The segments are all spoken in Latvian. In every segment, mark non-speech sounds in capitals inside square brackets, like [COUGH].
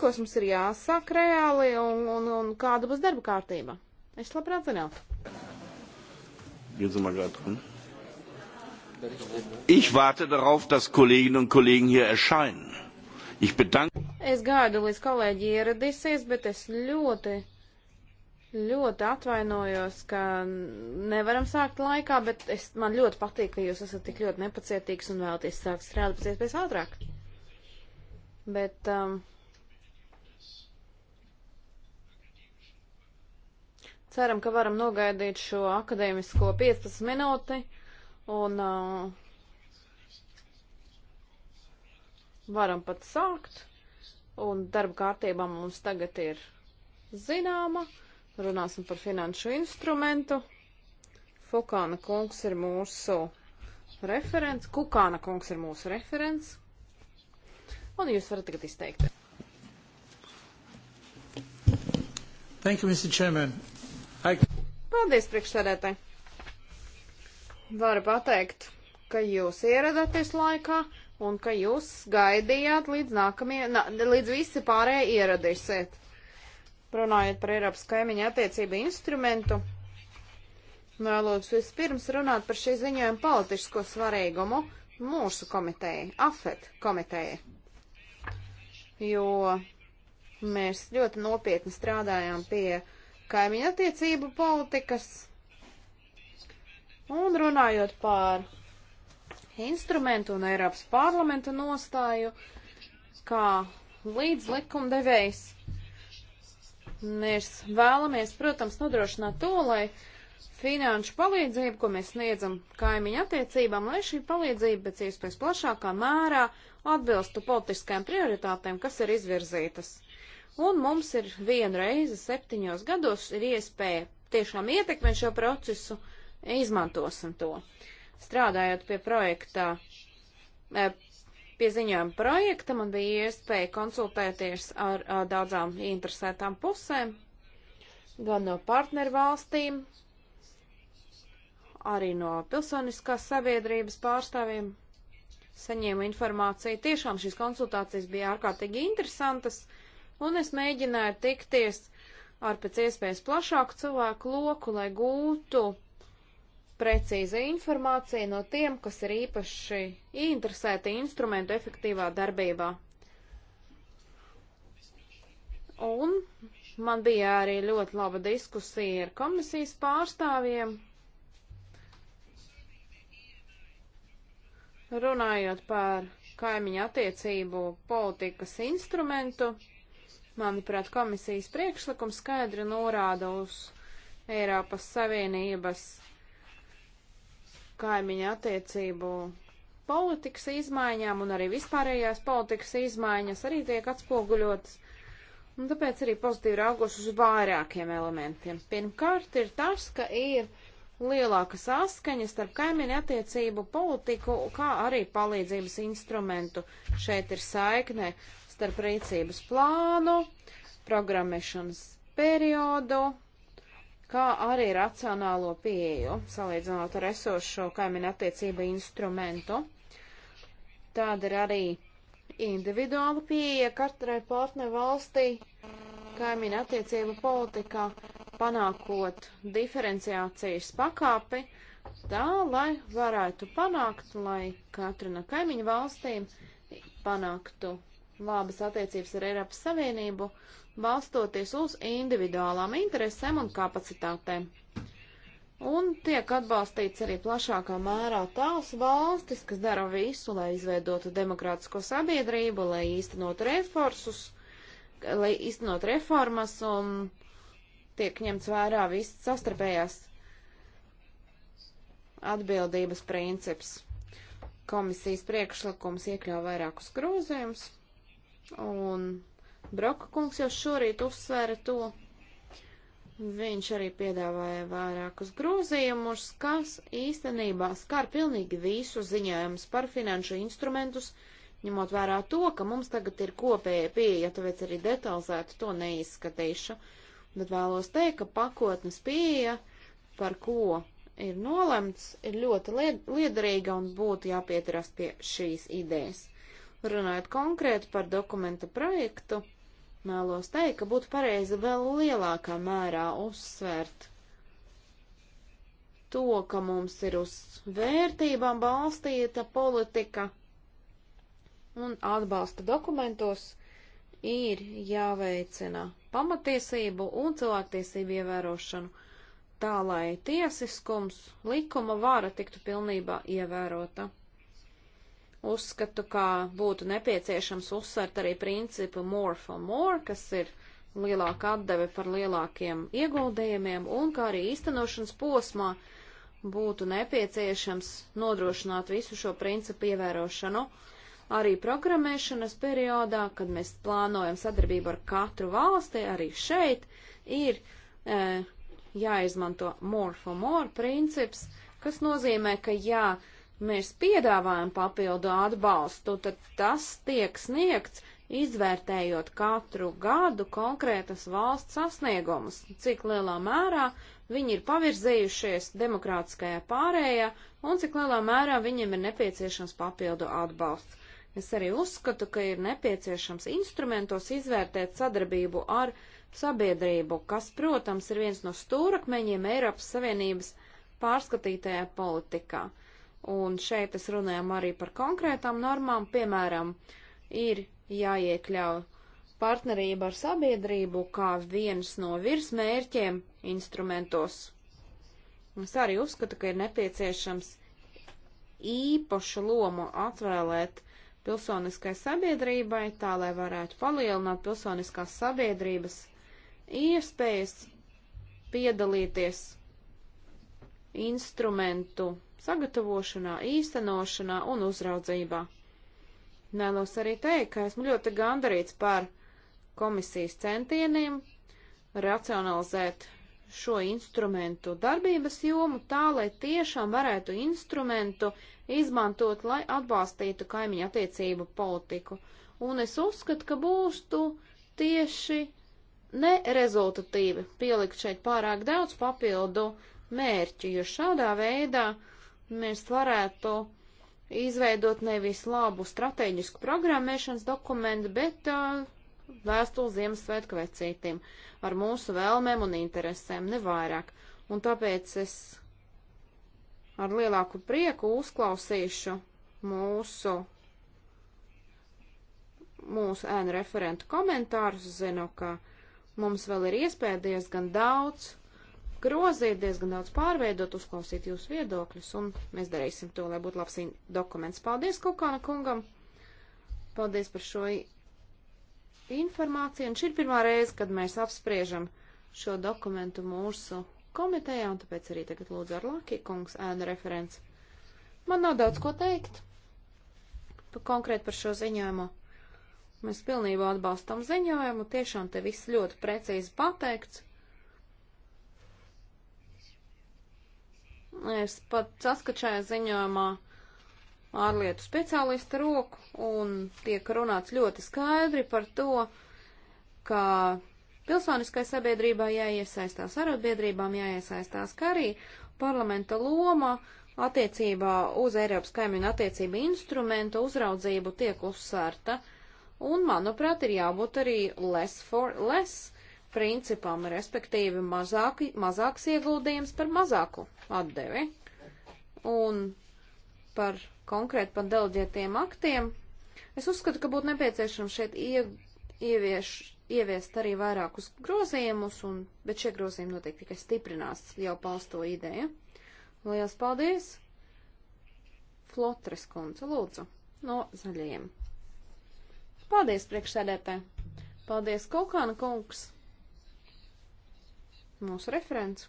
Kos mums ir jāsāk reāli un, un, un kāda būs darba kārtība? Es labprāt zinātu. Ich warte darauf, dass Kolleginnen und Kollegen hier erscheinen. Ich bedanke. Es gaidu, līdz kolēģi ieradīsies, bet es ļoti, ļoti atvainojos, ka nevaram sākt laikā, bet es, man ļoti patīk, ka jūs esat tik ļoti nepacietīgs un vēlaties sākt strādāt pēc iespējas ātrāk. Bet um, Ceram, ka varam nogaidīt šo akadēmisko 15 minūti un uh, varam pat sākt. Un darba kārtībā mums tagad ir zināma. Runāsim par finanšu instrumentu. Fokāna kungs ir mūsu referents. Kukāna kungs ir mūsu referents. Un jūs varat tagad izteikt. Thank you, Mr. Chairman. Paldies, priekšsēdētāji! Varu pateikt, ka jūs ieradāties laikā un ka jūs gaidījāt līdz nākamie, na, līdz visi pārējie ieradīsiet. Runājot par Eiropas kaimiņa attiecību instrumentu, vēlos vispirms runāt par šī ziņojuma politisko svarīgumu mūsu komitejai, AFET komitejai, jo mēs ļoti nopietni strādājām pie uh, kaimiņa attiecību politikas. Un runājot par instrumentu un Eiropas parlamenta nostāju, kā līdz likumdevējs, mēs vēlamies, protams, nodrošināt to, lai finanšu palīdzību, ko mēs sniedzam kaimiņu attiecībām, lai šī palīdzība pēc iespējas plašākā mērā atbilstu politiskajām prioritātēm, kas ir izvirzītas un mums ir vienu reizi septiņos gados ir iespēja tiešām ietekmēt šo procesu, izmantosim to. Strādājot pie projektā, eh, pie ziņojuma projekta, man bija iespēja konsultēties ar, ar daudzām interesētām pusēm, gan no partneru valstīm, arī no pilsoniskās sabiedrības pārstāvjiem saņēmu informāciju. Tiešām šīs konsultācijas bija ārkārtīgi interesantas. Uh, un es mēģināju tikties ar pēc iespējas plašāku cilvēku loku, lai gūtu precīza informācija no tiem, kas ir īpaši interesēti instrumentu efektīvā darbībā. Un man bija arī ļoti laba diskusija ar komisijas pārstāvjiem. Runājot par kaimiņu attiecību politikas instrumentu, Manuprāt, komisijas priekšlikums skaidri norāda uz Eiropas Savienības kaimiņa attiecību politikas izmaiņām un arī vispārējās politikas izmaiņas arī tiek atspoguļotas. Un tāpēc arī pozitīvi raugos uz vairākiem elementiem. Pirmkārt ir tas, ka ir lielāka saskaņa starp kaimiņu attiecību politiku, kā arī palīdzības instrumentu. Šeit ir saikne starp rīcības plānu, programmēšanas periodu, kā arī racionālo pieeju, salīdzinot ar esošo kaimiņu attiecību instrumentu. Tāda ir arī individuāla pieeja katrai partneru valstī kaimiņu attiecību politikā, panākot diferenciācijas pakāpi, tā, lai varētu panākt, lai katra no kaimiņu valstīm panāktu labas attiecības ar Eiropas Savienību, balstoties uz individuālām interesēm un kapacitātēm. Un tiek atbalstīts arī plašākā mērā tās valstis, kas dara visu, lai izveidotu demokrātisko sabiedrību, lai īstenotu resursus, lai īstenotu reformas un tiek ņemts vērā viss sastarpējās atbildības princips. Komisijas priekšlikums iekļauj vairākus grozījumus. Un Broka kungs jau šorīt uzsvēra to. Viņš arī piedāvāja vairākus grozījumus, kas īstenībā skar pilnīgi visu ziņojumus par finanšu instrumentus, ņemot vērā to, ka mums tagad ir kopēja pieeja, tāpēc arī detalizēti to neizskatīšu. Bet vēlos teikt, ka pakotnes pieeja, par ko ir nolemts, ir ļoti liederīga un būtu jāpieturas pie šīs idejas. Runājot konkrēti par dokumenta projektu, mēlos teikt, ka būtu pareizi vēl lielākā mērā uzsvērt to, ka mums ir uz vērtībām balstīta politika un atbalsta dokumentos ir jāveicina pamatiesību un cilvēktiesību ievērošanu, tā lai tiesiskums, likuma vara tiktu pilnībā ievērota. Uzskatu, ka būtu nepieciešams uzsvērt arī principu more for more, kas ir lielāka atdeve par lielākiem ieguldījumiem, un kā arī īstenošanas posmā būtu nepieciešams nodrošināt visu šo principu ievērošanu arī programmēšanas periodā, kad mēs plānojam sadarbību ar katru valsti, arī šeit ir e, jāizmanto more for more princips, kas nozīmē, ka jā, ja mēs piedāvājam papildu atbalstu, tad tas tiek sniegts izvērtējot katru gadu konkrētas valsts sasniegumus, cik lielā mērā viņi ir pavirzējušies demokrātiskajā pārējā un cik lielā mērā viņiem ir nepieciešams papildu atbalsts. Es arī uzskatu, ka ir nepieciešams instrumentos izvērtēt sadarbību ar sabiedrību, kas, protams, ir viens no stūrakmeņiem Eiropas Savienības pārskatītajā politikā. Un šeit es runājam arī par konkrētām normām, piemēram, ir jāiekļauj partnerība ar sabiedrību kā viens no virsmērķiem instrumentos. Es arī uzskatu, ka ir nepieciešams īpašu lomu atvēlēt pilsoniskai sabiedrībai, tā lai varētu palielināt pilsoniskās sabiedrības iespējas piedalīties instrumentu sagatavošanā, īstenošanā un uzraudzībā. Nēlos arī teikt, ka esmu ļoti gandarīts par komisijas centieniem racionalizēt šo instrumentu darbības jomu tā, lai tiešām varētu instrumentu izmantot, lai atbalstītu kaimiņu attiecību politiku. Un es uzskatu, ka būstu tieši nerezultatīvi pielikt šeit pārāk daudz papildu mērķu, jo šādā veidā uh, mēs varētu izveidot nevis labu strateģisku programmēšanas dokumentu, bet uh, vēstuli Ziemassvētku vecītim ar mūsu vēlmēm un interesēm, nevairāk. Un tāpēc es ar lielāku prieku uzklausīšu mūsu, mūsu ēnu referentu komentārus. Zinu, ka mums vēl ir iespēja diezgan daudz grozīt, diezgan daudz pārveidot, uzklausīt jūsu viedokļus, un mēs darīsim to, lai būtu labs dokuments. Paldies Kukāna kungam! Paldies par šo informāciju, un šī ir pirmā reize, kad mēs apspriežam šo dokumentu mūsu komitejā, un tāpēc arī tagad lūdzu ar Laki kungs ēnu referents. Man nav daudz ko teikt pa konkrēti par šo ziņojumu. Mēs pilnībā atbalstam ziņojumu, tiešām te viss ļoti precīzi pateikts. Es pat saskatu šajā ziņojumā ārlietu speciālistu roku un tiek runāts ļoti skaidri par to, ka pilsoniskai sabiedrībā jāiesaistās, arotbiedrībām jāiesaistās, ka arī parlamenta loma attiecībā uz Eiropas kaimiņu attiecību instrumentu uzraudzību tiek uzsvērta. Un, manuprāt, ir jābūt arī less for less principam, respektīvi mazāk, mazāks ieguldījums par mazāku atdevi. Un par konkrēti par delģētiem aktiem, es uzskatu, ka būtu nepieciešams šeit ie, ievieš, ieviest arī vairākus grozījumus, un, bet šie grozījumi noteikti tikai stiprinās jau pausto ideju. Lielas paldies! Flotres kundze, lūdzu, no zaļajiem. Paldies, priekšsēdētāji! Paldies, Kaukāna kungs! mūsu referents.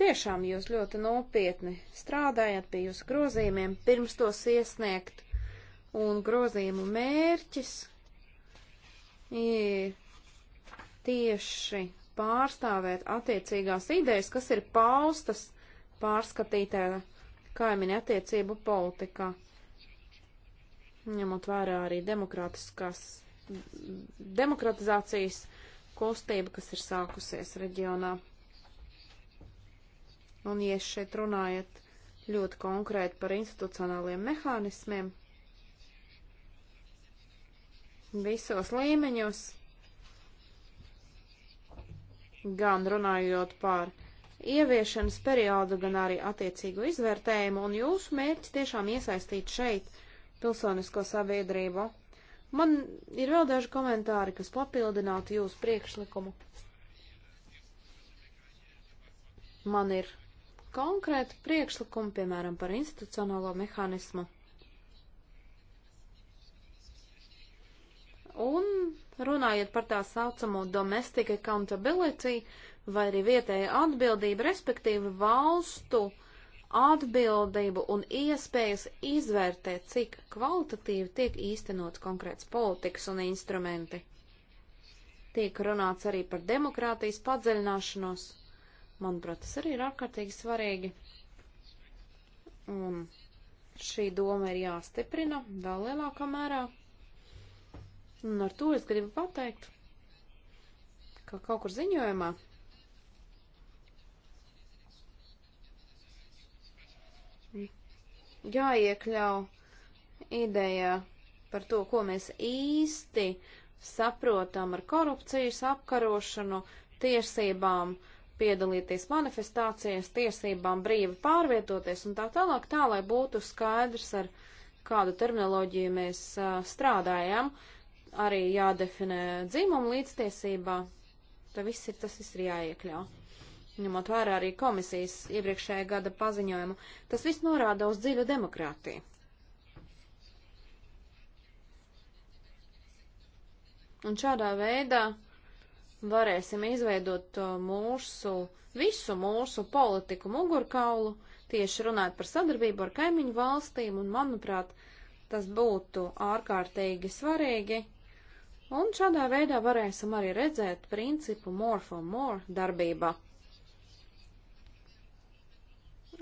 Tiešām jūs ļoti nopietni strādājat pie jūsu grozījumiem, pirms tos iesniegt, un grozījumu mērķis ir tieši pārstāvēt attiecīgās idejas, kas ir paustas pārskatītē kaimiņa attiecību politikā, ņemot vērā arī demokrātiskās, demokratizācijas uh, kustība, kas ir sākusies reģionā. Un, ja šeit runājat ļoti konkrēti par institucionāliem mehānismiem, visos līmeņos, gan runājot par ieviešanas periodu, gan arī attiecīgu izvērtējumu, un jūsu mērķis tiešām iesaistīt šeit pilsonisko sabiedrību Man ir vēl daži komentāri, kas papildinātu jūsu priekšlikumu. Man ir konkrēti priekšlikumi, piemēram, par institucionālo mehānismu. Un runājot par tā saucamo domestic accountability vai arī vietēja atbildība, respektīvi valstu atbildību un iespējas izvērtēt, cik kvalitatīvi tiek īstenots konkrēts politikas un instrumenti. Tiek runāts arī par demokrātijas padziļināšanos. Manuprāt, tas arī ir ārkārtīgi svarīgi. Un šī doma ir jāstiprina vēl lielākā mērā. Un ar to es gribu pateikt, ka kaut kur ziņojumā jāiekļau ideja par to, ko mēs īsti saprotam ar korupcijas apkarošanu, tiesībām piedalīties manifestācijas, tiesībām brīvi pārvietoties un tā tālāk, tā lai būtu skaidrs, ar kādu terminoloģiju mēs uh, strādājam, arī jādefinē dzimuma līdztiesībā. Tā viss ir, tas viss ir jāiekļau ņemot vērā arī komisijas iepriekšējā gada paziņojumu, tas viss norāda uz dziļu demokrātiju. Un šādā veidā varēsim izveidot uh, mūsu, visu mūsu politiku mugurkaulu, tieši runāt par sadarbību ar kaimiņu valstīm, un manuprāt, tas būtu ārkārtīgi svarīgi. Un šādā veidā varēsim arī redzēt principu more for more darbībā.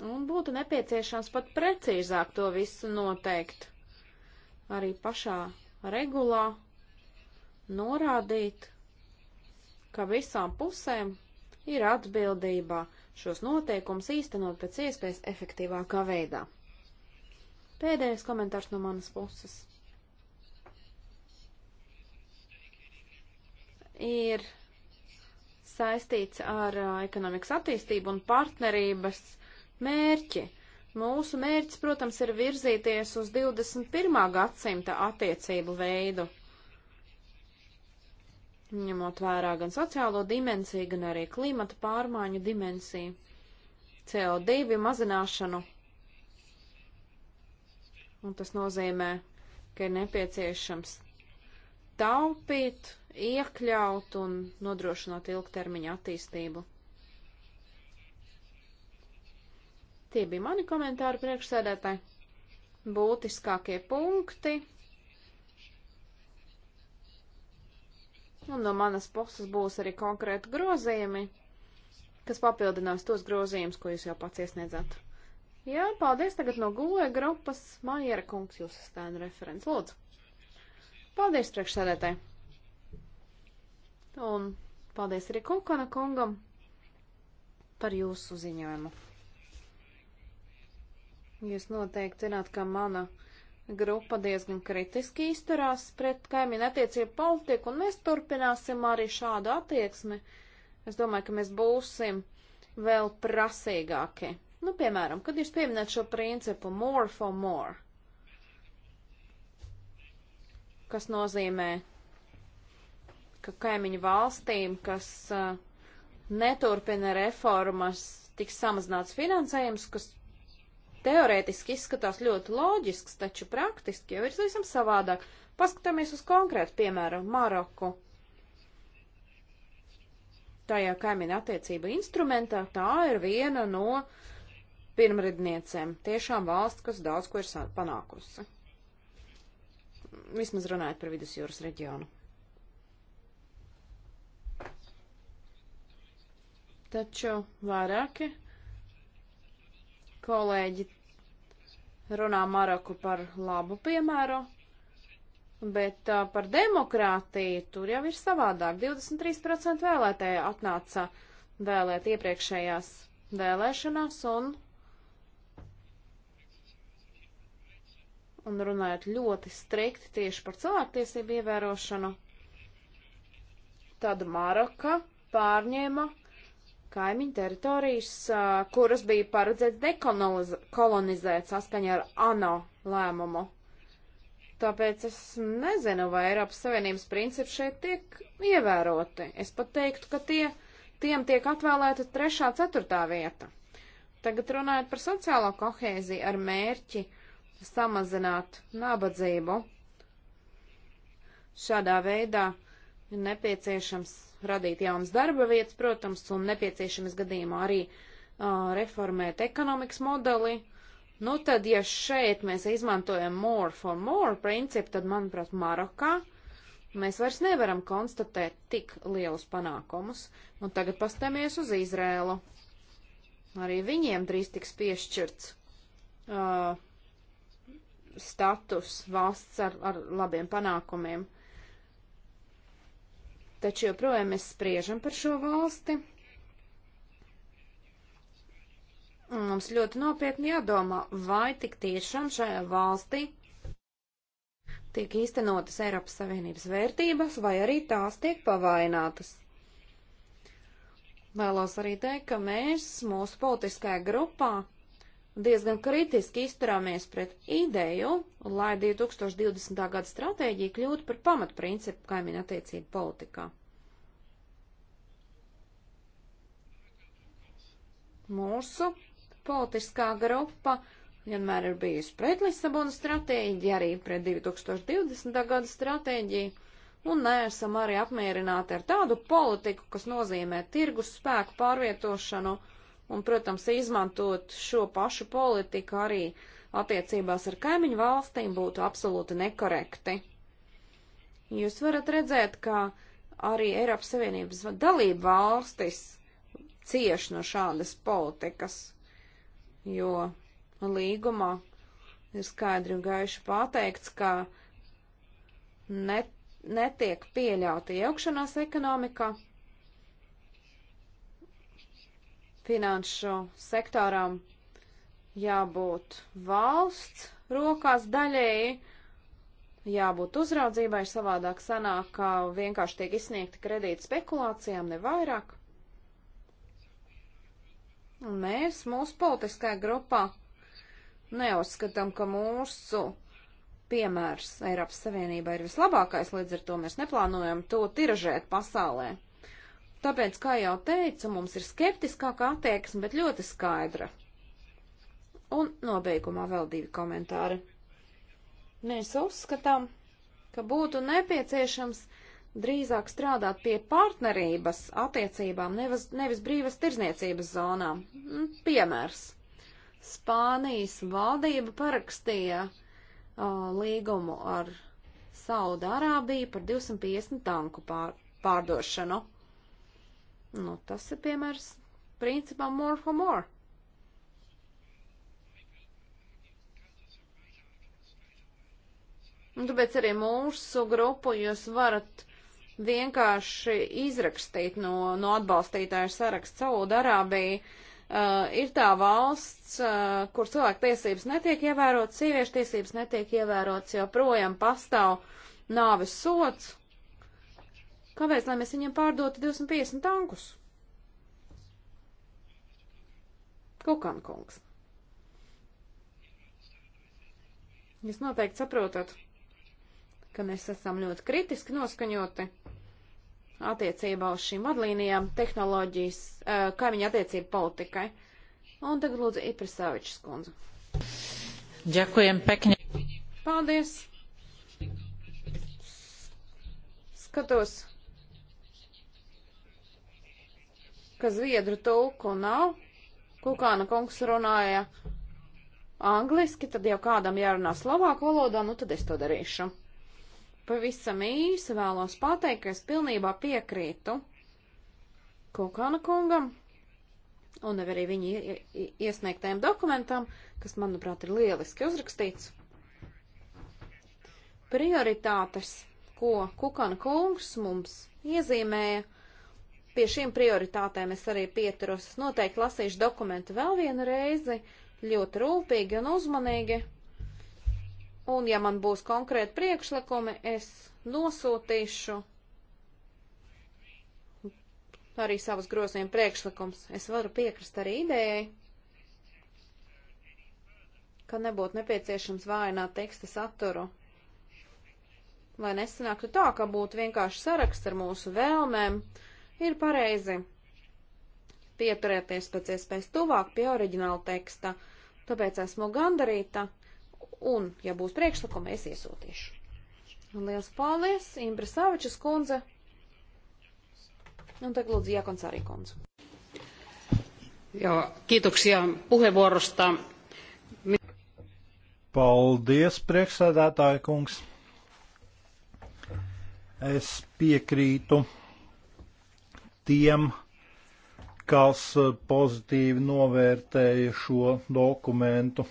Un būtu nepieciešams pat precīzāk to visu noteikt. Arī pašā regulā norādīt, ka visām pusēm ir atbildībā šos noteikumus īstenot pēc iespējas efektīvākā veidā. Pēdējais komentārs no manas puses. Ir saistīts ar uh, ekonomikas attīstību un partnerības mērķi. Mūsu mērķis, protams, ir virzīties uz 21. gadsimta attiecību veidu, ņemot vērā gan sociālo dimensiju, gan arī klimata pārmaiņu dimensiju, CO2 mazināšanu. Un tas nozīmē, ka ir nepieciešams taupīt, iekļaut un nodrošināt ilgtermiņa attīstību. Tie bija mani komentāri priekšsēdētāji. Būtiskākie punkti. Un no manas puses būs arī konkrēti grozījumi, kas papildinās tos grozījumus, ko jūs jau pats iesniedzat. Jā, paldies tagad no gulē e grupas. Maiera kungs, jūs esat tēnu referents. Lūdzu. Paldies priekšsēdētāji. Un paldies arī Kukana kungam par jūsu ziņojumu. Jūs noteikti zināt, ka mana grupa diezgan kritiski izturās pret kaimiņu attiecību politiku, un mēs turpināsim arī šādu attieksmi. Es domāju, ka mēs būsim vēl prasīgāki. Nu, piemēram, kad jūs pieminat šo principu more for more, kas nozīmē, ka kaimiņu valstīm, kas uh, neturpina reformas, tiks samazināts finansējums, kas teorētiski izskatās ļoti loģisks, taču praktiski jau ir visam savādāk. Paskatāmies uz konkrētu piemēru Maroku. Tajā kaimiņa attiecība instrumentā tā ir viena no pirmredniecēm. Tiešām valsts, kas daudz ko ir panākusi. Vismaz runājot par vidusjūras reģionu. Taču vairāki kolēģi runā Maroku par labu piemēru, bet uh, par demokrātiju tur jau ir savādāk. 23% vēlētēji atnāca vēlēt iepriekšējās vēlēšanās un, un runājot ļoti strikti tieši par cilvēktiesību ievērošanu, tad Maroka pārņēma kaimiņu teritorijas, kuras bija paredzēts dekolonizēt saskaņā ar ANO lēmumu. Tāpēc es nezinu, vai Eiropas Savienības principi šeit tiek ievēroti. Es pat teiktu, ka tie, tiem tiek atvēlēta trešā, ceturtā vieta. Tagad runājot par sociālo kohēziju ar mērķi samazināt nabadzību. Šādā veidā ir nepieciešams radīt jaunas darba vietas, protams, un nepieciešamas gadījumā arī uh, reformēt ekonomikas modeli. Nu tad, ja šeit mēs izmantojam more for more principu, tad, manuprāt, Marokā mēs vairs nevaram konstatēt tik lielus panākumus. Un tagad pastāmies uz Izrēlu. Arī viņiem drīz tiks piešķirts uh, status valsts ar, ar labiem panākumiem taču joprojām mēs spriežam par šo valsti. Un mums ļoti nopietni jādomā, vai tik tiešām šajā valstī tiek īstenotas Eiropas Savienības vērtības, vai arī tās tiek pavainātas. Vēlos arī teikt, ka mēs mūsu politiskajā grupā diezgan kritiski izturāmies pret ideju, lai 2020. gada stratēģija kļūtu par pamatprincipu kaimiņu attiecību politikā. Mūsu politiskā grupa vienmēr ir bijusi pret Lisabonas stratēģiju, arī pret 2020. gada stratēģiju, un neesam arī apmierināti ar tādu politiku, kas nozīmē tirgus spēku pārvietošanu un, protams, izmantot šo pašu politiku arī attiecībās ar kaimiņu valstīm būtu absolūti nekorekti. Jūs varat redzēt, ka arī Eiropas Savienības dalība valstis cieš no šādas politikas, jo līgumā ir skaidri un gaiši pateikts, ka net, netiek pieļauta iejaukšanās ekonomikā, finanšu sektoram jābūt valsts rokās daļēji, jābūt uzraudzībai, savādāk sanāk, ka vienkārši tiek izsniegti kredīti spekulācijām, ne vairāk. Un mēs mūsu politiskajā grupā neuzskatām, ka mūsu piemērs Eiropas Savienībā ir vislabākais, līdz ar to mēs neplānojam to tiražēt pasaulē. Tāpēc, kā jau teicu, mums ir skeptiskāka attieksme, bet ļoti skaidra. Un nobeigumā vēl divi komentāri. Mēs uzskatām, ka būtu nepieciešams drīzāk strādāt pie partnerības attiecībām, nevis, nevis brīvas tirzniecības zonām. Mm, piemērs. Spānijas valdība parakstīja uh, līgumu ar Saudārābiju par 250 tanku pār, pārdošanu. Nu, tas ir piemērs principā more for more. Un tāpēc arī mūsu grupu jūs varat vienkārši izrakstīt no, no atbalstītāju saraksta Saudarābiju. Uh, ir tā valsts, uh, kur cilvēku tiesības netiek ievērotas, sieviešu tiesības netiek ievērotas, joprojām pastāv nāves sots, Kāpēc, lai mēs viņiem pārdotu 250 tankus? Kukan kungs. Jūs noteikti saprotat, ka mēs esam ļoti kritiski noskaņoti attiecībā uz šīm vadlīnijām, tehnoloģijas, eh, kaimiņa attiecību politikai. Un tagad lūdzu Iprisavičs kundze. Ďakujem pekne. Paldies. Skatos, ka zviedru tulku nav. Kukāna kungs runāja angliski, tad jau kādam jārunā slovāku valodā, nu tad es to darīšu. Pavisam īsi vēlos pateikt, ka es pilnībā piekrītu Kukāna kungam un arī viņa iesniegtajam dokumentam, kas, manuprāt, ir lieliski uzrakstīts. Prioritātes, ko Kukāna kungs mums iezīmēja, Pie šīm prioritātēm es arī pieturos. Es noteikti lasīšu dokumentu vēl vienu reizi, ļoti rūpīgi un uzmanīgi. Un, ja man būs konkrēti priekšlikumi, es nosūtīšu arī savus grozījumu priekšlikums. Es varu piekrist arī idejai, ka nebūtu nepieciešams vājināt teksta saturu. Lai nesanāktu tā, ka būtu vienkārši saraksts ar mūsu vēlmēm, ir pareizi pieturēties pēc iespējas tuvāk pie oriģināla teksta, tāpēc esmu gandarīta, un, ja būs priekšlikumi, es iesūtīšu. Un liels paldies, Imbra Savičas kundze, un tagad lūdzu Jākonsārī kundze. Joo, kiitoksia puheenvuorosta. Paldies, priekšsēdētāja kungs. Es piekrītu tiem, kas eh, pozitīvi novērtēja šo dokumentu.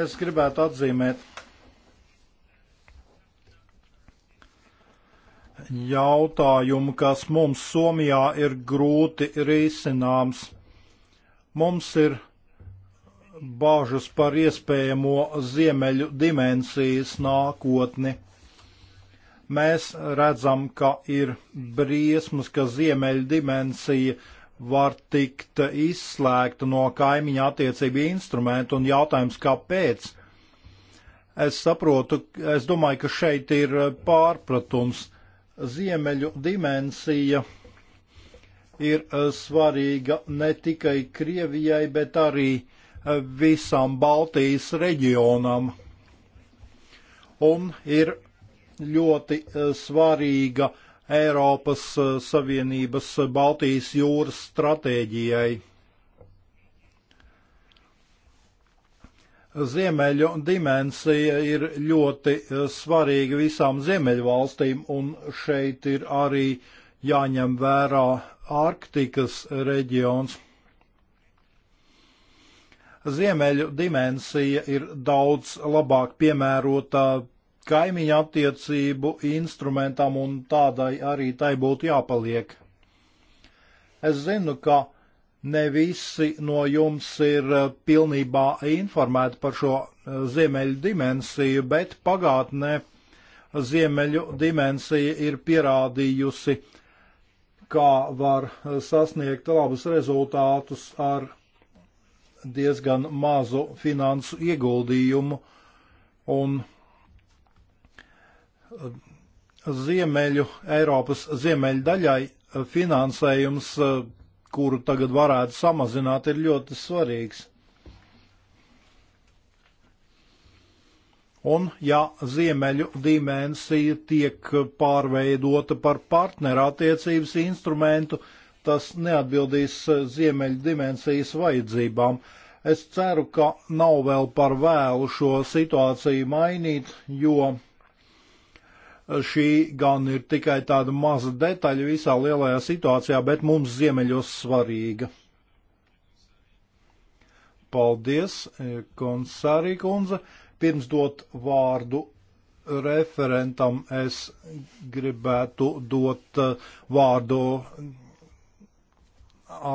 Es gribētu atzīmēt jautājumu, kas mums Somijā ir grūti risināms. Mums ir bažas par iespējamo ziemeļu dimensijas nākotni mēs redzam, ka ir briesmas, ka ziemeļa dimensija var tikt izslēgta no kaimiņa attiecību instrumentu un jautājums, kāpēc. Es saprotu, es domāju, ka šeit ir pārpratums. Ziemeļu dimensija ir svarīga ne tikai Krievijai, bet arī visam Baltijas reģionam un ir ļoti eh, svarīga Eiropas eh, Savienības eh, Baltijas jūras stratēģijai. Ziemeļu dimensija ir ļoti svarīga visām ziemeļvalstīm, un šeit ir arī jāņem vērā Arktikas reģions. Ziemeļu dimensija ir daudz labāk piemērota kaimiņa attiecību instrumentam un tādai arī tai būtu jāpaliek. Es zinu, ka ne visi no jums ir eh, pilnībā informēti par šo eh, ziemeļu dimensiju, bet pagātnē ziemeļu dimensija ir pierādījusi, kā var eh, sasniegt labus rezultātus ar diezgan mazu finansu ieguldījumu un Ziemeļu Eiropas ziemeļu daļai eh, finansējums, eh, kuru tagad varētu samazināt, ir ļoti svarīgs. Un ja ziemeļu dimensija tiek eh, pārveidota par partnerattiecības instrumentu, tas neatbildīs ziemeļu dimensijas vajadzībām. Es ceru, ka nav vēl par vēlu šo situāciju mainīt, jo Šī gan ir tikai tāda maza detaļa visā lielajā situācijā, bet mums ziemeļos svarīga. Paldies, eh, konsārī kundze. Pirms dot vārdu referentam, es gribētu dot eh, vārdu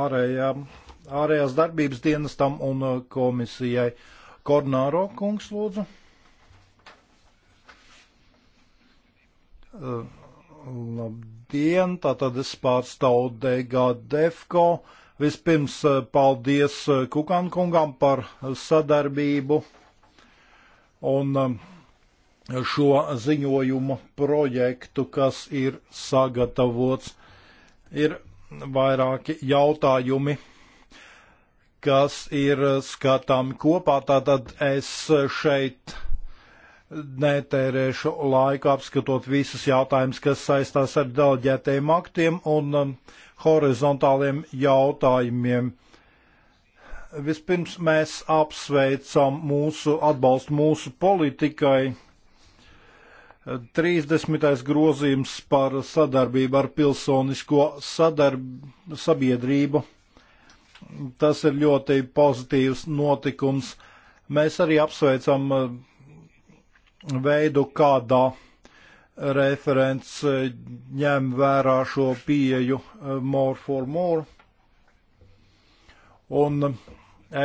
ārējā, ārējās darbības dienestam un eh, komisijai. Kornāro kungs, lūdzu. Labdien, tātad es pārstāvu Degā Defko. Vispirms eh, paldies eh, Kukankungam par sadarbību un eh, šo ziņojumu projektu, kas ir sagatavots. Ir vairāki jautājumi, kas ir skatāmi kopā, tātad es šeit netērēšu laiku apskatot visus jautājumus, kas saistās ar deleģētajiem aktiem un um, horizontāliem jautājumiem. Vispirms mēs apsveicam mūsu atbalstu mūsu politikai. 30. grozījums par sadarbību ar pilsonisko sadarb sabiedrību. Tas ir ļoti pozitīvs notikums. Mēs arī apsveicam uh, veidu, kādā referents eh, ņem vērā šo pieju eh, more for more. Un eh,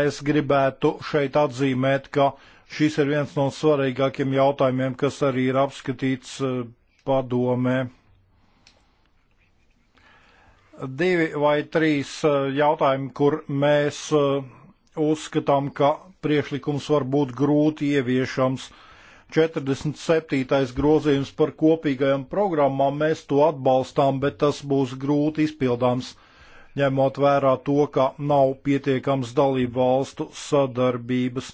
es gribētu šeit atzīmēt, ka šis ir viens no svarīgākiem jautājumiem, kas arī ir apskatīts padomē. Divi vai trīs jautājumi, kur mēs uzskatām, ka priekšlikums var būt grūti ieviešams. Uh, 47. grozījums par kopīgajām programmām, mēs to atbalstām, bet tas būs grūti izpildāms, ņemot vērā to, ka nav pietiekams dalību valstu sadarbības.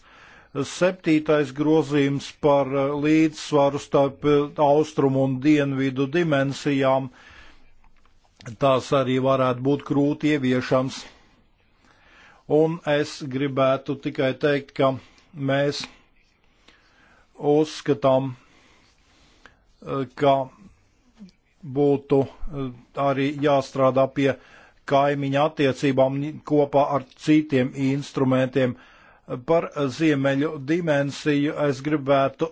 Septītais grozījums par līdzsvaru starp austrumu un dienvidu dimensijām. Tās arī varētu būt grūti ieviešams. Un es gribētu tikai teikt, ka mēs uzskatām, eh, ka būtu eh, arī jāstrādā pie kaimiņa attiecībām kopā ar citiem instrumentiem. Par ziemeļu dimensiju es gribētu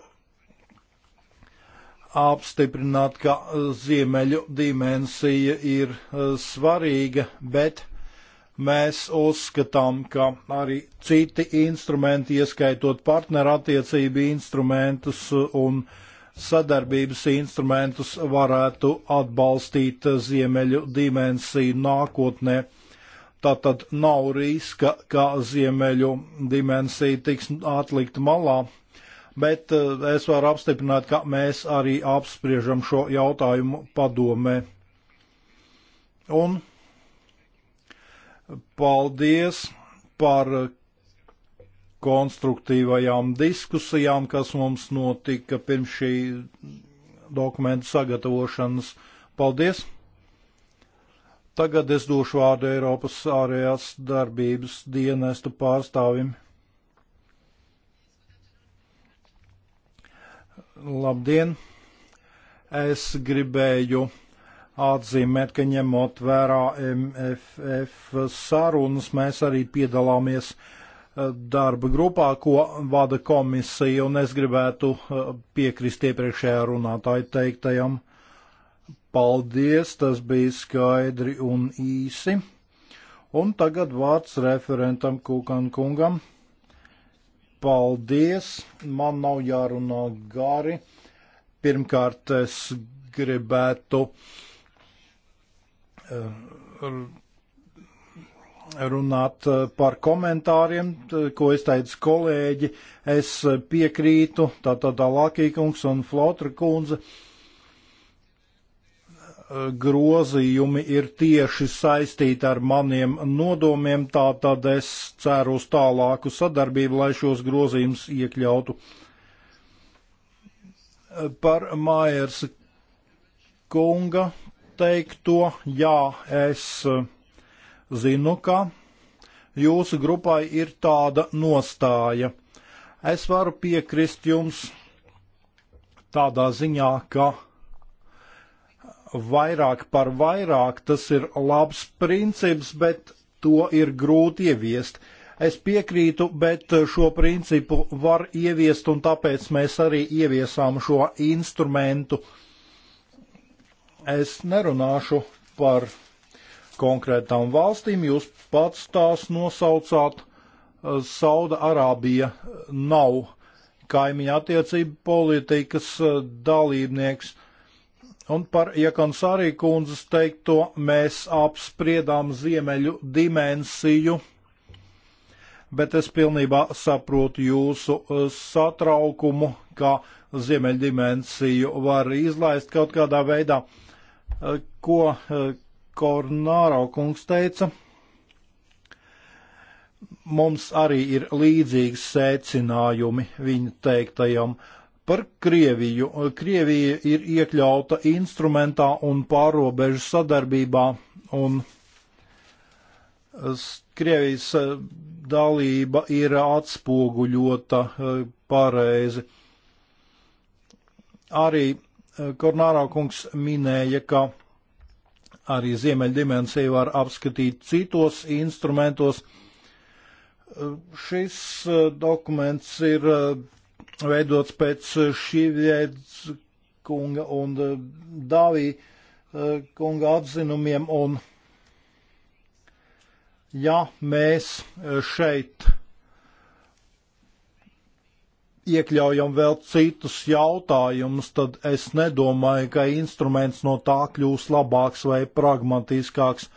apstiprināt, ka ziemeļu dimensija ir eh, svarīga, bet Mēs uzskatām, ka arī citi instrumenti, ieskaitot partnerattiecību instrumentus un sadarbības instrumentus, varētu atbalstīt ziemeļu dimensiju nākotnē. Tātad nav riska, ka ziemeļu dimensija tiks atlikt malā, bet eh, es varu apstiprināt, ka mēs arī apspriežam šo jautājumu padomē. Un Paldies par konstruktīvajām diskusijām, kas mums notika pirms šī dokumentu sagatavošanas. Paldies! Tagad es došu vārdu Eiropas ārējās darbības dienestu pārstāvim. Labdien! Es gribēju atzīmēt, ka ņemot vērā MFF sarunas, mēs arī piedalāmies eh, darba grupā, ko vada komisija, un es gribētu eh, piekrist iepriekšējā runātāja teiktajam. Paldies, tas bija skaidri un īsi. Un tagad vārds referentam Kūkan kungam. Paldies, man nav jārunā gari. Pirmkārt, es gribētu uh, Ehm, runāt eh, par komentāriem, ko es teicu kolēģi. Es piekrītu, tā tā tā Lakīkungs un Flotra kundze. Ehm, grozījumi ir tieši saistīti ar maniem nodomiem, tā tad es ceru uz tālāku sadarbību, lai šos grozījumus iekļautu. Ehm, par Mājers kunga teikto. Jā, es eh, zinu, ka jūsu grupai ir tāda nostāja. Es varu piekrist jums tādā ziņā, ka vairāk par vairāk tas ir labs princips, bet to ir grūti ieviest. Es piekrītu, bet šo principu var ieviest, un tāpēc mēs arī ieviesām šo instrumentu uh, es nerunāšu par konkrētām valstīm, jūs pats tās nosaucāt. Sauda Arābija nav kaimiņa attiecību politikas eh, dalībnieks. Un par Iekansārī kundzes teikto mēs apspriedām ziemeļu dimensiju, bet es pilnībā saprotu jūsu eh, satraukumu, ka ziemeļu dimensiju var izlaist kaut kādā veidā. Uh, ko eh, Kornāro kungs teica. Mums arī ir līdzīgi secinājumi viņa teiktajam par Krieviju. Krievija ir iekļauta instrumentā un pārobežu sadarbībā, un Krievijas eh, dalība ir atspoguļota eh, pareizi. Arī Kornārā kungs minēja, ka arī ziemeļdimensiju var apskatīt citos instrumentos. Šis uh, dokuments ir uh, veidots pēc Šīvjēdz kunga un uh, Davī kunga atzinumiem, un ja mēs šeit iekļaujam vēl citus jautājumus, tad es nedomāju, ka instruments no tā kļūs labāks vai pragmatiskāks,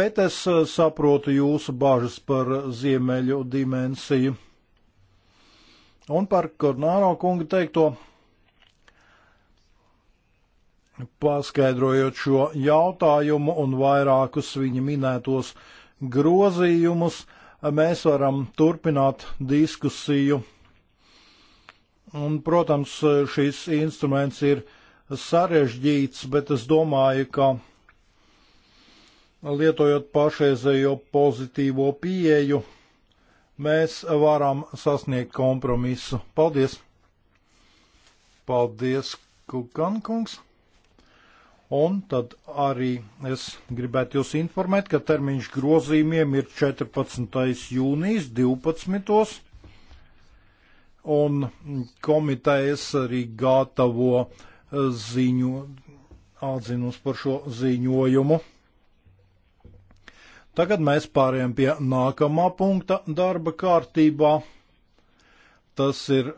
bet es eh, saprotu jūsu bažas par ziemeļu dimensiju. Un par Kornāro kunga teikto, paskaidrojot šo jautājumu un vairākus viņa minētos grozījumus, mēs varam turpināt diskusiju Un, protams, šis instruments ir sarežģīts, bet es domāju, ka lietojot pašreizējo pozitīvo pieeju, mēs varam sasniegt kompromisu. Paldies! Paldies, Kukankungs! Un tad arī es gribētu jūs informēt, ka termiņš grozījumiem ir 14. jūnijas 12 un komitejas arī gatavo ziņu, atzinums par šo ziņojumu. Tagad mēs pāriem pie nākamā punkta darba kārtībā. Tas ir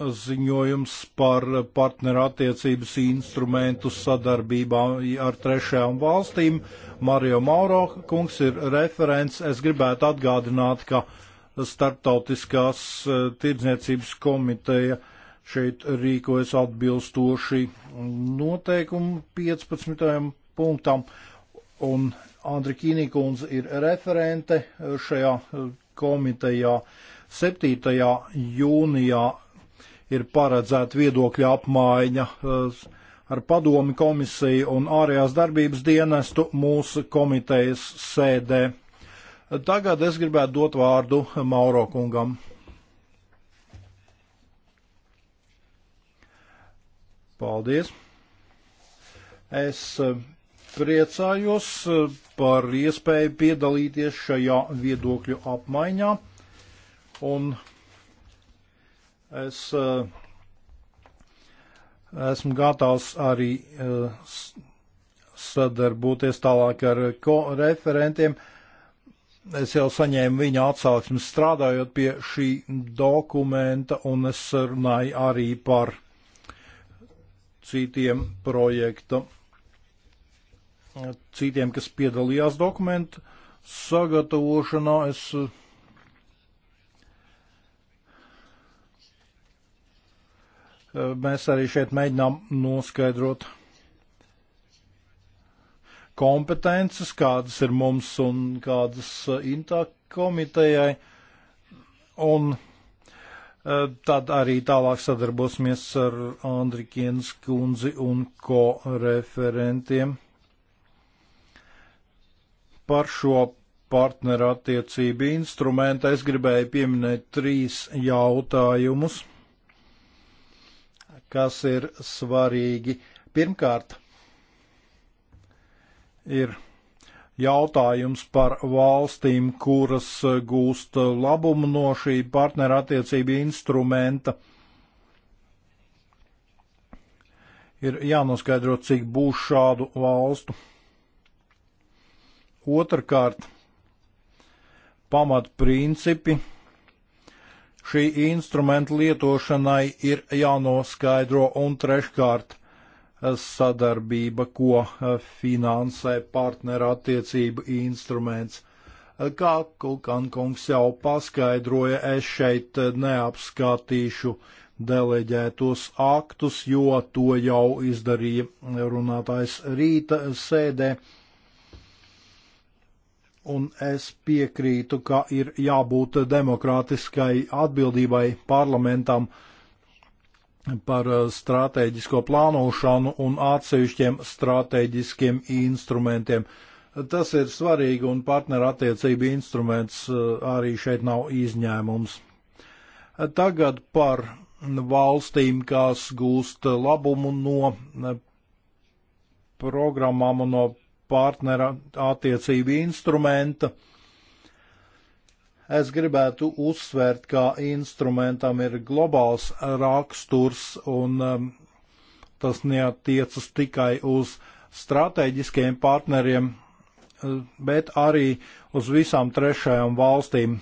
ziņojums par partnerattiecības instrumentu sadarbībā ar trešajām valstīm. Mario Mauro kungs ir referents. Es gribētu atgādināt, ka Startautiskās eh, tirdzniecības komiteja šeit rīkojas atbilstoši noteikumu 15. punktam, un Andri Kīnīkundze ir referente eh, šajā eh, komitejā. 7. jūnijā ir paredzēta viedokļa apmaiņa ar padomi komisiju un ārējās darbības dienestu mūsu komitejas sēdē. Tagad es gribētu dot vārdu Mauro kungam. Paldies! Es eh, priecājos eh, par iespēju piedalīties šajā viedokļu apmaiņā, un es eh, esmu gatavs arī sadarboties tālāk ar referentiem. Uh, Es jau saņēmu viņa atsauksmi strādājot pie šī dokumenta, un es runāju arī par citiem projekta, citiem, kas piedalījās dokumentu sagatavošanā. Es Mēs arī šeit mēģinām noskaidrot kompetences, kādas ir mums un kādas eh, intā komitejai. Un eh, tad arī tālāk sadarbosimies ar Andrikienas kundzi un ko referentiem par šo partneru attiecību instrumentu. Es gribēju pieminēt trīs jautājumus, kas ir svarīgi. Pirmkārt, ir jautājums par valstīm, kuras e, gūst e, labumu no šī partnerattiecība instrumenta. Ir jānoskaidro, cik būs šādu valstu. Otrakārt, pamatprincipi šī instrumenta lietošanai ir jānoskaidro, un treškārt, sadarbība, ko eh, finansē partnerattiecību instruments. Eh, kā Kulkankungs jau paskaidroja, es šeit eh, neapskatīšu deleģētos aktus, jo to jau izdarīja runātājs rīta sēdē un es piekrītu, ka ir jābūt demokrātiskai atbildībai parlamentam par eh, stratēģisko plānošanu un atsevišķiem stratēģiskiem instrumentiem. Tas ir svarīgi un partnerattiecība instruments eh, arī šeit nav izņēmums. Tagad par valstīm, kas gūst labumu no eh, programmām un no partnera attiecību instrumenta. Uh, es gribētu uzsvērt, ka instrumentam ir globāls raksturs un um, tas neatiecas tikai uz strateģiskiem partneriem, uh, bet arī uz visām trešajām valstīm,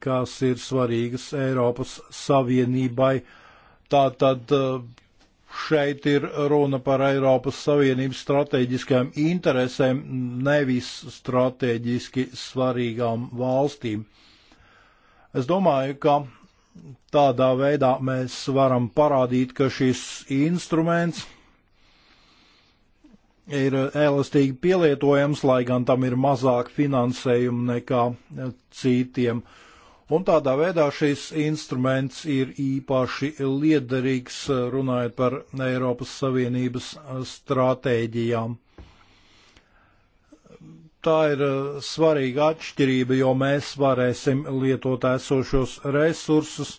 kas ir svarīgas Eiropas Savienībai. Tātad uh, Šeit ir runa par Eiropas Savienības strateģiskajām interesēm, nevis strateģiski svarīgām valstīm. Es domāju, ka tādā veidā mēs varam parādīt, ka šis instruments ir elastīgi pielietojams, lai gan tam ir mazāk finansējumu nekā citiem. Uh, Un tādā veidā šis instruments ir īpaši liederīgs runājot par Eiropas Savienības stratēģijām. Tā ir uh, svarīga atšķirība, jo mēs varēsim lietot esošos resursus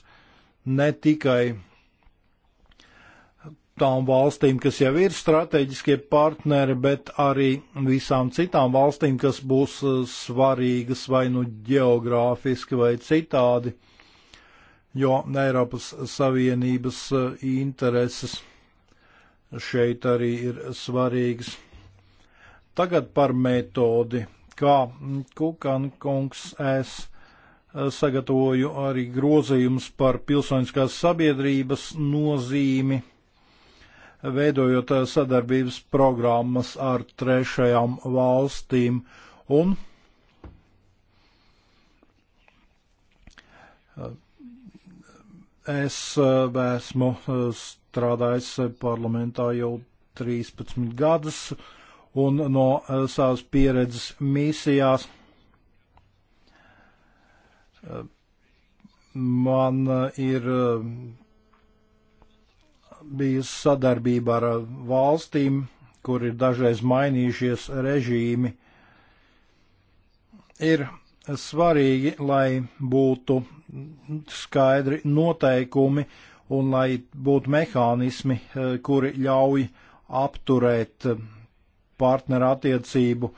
ne tikai tām valstīm, kas jau ir strateģiskie partneri, bet arī visām citām valstīm, kas būs uh, svarīgas vai nu geogrāfiski vai citādi, jo Eiropas Savienības uh, intereses šeit arī ir svarīgas. Tagad par metodi, kā Kukan kungs es uh, sagatavoju arī grozījumus par pilsoniskās sabiedrības nozīmi veidojot eh, sadarbības programmas ar trešajām valstīm un eh, es eh, esmu strādājis parlamentā jau 13 gadus un no savas pieredzes misijās man ir bija sadarbība ar uh, valstīm, kur ir dažreiz mainījušies režīmi. Ir svarīgi, lai būtu skaidri noteikumi un lai būtu mehānismi, uh, kuri ļauj apturēt uh, partneru attiecību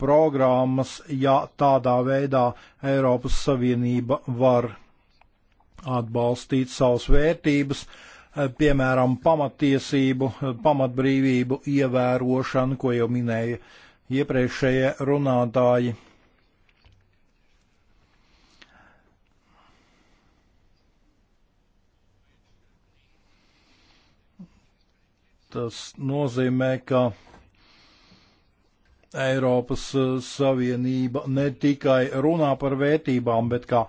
programmas, ja tādā veidā Eiropas Savienība var atbalstīt savas vērtības Eh, piemēram, pamatiesību, eh, pamatbrīvību ievērošanu, ko jau minēja iepriekšējie runātāji. Tas nozīmē, ka Eiropas eh, Savienība ne tikai runā par vērtībām, bet ka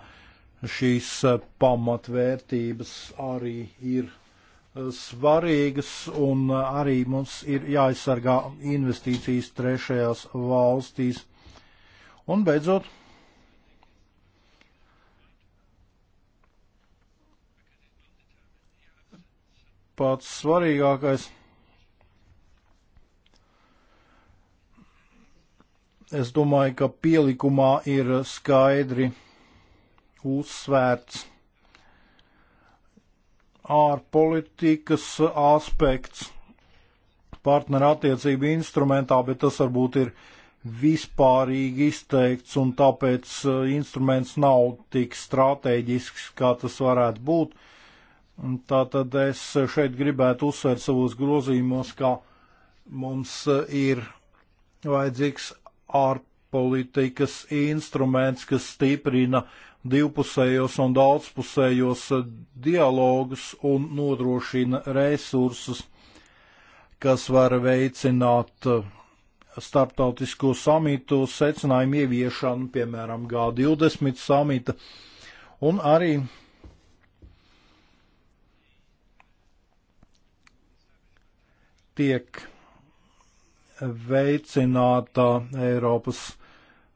šīs pamatvērtības arī ir svarīgas un arī mums ir jāaizsargā investīcijas trešajās valstīs. Un beidzot, pats svarīgākais. Es domāju, ka pielikumā ir skaidri uzsvērts ārpolitikas aspekts partnerattiecību instrumentā, bet tas varbūt ir vispārīgi izteikts un tāpēc eh, instruments nav tik strateģisks, kā tas varētu būt. Tātad es šeit gribētu uzsvērt savos grozījumos, ka mums eh, ir vajadzīgs ārpolitikas ārpolitikas instruments, kas stiprina divpusējos un daudzpusējos dialogus un nodrošina resursus, kas var veicināt uh, starptautisko samitu secinājumu ieviešanu, piemēram, G20 samita, un arī tiek veicināta Eiropas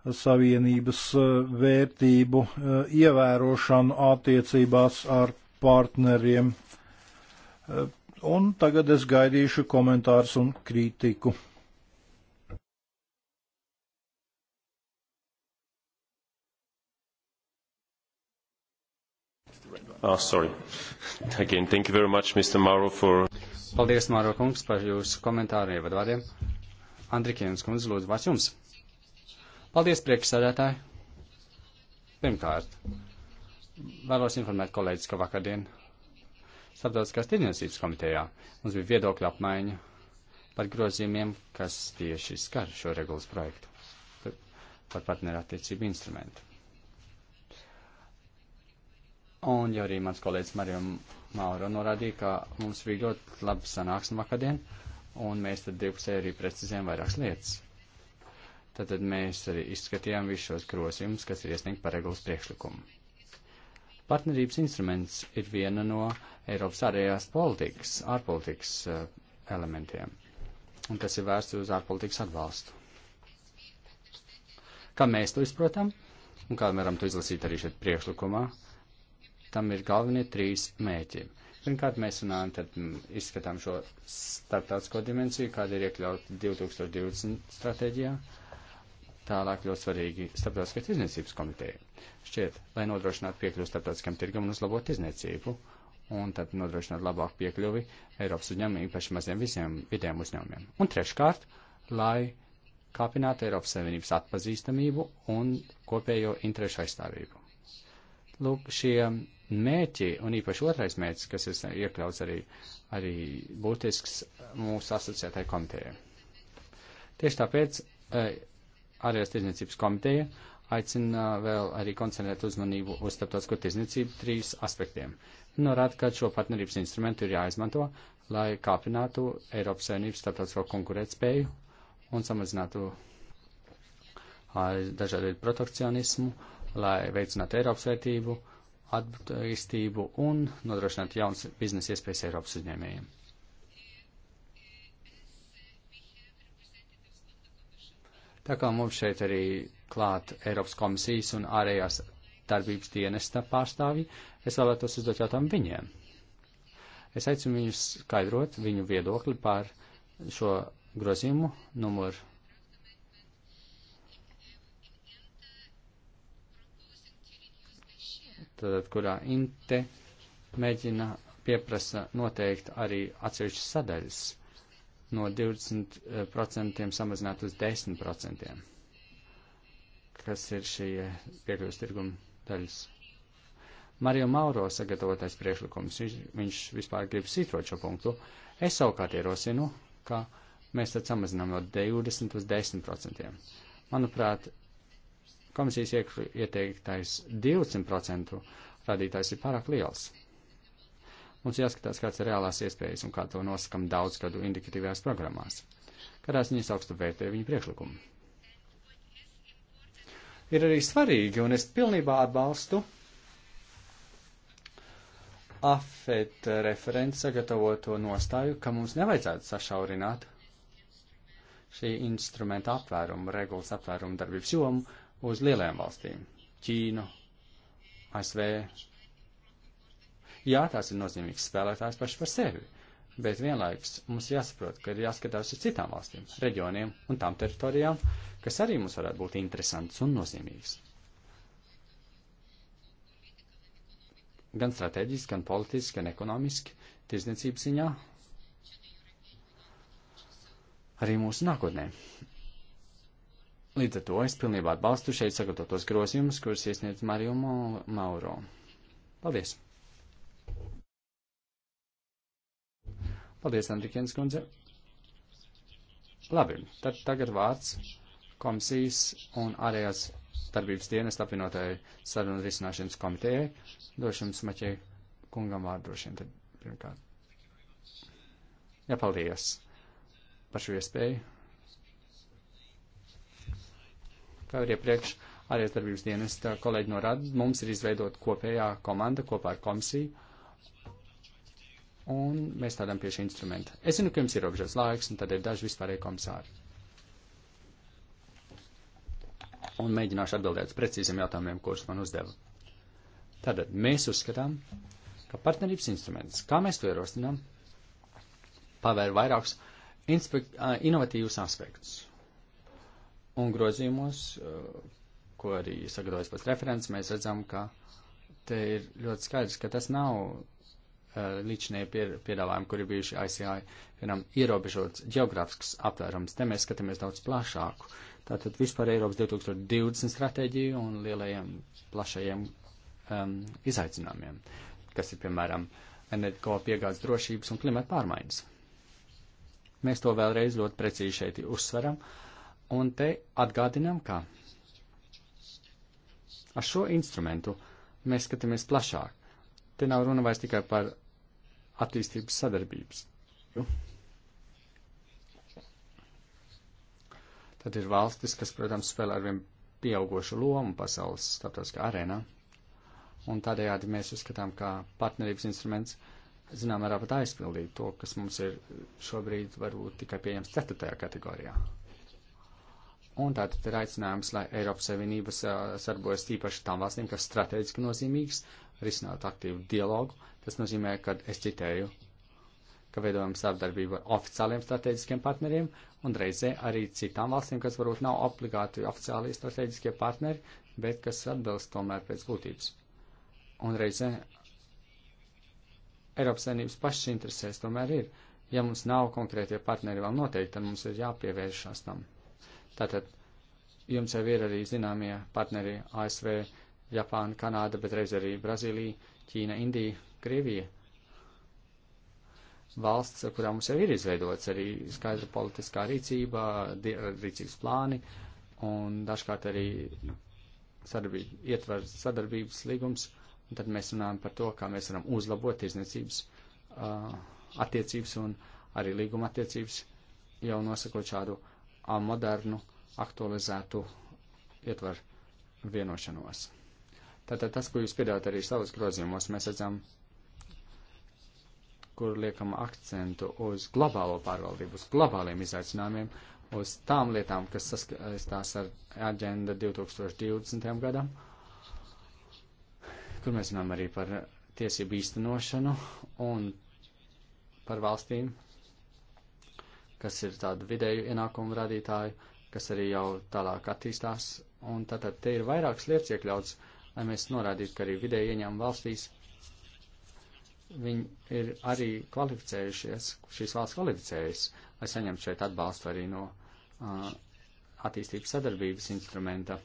Savienības eh, vērtību eh, ievērošanu attiecībās ar partneriem. Eh, un tagad es gaidīšu komentārus un kritiku. Oh, sorry. [LAUGHS] Again, thank you very much, Mr. Mauro, for... Paldies, Mauro kungs, par jūsu komentāru ievadvārdiem. Andrikienas kundze, lūdzu, vārds jums. Paldies, priekšsēdētāji! Pirmkārt, vēlos informēt kolēģis, ka vakardien Starptautiskās tirdzniecības komitejā mums bija viedokļa apmaiņa par grozījumiem, kas tieši skar šo regulas projektu par partnerattiecību instrumentu. Un jau arī mans kolēģis Mario Mauro norādīja, ka mums bija ļoti laba sanāksme vakardien, un mēs tad divpusēji arī precizējam vairākas lietas. Tātad mēs arī izskatījām visus šos grozījumus, kas ir iesniegti par regulas priekšlikumu. Partnerības instruments ir viena no Eiropas ārējās politikas, ārpolitikas uh, elementiem, un tas ir vērsts uz ārpolitikas atbalstu. Kā mēs to izprotam, un kā varam to izlasīt arī šeit priekšlikumā, tam ir galvenie trīs mēķi. Pirmkārt, mēs runājam, tad mm, izskatām šo starptautisko dimensiju, kāda ir iekļauta 2020 stratēģijā. Uh, Tālāk ļoti svarīgi starptautiskā tirzniecības komiteja. Šķiet, lai nodrošinātu piekļuvi starptautiskam tirgam un uzlabot tirzniecību, un tad nodrošināt labāku piekļuvi Eiropas uzņēmumiem, īpaši maziem visiem vidējiem uzņēmumiem. Un treškārt, lai kāpinātu Eiropas Savienības atpazīstamību un kopējo interešu aizstāvību. Lūk, šie mērķi, un īpaši otrais mērķis, kas ir iekļauts arī, arī būtisks mūsu asociētai komitejai. Tieši tāpēc eh, ārējās tirdzniecības komiteja aicina vēl arī koncentrēt uzmanību uz starptautisko tirdzniecību trīs aspektiem. Norāda, ka šo partnerības instrumentu ir jāizmanto, lai kāpinātu Eiropas Savienības starptautisko konkurētspēju un samazinātu dažādu veidu protekcionismu, lai veicinātu Eiropas vērtību, attīstību un nodrošinātu jaunas biznesa iespējas Eiropas uzņēmējiem. Tā kā mums šeit arī klāt Eiropas komisijas un ārējās darbības dienesta pārstāvji, es vēlētos uzdot jautājumu viņiem. Es aicinu viņus skaidrot viņu viedokli par šo grozījumu numuru. Tātad, kurā Inte mēģina pieprasa noteikt arī atsevišķas sadaļas no 20% eh, samazināt uz 10%, kas ir šī eh, piekļuvis tirguma daļas. Mario Mauro sagatavotais priekšlikums, viņš vispār grib sītrot šo punktu. Es savukārt ierosinu, ka mēs tad samazinām no 20 uz 10%. Manuprāt, komisijas ieteiktais 200% radītājs ir pārāk liels. Mums jāskatās, kāds ir reālās iespējas un kā to nosakam daudzgadu indikatīvajās programmās. Kādās viņas augstu vērtē viņa priekšlikumu. Ir arī svarīgi, un es pilnībā atbalstu AFET referents sagatavoto nostāju, ka mums nevajadzētu sašaurināt šī instrumenta apvērumu, regulas apvērumu darbības jomu uz lielajām valstīm - Ķīnu, ASV, Jā, tās ir nozīmīgas spēlētājas paši par sevi, bet vienlaikus mums jāsaprot, ka ir jāskatās uz citām valstīm, reģioniem un tām teritorijām, kas arī mums varētu būt interesants un nozīmīgs. Gan strateģiski, gan politiski, gan ekonomiski, tirzniecības ziņā, arī mūsu nākotnē. Līdz ar to es pilnībā atbalstu šeit sagatavotos grozījumus, kurus iesniedz Mariju Mauro. Paldies! Paldies, Andrikienas kundze. Labi, tad tagad vārds komisijas un ārējās darbības dienas apvienotāju sarunu risināšanas komitejai. Došu jums, Maķē, kungam vārdu droši vien tad pirmkārt. Jā, paldies par šo iespēju. Kā jau iepriekš ārējās darbības dienas kolēģi norāda, mums ir izveidot kopējā komanda kopā ar komisiju un mēs strādājam pie šī instrumenta. Es zinu, ka jums ir ierobežots laiks, un tad ir daži vispārēji komisāri. Un mēģināšu atbildēt uz precīziem jautājumiem, kurus man uzdeva. Tātad mēs uzskatām, ka partnerības instruments, kā mēs to ierosinām, pavēr vairākus inovatīvus aspektus. Un grozījumos, ko arī sagatavojas pats referents, mēs redzam, ka te ir ļoti skaidrs, ka tas nav Eh, līdšanai piedāvājumi, kur ir bijuši ICI, vienam ierobežots geogrāfisks aptvērums. Te mēs skatāmies daudz plašāku. Tātad vispār Eiropas 2020 stratēģiju un lielajiem plašajiem um, izaicinājumiem, kas ir, piemēram, energo piegādes drošības un klimata pārmaiņas. Mēs to vēlreiz ļoti precīzi šeit uzsveram un te atgādinam, ka ar šo instrumentu mēs skatāmies plašāk Te nav runa vairs tikai par attīstības sadarbības. Tad ir valstis, kas, protams, spēlē arvien pieaugošu lomu pasaules starptautiskā arēnā. Un tādējādi mēs uzskatām, ka partnerības instruments, zinām, arā pat aizpildīt to, kas mums ir šobrīd varbūt tikai pieejams ceturtajā kategorijā. Un tātad ir aicinājums, lai Eiropas Savienības sarbojas tīpaši tām valstīm, kas strateģiski nozīmīgs, risināt aktīvu dialogu. Tas nozīmē, ka es citēju, ka veidojam sadarbību ar oficiāliem strateģiskiem partneriem un reizē arī citām valstīm, kas varbūt nav obligāti oficiāli strateģiskie partneri, bet kas atbilst tomēr pēc būtības. Un reizē Eiropas Savienības pašas interesēs tomēr ir. Ja mums nav konkrētie partneri vēl noteikti, tad mums ir jāpievēršās tam. Tātad jums jau ir arī zināmie partneri ASV, Japāna, Kanāda, bet reiz arī Brazīlija, Ķīna, Indija, Krievija. Valsts, ar kurām mums jau ir izveidots arī skaidra politiskā rīcība, rīcības plāni un dažkārt arī sadarbība, ietver sadarbības līgums, un tad mēs runājam par to, kā mēs varam uzlabot tirzniecības uh, attiecības un arī līguma attiecības, jau nosakot šādu modernu, aktualizētu ietvaru vienošanos. Tātad tas, ko jūs piedāvājat arī savus grozījumos, mēs redzam, kur liekam akcentu uz globālo pārvaldību, uz globāliem izaicinājumiem, uz tām lietām, kas saskaistās ar aģenda 2020. gadam, kur mēs runājam arī par tiesību īstenošanu un par valstīm, kas ir tādu vidēju ienākumu radītāju, kas arī jau tālāk attīstās. Un tātad te ir vairākas lietas iekļauts, lai mēs norādītu, ka arī vidēji ieņēmumi valstīs viņi ir arī kvalificējušies, šīs valsts kvalificējas, lai saņemtu šeit atbalstu arī no uh, attīstības sadarbības instrumenta.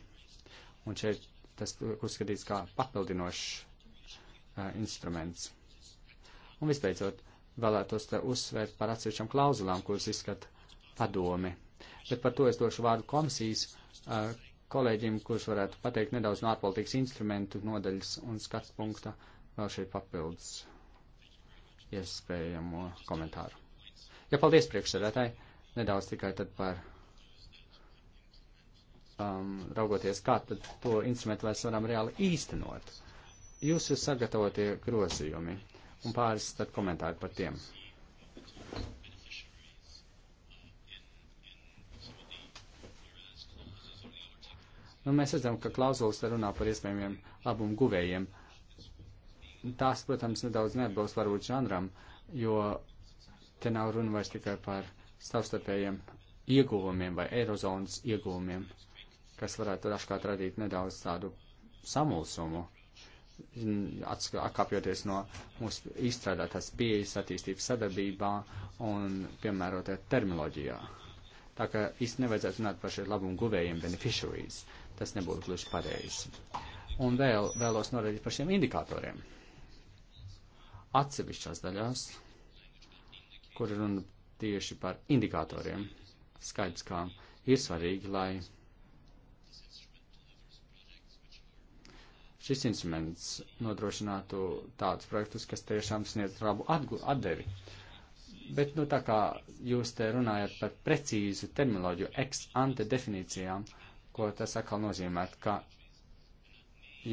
Un šeit tas uzskatīts kā papildinošs uh, instruments. Un visbeidzot, uh, vēlētos te uzsvērt par atsevišķām klauzulām, kuras izskata padome. Bet par to es došu vārdu komisijas uh, kolēģim, kurš varētu pateikt nedaudz no ārpolitikas instrumentu nodaļas un skats punkta vēl šeit papildus iespējamo komentāru. Ja paldies priekšsēdētāji, nedaudz tikai tad par um, raugoties, kā tad to instrumentu mēs varam reāli īstenot. Jūsu sagatavotie grozījumi un pāris tad komentāri par tiem. Nu, mēs redzam, ka klauzulas runā par iespējamiem labumu guvējiem. Tās, protams, nedaudz neatbilst varbūt žanram, jo te nav runa vairs tikai par savstarpējiem ieguvumiem vai eirozonas ieguvumiem, kas varētu dažkārt radīt nedaudz tādu samulsumu atkāpjoties no mūsu izstrādātās pieejas attīstības sadarbībā un piemērotē terminoloģijā. Tā ka īsti nevajadzētu runāt par šiem labumu guvējiem beneficiaries. Tas nebūtu gluži pareizi. Un vēl vēlos norādīt par šiem indikatoriem. Atsevišķās daļās, kur runa tieši par indikatoriem, skaidrs, kā ir svarīgi, lai šis instruments nodrošinātu tādus projektus, kas tiešām sniedz labu atdevi. Bet, nu, tā kā jūs te runājat par precīzu terminoloģiju, ex ante definīcijām, ko tas atkal nozīmē, ka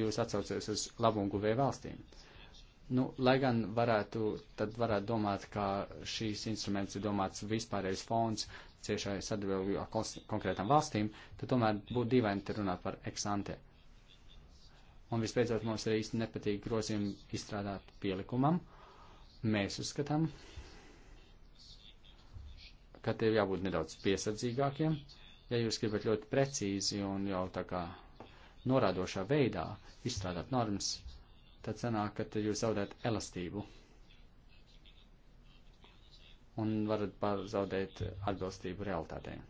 jūs atsaucies uz labumguvēju valstīm. Nu, lai gan varētu, tad varētu domāt, ka šīs instruments ir domāts vispārējais fonds ciešai sadarbībā konkrētām valstīm, tad tomēr būtu dīvaini te runāt par ex ante Un visbeidzot, mums arī īsti nepatīk grozījumi izstrādāt pielikumam. Mēs uzskatām, ka te jābūt nedaudz piesardzīgākiem. Ja jūs gribat ļoti precīzi un jau tā kā norādošā veidā izstrādāt normas, tad sanāk, ka jūs zaudējat elastību un varat zaudēt atbilstību realitātei.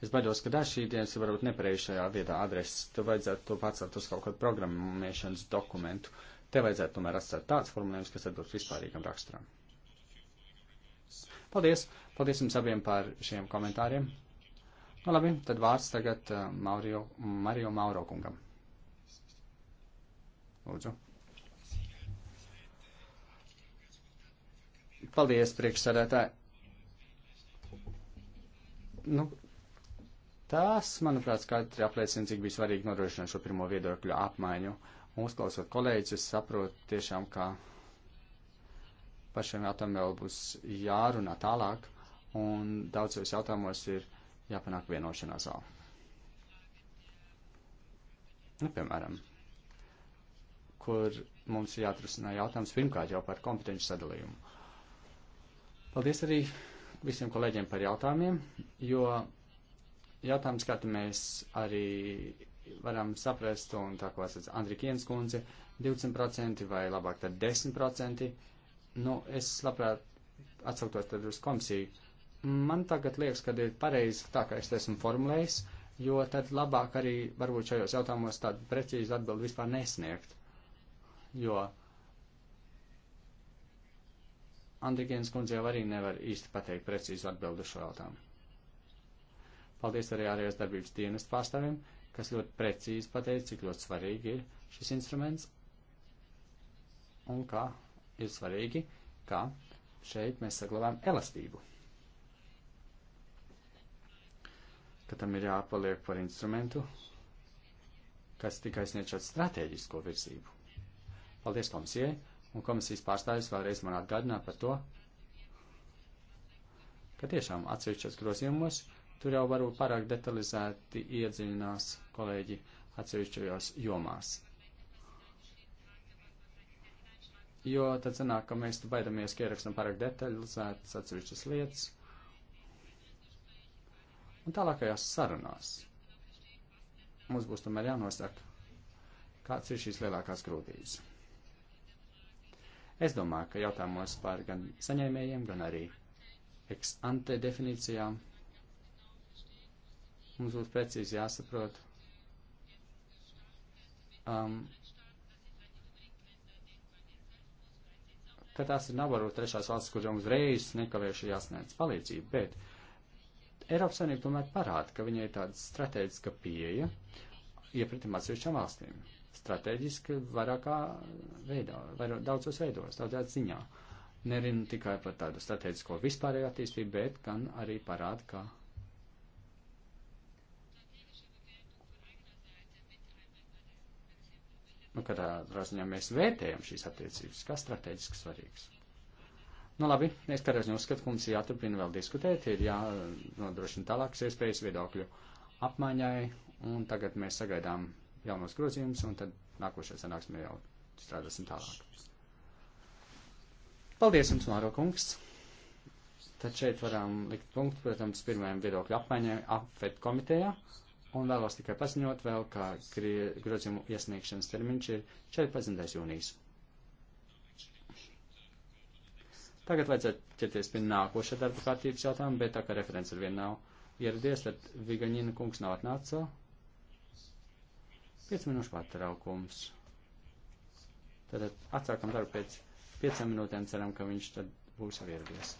Es baidos, ka daži dienas ir varbūt nepareizi šajā vietā adreses. Tev vajadzētu to pacelt uz kaut kādu programmēšanas dokumentu. Te vajadzētu tomēr atstāt tāds formulējums, kas atbilst vispārīgam raksturam. Paldies! Paldies jums abiem par šiem komentāriem. Nu, labi, tad vārds tagad uh, Maurio, Mario Mauro kungam. Lūdzu. Paldies, priekšsēdētāji. Nu, Tas, manuprāt, skaidri apliecina, cik bija svarīgi nodrošināt šo pirmo viedokļu apmaiņu. Uzklausot kolēģis, es saprotu tiešām, ka par šiem jautājumiem vēl būs jārunā tālāk, un daudzos jautājumos ir jāpanāk vienošanās vēl. Nu, piemēram, kur mums ir jāatrisinā jautājums pirmkārt jau par kompetenci sadalījumu. Paldies arī visiem kolēģiem par jautājumiem, jo jautājums, kā mēs arī varam saprast, un tā kā esat Andrikienas kundze, 20% vai labāk tad 10%, nu, es labprāt atsauktos tad uz komisiju. Man tagad liekas, ka ir pareizi tā, kā es esmu formulējis, jo tad labāk arī varbūt šajos jautājumos tādu precīzu atbildu vispār nesniegt. Jo Andrikienas kundze jau arī nevar īsti pateikt precīzu atbildu šo jautājumu. Paldies arī ārējās darbības dienas pārstāvjiem, kas ļoti precīzi pateica, cik ļoti svarīgi ir šis instruments un kā ir svarīgi, kā šeit mēs saglabājam elastību. Ka tam ir jāpaliek par instrumentu, kas tikai sniedz šādu strateģisko virzību. Paldies komisijai, un komisijas pārstāvis vēlreiz man atgādināja par to, ka tiešām atsevišķos grozījumos Tur jau varbūt pārāk detalizēti iedziļinās kolēģi atsevišķajos jomās. Jo tad sanāk, ka mēs baidamies, ka ierakstam pārāk detalizētas atsevišķas lietas. Un tālākajās sarunās mums būs tomēr jānosaka, kāds ir šīs lielākās grūtības. Es domāju, ka jautājumos par gan saņēmējiem, gan arī ex ante definīcijām Mums būs precīzi jāsaprot, um, ka tās ir nabaru trešās valsts, kurām uzreiz nekavieši jāsniedz palīdzību, bet Eiropas Savienība tomēr parāda, ka viņai ir tāda strateģiska pieeja iepratim atsevišķām valstīm. Strateģiski vairākā veidā, vairāk, daudzos veidos, daudzā ziņā. Nerin tikai par tādu strateģisko vispārēju attīstību, bet gan arī parāda, ka Nu, katrā ziņā mēs vērtējam šīs attiecības, kā strateģiski svarīgas. Nu, labi, es katrā ziņā uzskatu, ka mums jāturpina vēl diskutēt, ir jānodrošina tālākas iespējas viedokļu apmaiņai, un tagad mēs sagaidām jaunos grozījumus, un tad nākošajā sanāksmē jau strādāsim tālāk. Paldies jums, Māro kungs! Tad šeit varam likt punktu, protams, pirmajam viedokļu apmaiņai apfet komitejā un vēlos tikai paziņot vēl, kā grozījumu iesniegšanas termiņš ir 14. jūnijas. Tagad vajadzētu ķerties pie nākošā darba kārtības jautājuma, bet tā kā referents ar vienu nav ieradies, tad Vigaņina kungs nav atnāca. 5 minūšu pārtraukums. Tad atsākam darbu pēc 5 minūtēm, ceram, ka viņš tad būs ieradies.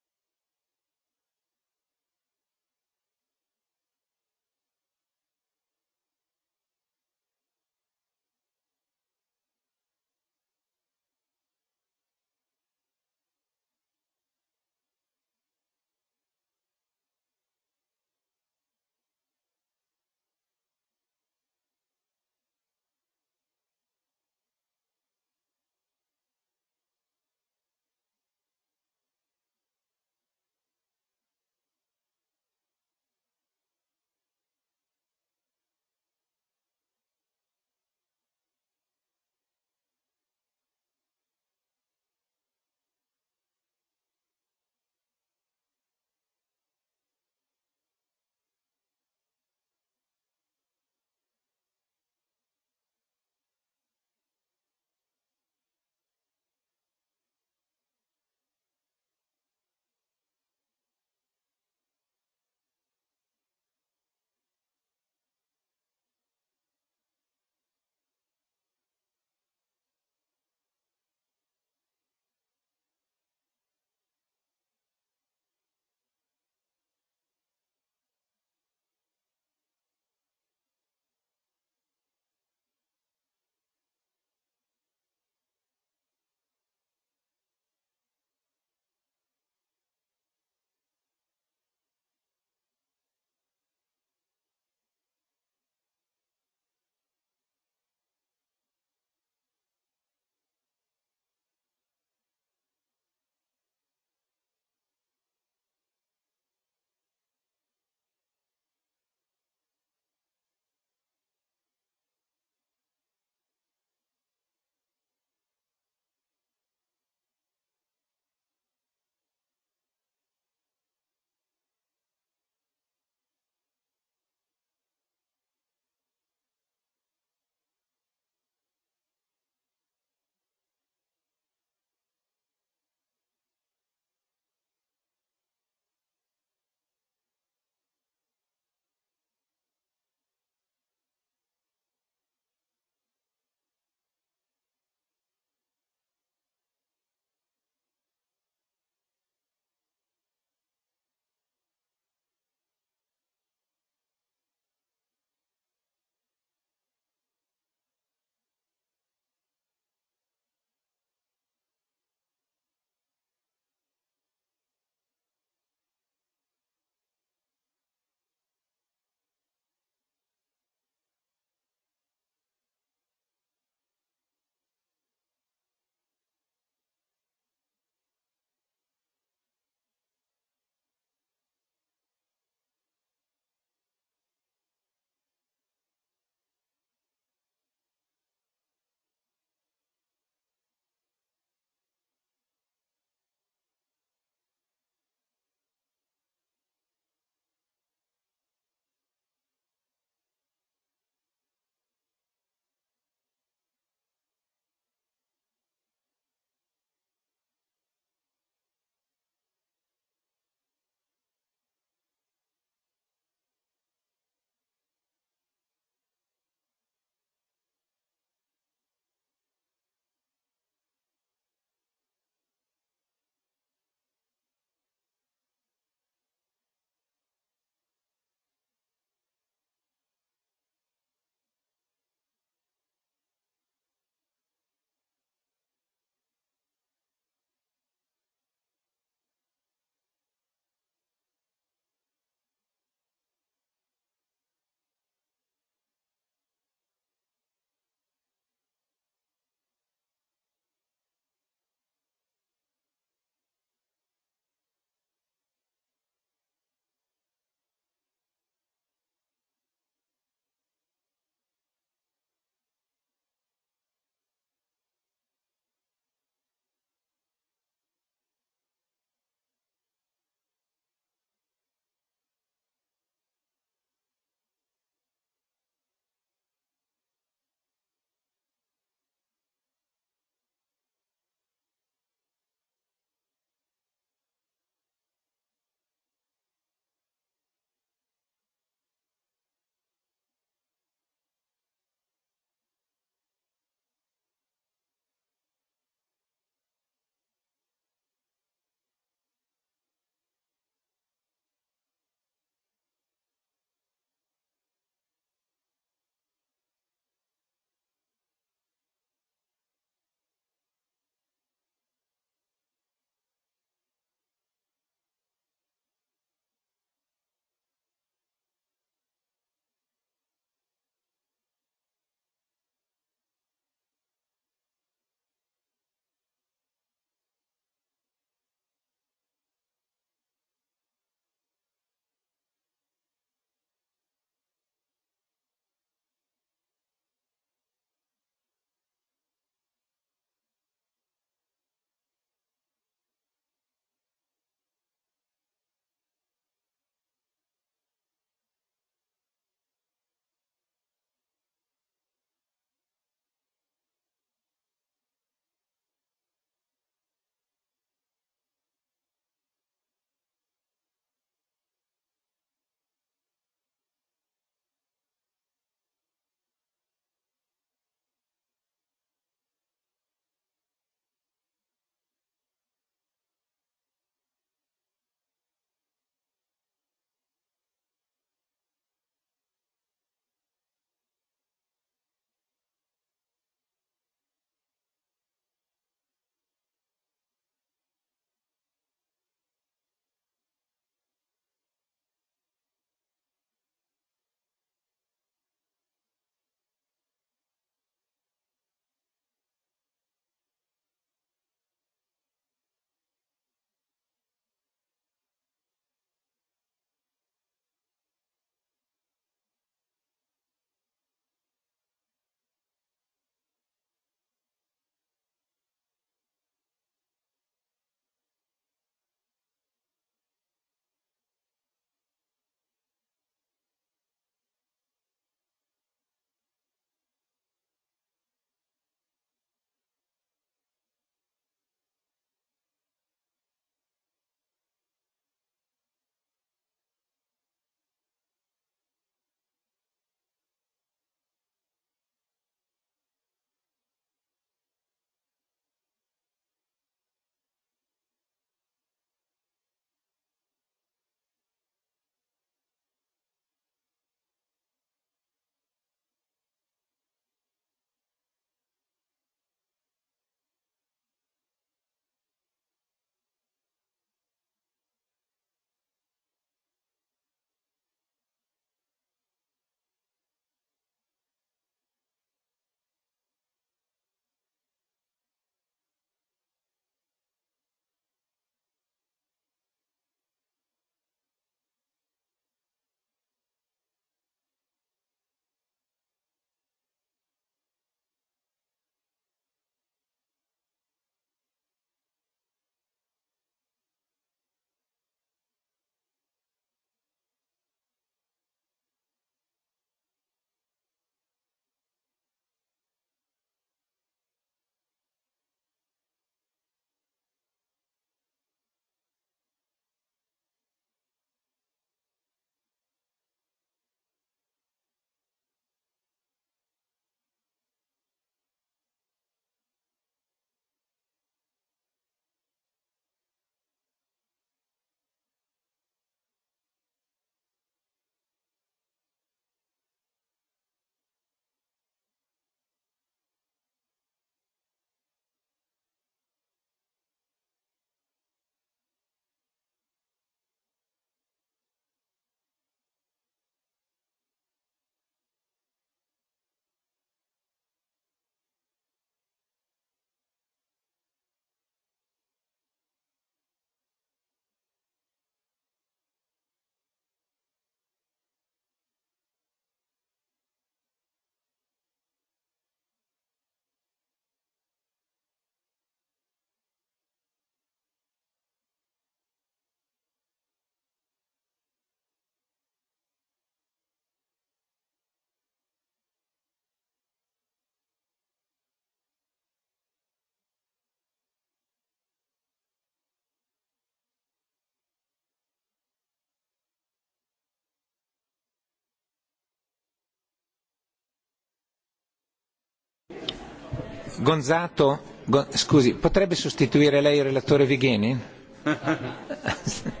Gonzato, go, scusi, potrebbe sostituire lei il relatore Vigheni? [LAUGHS]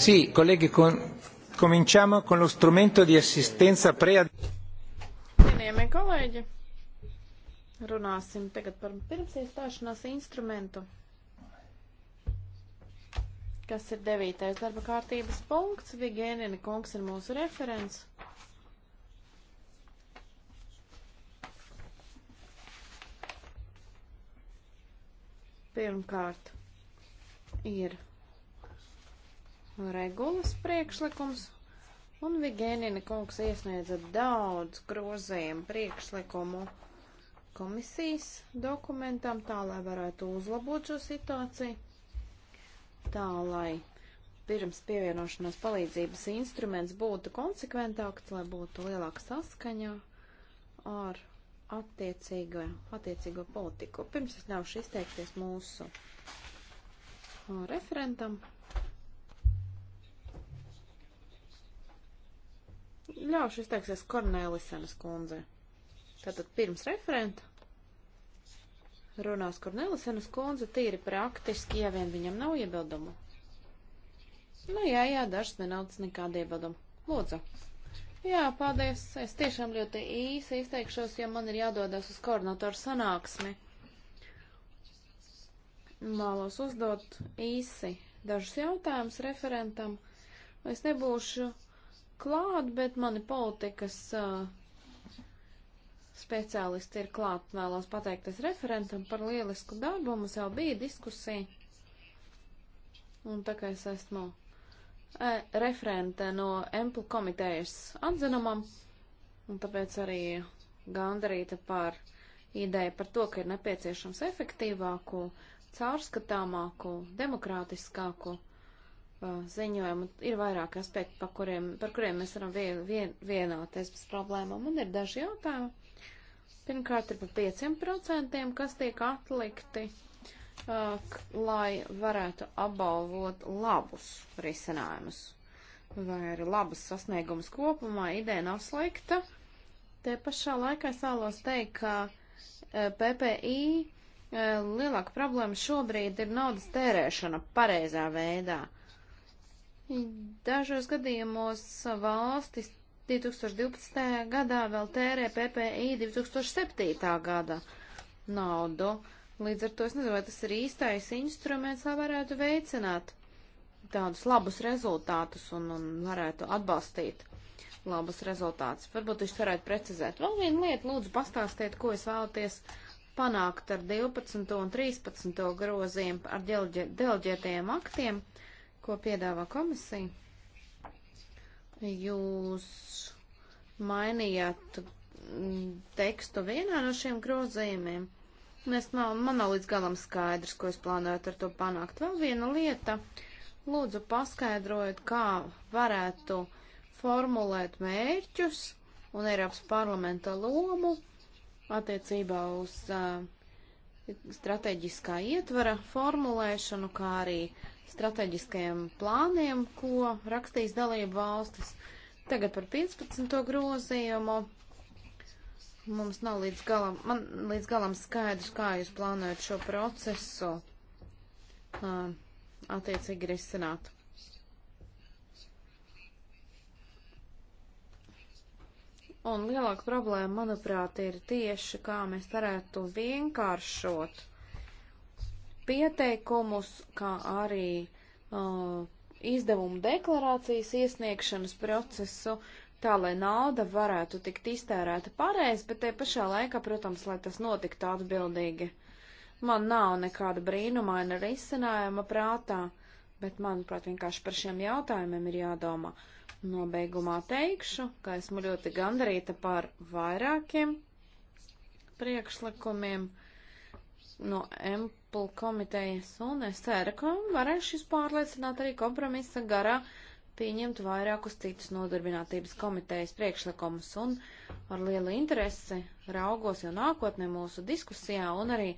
Sì, colleghi, con... cominciamo con lo strumento di assistenza pre... Cienījamie kolēģi, runāsim tagad par pirms iestāšanās instrumentu, kas ir devītais darba kārtības punkts. Vigēnina kungs ir mūsu referents. Pirmkārt ir regulas priekšlikums, un Vigēnina kungs iesniedza daudz grozījumu priekšlikumu komisijas dokumentam, tā lai varētu uzlabot šo situāciju, tā lai pirms pievienošanās palīdzības instruments būtu konsekventāks, lai būtu lielāka saskaņa ar attiecīgo, attiecīgo politiku. Pirms es ļaušu izteikties mūsu referentam, Ļaušu izteiksies Kornelisenes kundze. Tātad pirms referenta runās Kornelisenes kundze tīri praktiski, ja vien viņam nav iebildumu. Nu jā, jā, dažs nenauc nekāda iebildumu. Lūdzu. Jā, paldies. Es tiešām ļoti īsi izteikšos, jo man ir jādodas uz koordinatoru sanāksmi. Mālos uzdot īsi dažus jautājumus referentam. Es nebūšu klāt, bet mani politikas uh, speciālisti ir klāt. Vēlos pateikties referentam par lielisku darbu. Mums jau bija diskusija. Un tā kā es esmu uh, referente no Emplu komitejas atzinumam, un tāpēc arī gandarīta par ideju par to, ka ir nepieciešams efektīvāku, caurskatāmāku, demokrātiskāku Uh, ziņojumu. Ir vairāk aspekti, par kuriem, par kuriem mēs varam vien, vien, vienoties bez problēmām. Man ir daži jautājumi. Pirmkārt, ir par 5%, kas tiek atlikti, uh, lai varētu apbalvot labus risinājumus. Vai arī labus sasniegumus kopumā, ideja nav slikta. Te pašā laikā es vēlos teikt, ka uh, PPI uh, lielāka problēma šobrīd ir naudas tērēšana pareizā veidā. Uh, Dažos gadījumos valstis 2012. gadā vēl tērē PPI 2007. gada naudu. Līdz ar to es nezinu, vai tas ir īstais instruments, lai varētu veicināt tādus labus rezultātus un, un varētu atbalstīt labus rezultātus. Varbūt viņš varētu precizēt. Vēl viena lieta, lūdzu, pastāstiet, ko es vēlaties panākt ar 12. un 13. grozījumu ar delģētajiem aktiem. Uh, ko piedāvā komisija. Jūs mainījāt mm, tekstu vienā no šiem grozījumiem. Es nav, man nav līdz galam skaidrs, ko es plānoju ar to panākt. Vēl viena lieta. Lūdzu, paskaidrojiet, kā varētu formulēt mērķus un Eiropas parlamenta lomu attiecībā uz uh, strateģiskā ietvara formulēšanu, kā arī strateģiskajiem plāniem, ko rakstīs dalību valstis. Tagad par 15. grozījumu. Mums nav līdz galam, man līdz galam skaidrs, kā jūs plānojat šo procesu uh, attiecīgi risināt. Un lielāka problēma, manuprāt, ir tieši, kā mēs varētu vienkāršot pieteikumus, kā arī uh, izdevumu deklarācijas iesniegšanas procesu, tā lai nauda varētu tikt iztērēta pareizi, bet te pašā laikā, protams, lai tas notiktu atbildīgi. Man nav nekāda brīnumaina risinājuma prātā, bet, manuprāt, vienkārši par šiem jautājumiem ir jādomā. Nobeigumā teikšu, ka esmu ļoti gandarīta par vairākiem priekšlikumiem no M Apple komitejas, un es ceru, ka varēšu jūs pārliecināt arī kompromisa garā pieņemt vairākus citus nodarbinātības komitejas priekšlikumus, un ar lielu interesi raugos jau nākotnē mūsu diskusijā un arī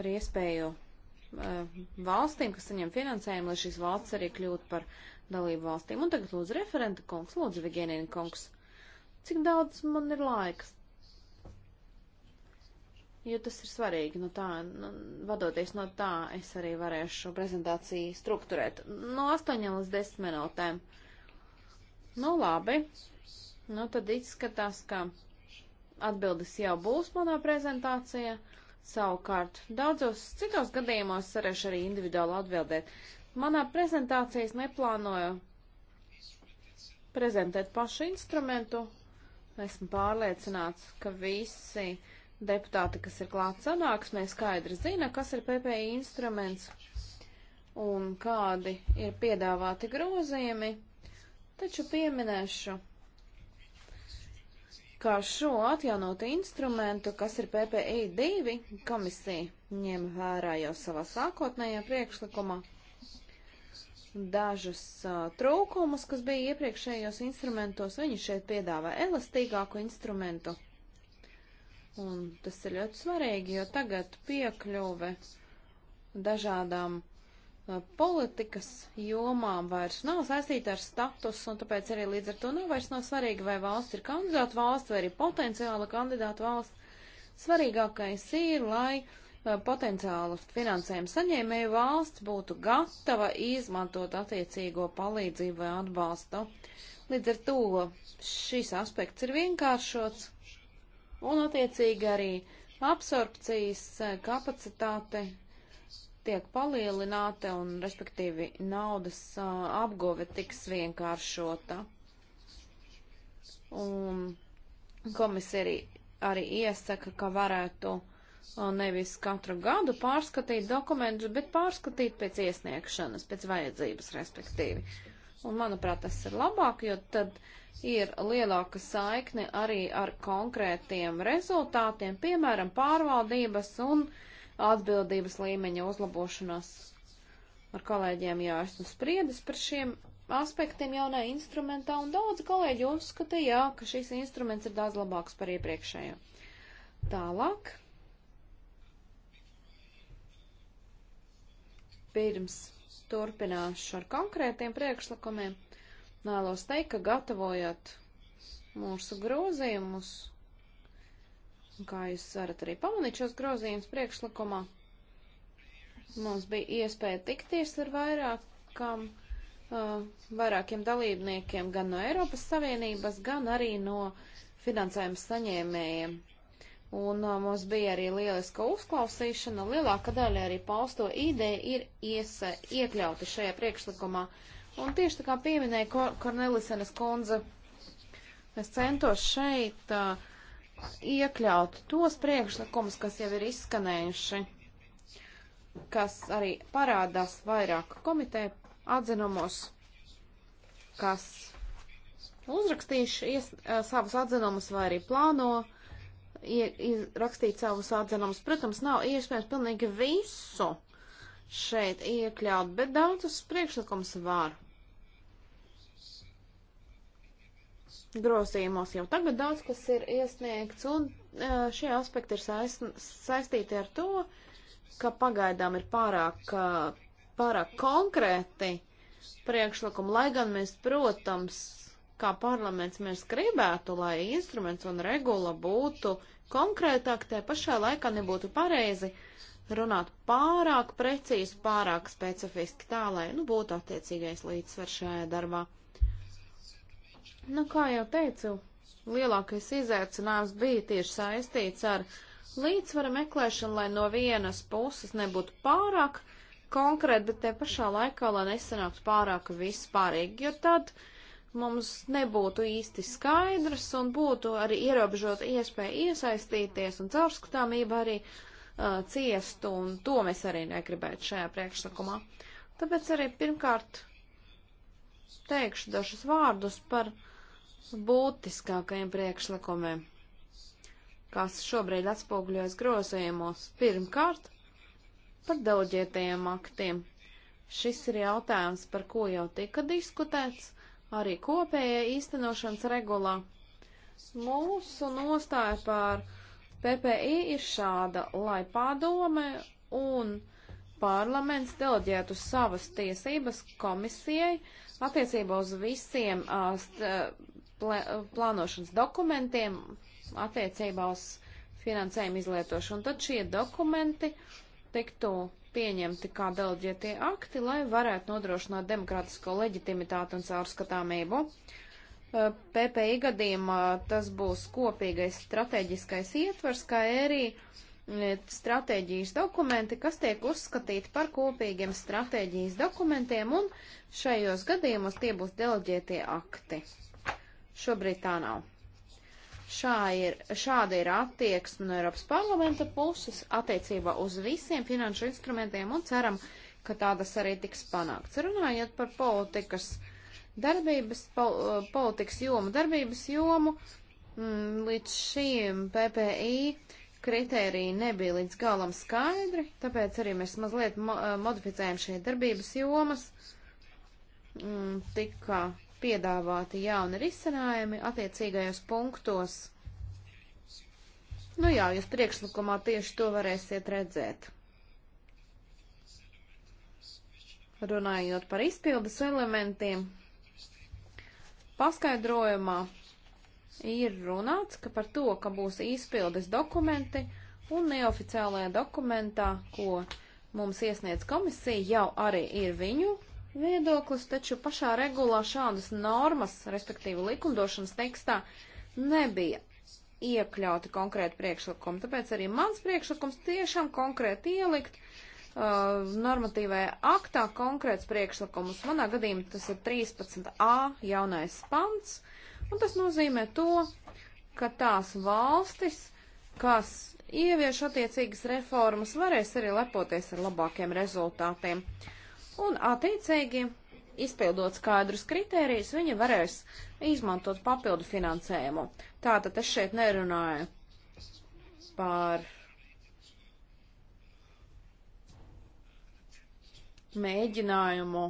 par iespēju uh, valstīm, kas saņem finansējumu, lai šīs valsts arī kļūtu par dalību valstīm. Un tagad lūdzu referenta kungs, lūdzu Vigienina kungs, cik daudz man ir laiks? jo tas ir svarīgi. Nu, tā, nu, vadoties no tā, es arī varēšu šo prezentāciju strukturēt no 8 līdz 10 minūtēm. Nu, labi. Nu, tad izskatās, ka atbildes jau būs manā prezentācijā. Savukārt, daudzos citos gadījumos varēšu arī individuāli atbildēt. Manā prezentācijā es neplānoju prezentēt pašu instrumentu. Esmu pārliecināts, ka visi uh, deputāti, kas ir klāt sanāksmē, skaidri zina, kas ir PPI instruments un kādi ir piedāvāti grozījumi, taču pieminēšu, kā šo atjaunotu instrumentu, kas ir PPI 2, komisija ņem vērā jau savā sākotnējā priekšlikumā dažus uh, trūkumus, kas bija iepriekšējos instrumentos, viņi šeit piedāvā elastīgāku instrumentu Un tas ir ļoti svarīgi, jo tagad piekļuve dažādām uh, politikas jomām vairs nav saistīta ar status, un tāpēc arī līdz ar to nav vairs nav svarīgi, vai valsts ir kandidāta valsts vai arī potenciāla kandidāta valsts. Svarīgākais ir, lai uh, potenciālu finansējumu saņēmēju valsts būtu gatava izmantot attiecīgo palīdzību vai atbalstu. Līdz ar to šis aspekts ir vienkāršots un attiecīgi arī absorpcijas eh, kapacitāte tiek palielināta un, respektīvi, naudas eh, apgove tiks vienkāršota. Un komisija arī, arī iesaka, ka varētu eh, nevis katru gadu pārskatīt dokumentus, bet pārskatīt pēc iesniegšanas, pēc vajadzības, respektīvi. Un, manuprāt, tas ir labāk, jo tad uh, ir lielāka saikne arī ar konkrētiem rezultātiem, piemēram, pārvaldības un atbildības līmeņa uzlabošanās. Ar kolēģiem jau esmu spriedis par šiem aspektiem jaunā instrumentā, un daudz kolēģi uzskata, jā, ka šis instruments ir daudz labāks par iepriekšējo. Tālāk. Pirms turpināšu ar konkrētiem priekšlikumiem Nālos teikt, ka gatavojat mūsu grozījumus, kā jūs varat arī pamanīt šos grozījumus priekšlikumā, mums bija iespēja tikties ar vairākam, uh, vairākiem dalībniekiem gan no Eiropas Savienības, gan arī no finansējuma saņēmējiem. Un uh, mums bija arī lieliska uzklausīšana, lielāka daļa arī pausto ideja ir iesa, iekļauti šajā priekšlikumā. Uh, Un tieši tā kā pieminēja Kor Kornelisenes kundze, es centos šeit uh, iekļaut tos priekšlikumus, kas jau ir izskanējuši, kas arī parādās vairāk komiteja atzinumos, kas uzrakstījuši ies, uh, savus atzinumus vai arī plāno ie, iz, rakstīt savus atzinumus. Protams, nav iespējams pilnīgi visu šeit iekļaut, bet daudzus priekšlikumus var. grozījumos jau tagad daudz kas ir iesniegts, un šie aspekti ir saist, saistīti ar to, ka pagaidām ir pārāk, pārāk konkrēti priekšlikumi, lai gan mēs, protams, kā parlaments mēs gribētu, lai instruments un regula būtu konkrētāk, te pašā laikā nebūtu pareizi runāt pārāk precīzi, pārāk specifiski tā, lai nu, būtu attiecīgais līdzsver šajā darbā. Nu, kā jau teicu, lielākais izaicinājums bija tieši saistīts ar līdzsvara meklēšanu, lai no vienas puses nebūtu pārāk konkrēti, bet te pašā laikā, lai nesanāktu pārāk vispārīgi, jo tad mums nebūtu īsti skaidrs un būtu arī ierobežota iespēja iesaistīties un caurskatāmība arī uh, ciest, un to mēs arī negribētu šajā priekšlikumā. Tāpēc arī pirmkārt teikšu dažus vārdus par uh, būtiskākajiem priekšlikumiem, kas šobrīd atspoguļojas grozījumos. Pirmkārt, par daudzietajiem aktiem. Šis ir jautājums, par ko jau tika diskutēts, arī kopējai īstenošanas regulā. Mūsu nostāja par PPI ir šāda, lai padome un parlaments deleģētu savas tiesības komisijai attiecībā uz visiem ast, plē, plānošanas dokumentiem attiecībā uz finansējumu izlietošanu. Tad šie dokumenti tiktu pieņemti kā delģētie akti, lai varētu nodrošināt demokrātisko leģitimitāti un caurskatāmību. PPI gadījumā tas būs kopīgais strateģiskais ietvers, kā arī stratēģijas dokumenti, kas tiek uzskatīti par kopīgiem stratēģijas dokumentiem, un šajos gadījumos tie būs delģētie akti. Šobrīd tā nav. Šā ir, šāda ir attieksme no Eiropas parlamenta puses attiecībā uz visiem finanšu instrumentiem un ceram, ka tādas arī tiks panākts. Runājot par politikas darbības, pol, politikas jomu, darbības jomu, m, mm, līdz šīm PPI kritēriji nebija līdz galam skaidri, tāpēc arī mēs mazliet mo eh, modificējam šie darbības jomas. Mm, tika piedāvāti jauni risinājumi attiecīgajos punktos. Nu jā, jūs priekšlikumā tieši to varēsiet redzēt. Runājot par izpildes elementiem, paskaidrojumā ir runāts, ka par to, ka būs izpildes dokumenti un neoficiālajā dokumentā, ko mums iesniedz komisija, jau arī ir viņu viedoklis, taču pašā regulā šādas normas, respektīvi likumdošanas tekstā, nebija iekļauti konkrēti priekšlikumi. Tāpēc arī mans priekšlikums tiešām konkrēti ielikt uh, normatīvajā aktā konkrēts priekšlikumus. Manā gadījumā tas ir 13a jaunais pants, un tas nozīmē to, ka tās valstis, kas ievieš attiecīgas reformas, varēs arī lepoties ar labākiem rezultātiem. Uh, un attiecīgi izpildot skaidrus kritērijus, viņi varēs izmantot papildu finansējumu. Tātad es šeit nerunāju par mēģinājumu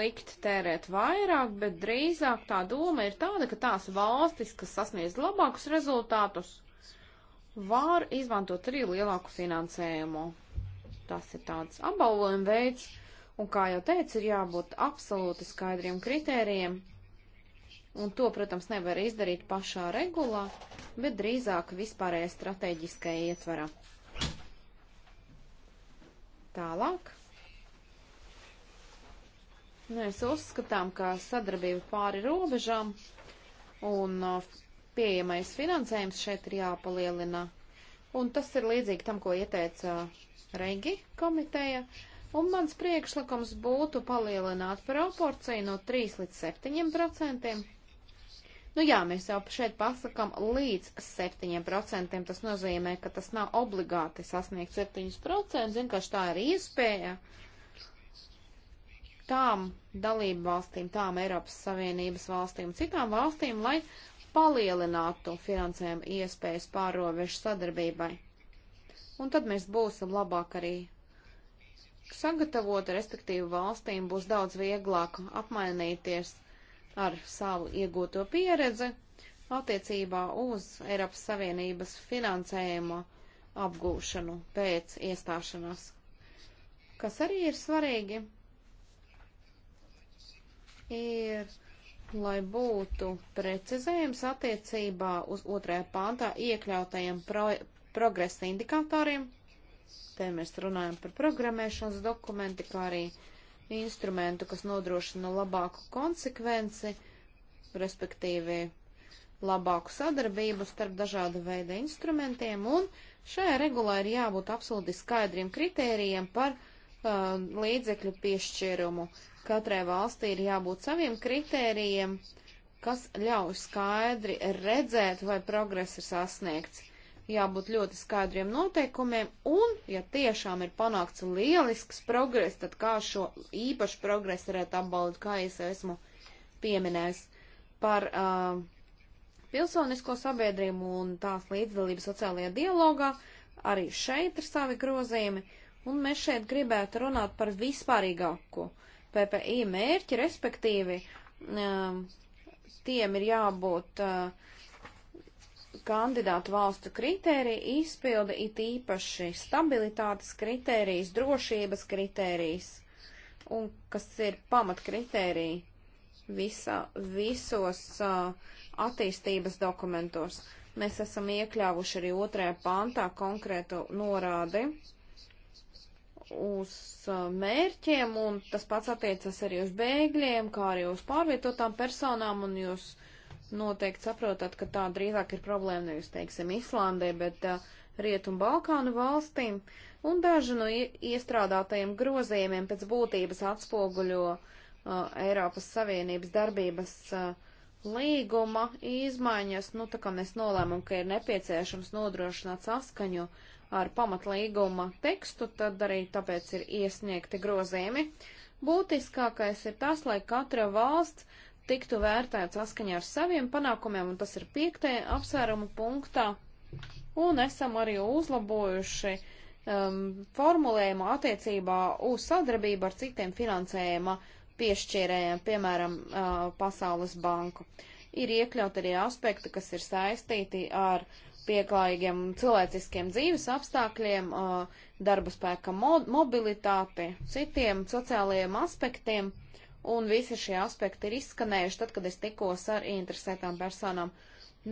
likt tērēt vairāk, bet drīzāk tā doma ir tāda, ka tās valstis, kas sasniedz labākus rezultātus, var izmantot arī lielāku finansējumu. Tas ir tāds apbalvojuma veids, un, kā jau teicu, ir jābūt absolūti skaidriem kritērijiem, un to, protams, nevar izdarīt pašā regulā, bet drīzāk vispārējā strateģiskajā ietvarā. Tālāk. Mēs nu, uzskatām, ka sadarbība pāri robežām un uh, pieejamais finansējums šeit ir jāpalielina. Un tas ir līdzīgi tam, ko ieteica Regi komiteja, un mans priekšlikums būtu palielināt proporciju no 3 līdz 7 procentiem. Nu jā, mēs jau šeit pasakam līdz 7%, tas nozīmē, ka tas nav obligāti sasniegt 7%, vienkārši tā ir iespēja tām dalību valstīm, tām Eiropas Savienības valstīm, citām valstīm, lai palielinātu finansējumu iespējas pārobežu sadarbībai un tad mēs būsim labāk arī sagatavoti, respektīvi valstīm būs daudz vieglāk apmainīties ar savu iegūto pieredzi attiecībā uz Eiropas Savienības finansējuma apgūšanu pēc iestāšanās, kas arī ir svarīgi, ir, lai būtu precizējums attiecībā uz otrajā pāntā iekļautajiem projektiem progresa indikatoriem. Te mēs runājam par programmēšanas dokumenti, kā arī instrumentu, kas nodrošina labāku konsekvenci, respektīvi labāku sadarbību starp dažāda veida instrumentiem, un šajā regulā ir jābūt absolūti skaidriem kritērijiem par uh, līdzekļu piešķirumu. Katrai valstī ir jābūt saviem kritērijiem, kas ļauj skaidri redzēt, vai progress ir sasniegts jābūt ļoti skaidriem noteikumiem, un, ja tiešām ir panākts lielisks progress, tad kā šo īpašu progresu varētu apbalvot, kā es esmu pieminējis par uh, pilsonisko sabiedrību un tās līdzdalību sociālajā dialogā, arī šeit ir savi grozījumi, un mēs šeit gribētu runāt par vispārīgāku PPI mērķi, respektīvi um, tiem ir jābūt uh, kandidātu valstu kritērija izpilda it īpaši stabilitātes kritērijas, drošības kritērijas, un kas ir pamatkritērija visā, visos uh, attīstības dokumentos. Mēs esam iekļāvuši arī otrajā pāntā konkrētu norādi uz mērķiem, un tas pats attiecas arī uz bēgļiem, kā arī uz pārvietotām personām un uz noteikti saprotat, ka tā drīzāk ir problēma nevis, teiksim, Islandē, bet uh, Rietumu Balkānu valstīm, un daži no iestrādātajiem grozījumiem pēc būtības atspoguļo uh, Eiropas Savienības darbības uh, līguma izmaiņas, nu tā kā mēs nolēmam, ka ir nepieciešams nodrošināt saskaņu ar pamatlīguma tekstu, tad arī tāpēc ir iesniegti grozījumi. Būtiskākais ir tas, lai katra valsts tiktu vērtēts saskaņā ar saviem panākumiem, un tas ir piektajā apsvērumu punktā. Un esam arī uzlabojuši um, formulējumu attiecībā uz sadarbību ar citiem finansējuma piešķīrējiem, piemēram, uh, Pasaules banku. Ir iekļaut arī aspekti, kas ir saistīti ar pieklājīgiem cilvēciskiem dzīves apstākļiem, uh, darba spēka mobilitāti, citiem sociālajiem aspektiem. Uh, un visi šie aspekti ir izskanējuši tad, kad es tikos ar interesētām personām.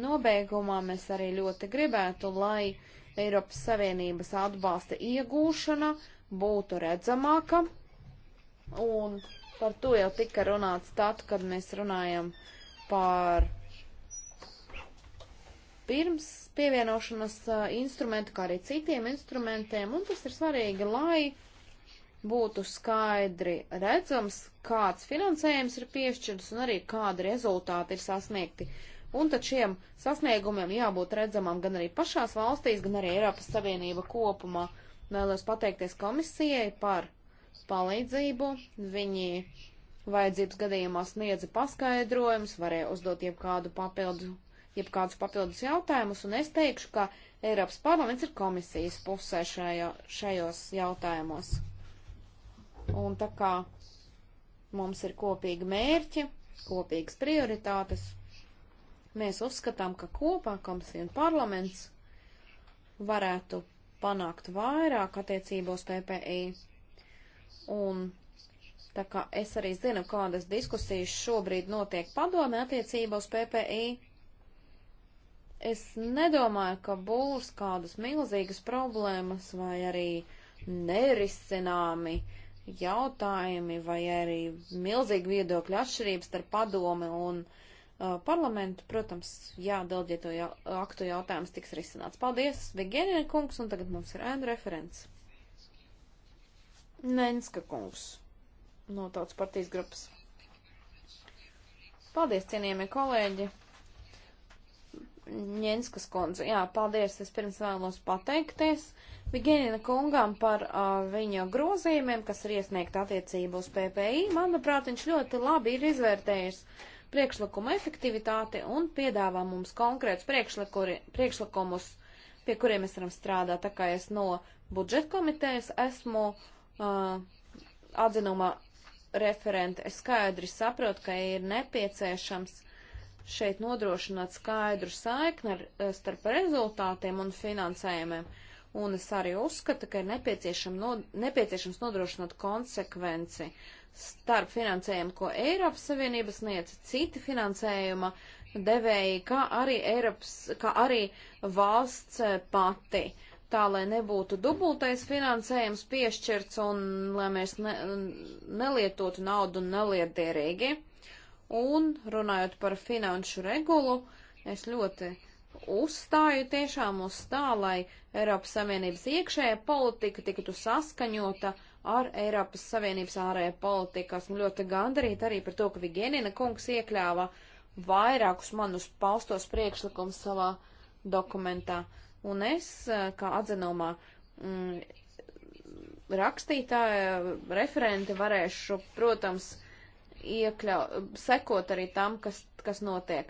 Nobeigumā mēs arī ļoti gribētu, lai Eiropas Savienības atbalsta iegūšana būtu redzamāka, un par to jau tika runāts tad, kad mēs runājam par pirms pievienošanas uh, instrumentu, kā arī citiem instrumentiem, un tas ir svarīgi, lai būtu skaidri redzams, kāds finansējums ir piešķirts un arī kādi rezultāti ir sasniegti. Un tad šiem sasniegumiem jābūt redzamam gan arī pašās valstīs, gan arī Eiropas Savienība kopumā. Vēlos pateikties komisijai par palīdzību. Viņi vajadzības gadījumā sniedza paskaidrojumus, varēja uzdot jebkādu papildu, jebkādus papildus jautājumus, un es teikšu, ka Eiropas parlaments ir komisijas pusē šajo, šajos jautājumos. Un tā kā mums ir kopīgi mērķi, kopīgas prioritātes, mēs uzskatām, ka kopā komisija un parlaments varētu panākt vairāk attiecībos PPI. E. Un tā kā es arī zinu, kādas diskusijas šobrīd notiek padome attiecībos PPI, e. es nedomāju, ka būs kādas milzīgas problēmas vai arī nerisināmi uh, jautājumi vai arī milzīgi viedokļu atšķirības starp padomi un uh, parlamentu, protams, jā, delģieto ja, aktu jautājums tiks risināts. Paldies, Vigenina kungs, un tagad mums ir ēnu referents. Nenska kungs no tautas partijas grupas. Paldies, cienījamie kolēģi! Ņenskas kundze. Jā, paldies. Es pirms vēlos pateikties Vigēnina kungam par uh, viņa grozījumiem, kas ir iesniegt attiecību uz PPI. Manuprāt, viņš ļoti labi ir izvērtējis priekšlikuma efektivitāti un piedāvā mums konkrētus priekšlikumus, pie kuriem mēs varam strādāt. Tā kā es no budžeta komitejas esmu uh, atzinuma referente, es skaidri saprotu, ka ir nepieciešams šeit nodrošināt skaidru saikni ar, eh, starp rezultātiem un finansējumiem. Un es arī uzskatu, ka ir nepieciešam no, nepieciešams nodrošināt konsekvenci starp finansējumu, ko Eiropas Savienība sniedz, citi finansējuma devēji, kā arī, Eiropas, kā arī valsts eh, pati. Tā, lai nebūtu dubultais finansējums piešķirts un lai mēs ne, nelietotu naudu nelietderīgi. Un runājot par finanšu regulu, es ļoti uzstāju tiešām uz tā, lai Eiropas Savienības iekšējā politika tiktu saskaņota ar Eiropas Savienības ārējā politika. Esmu ļoti gandarīta arī par to, ka Vigenina kungs iekļāva vairākus manus paustos priekšlikumus savā dokumentā. Un es, eh, kā atzinumā mm, rakstītāja, referente varēšu, protams, iekļau, sekot arī tam, kas, kas notiek.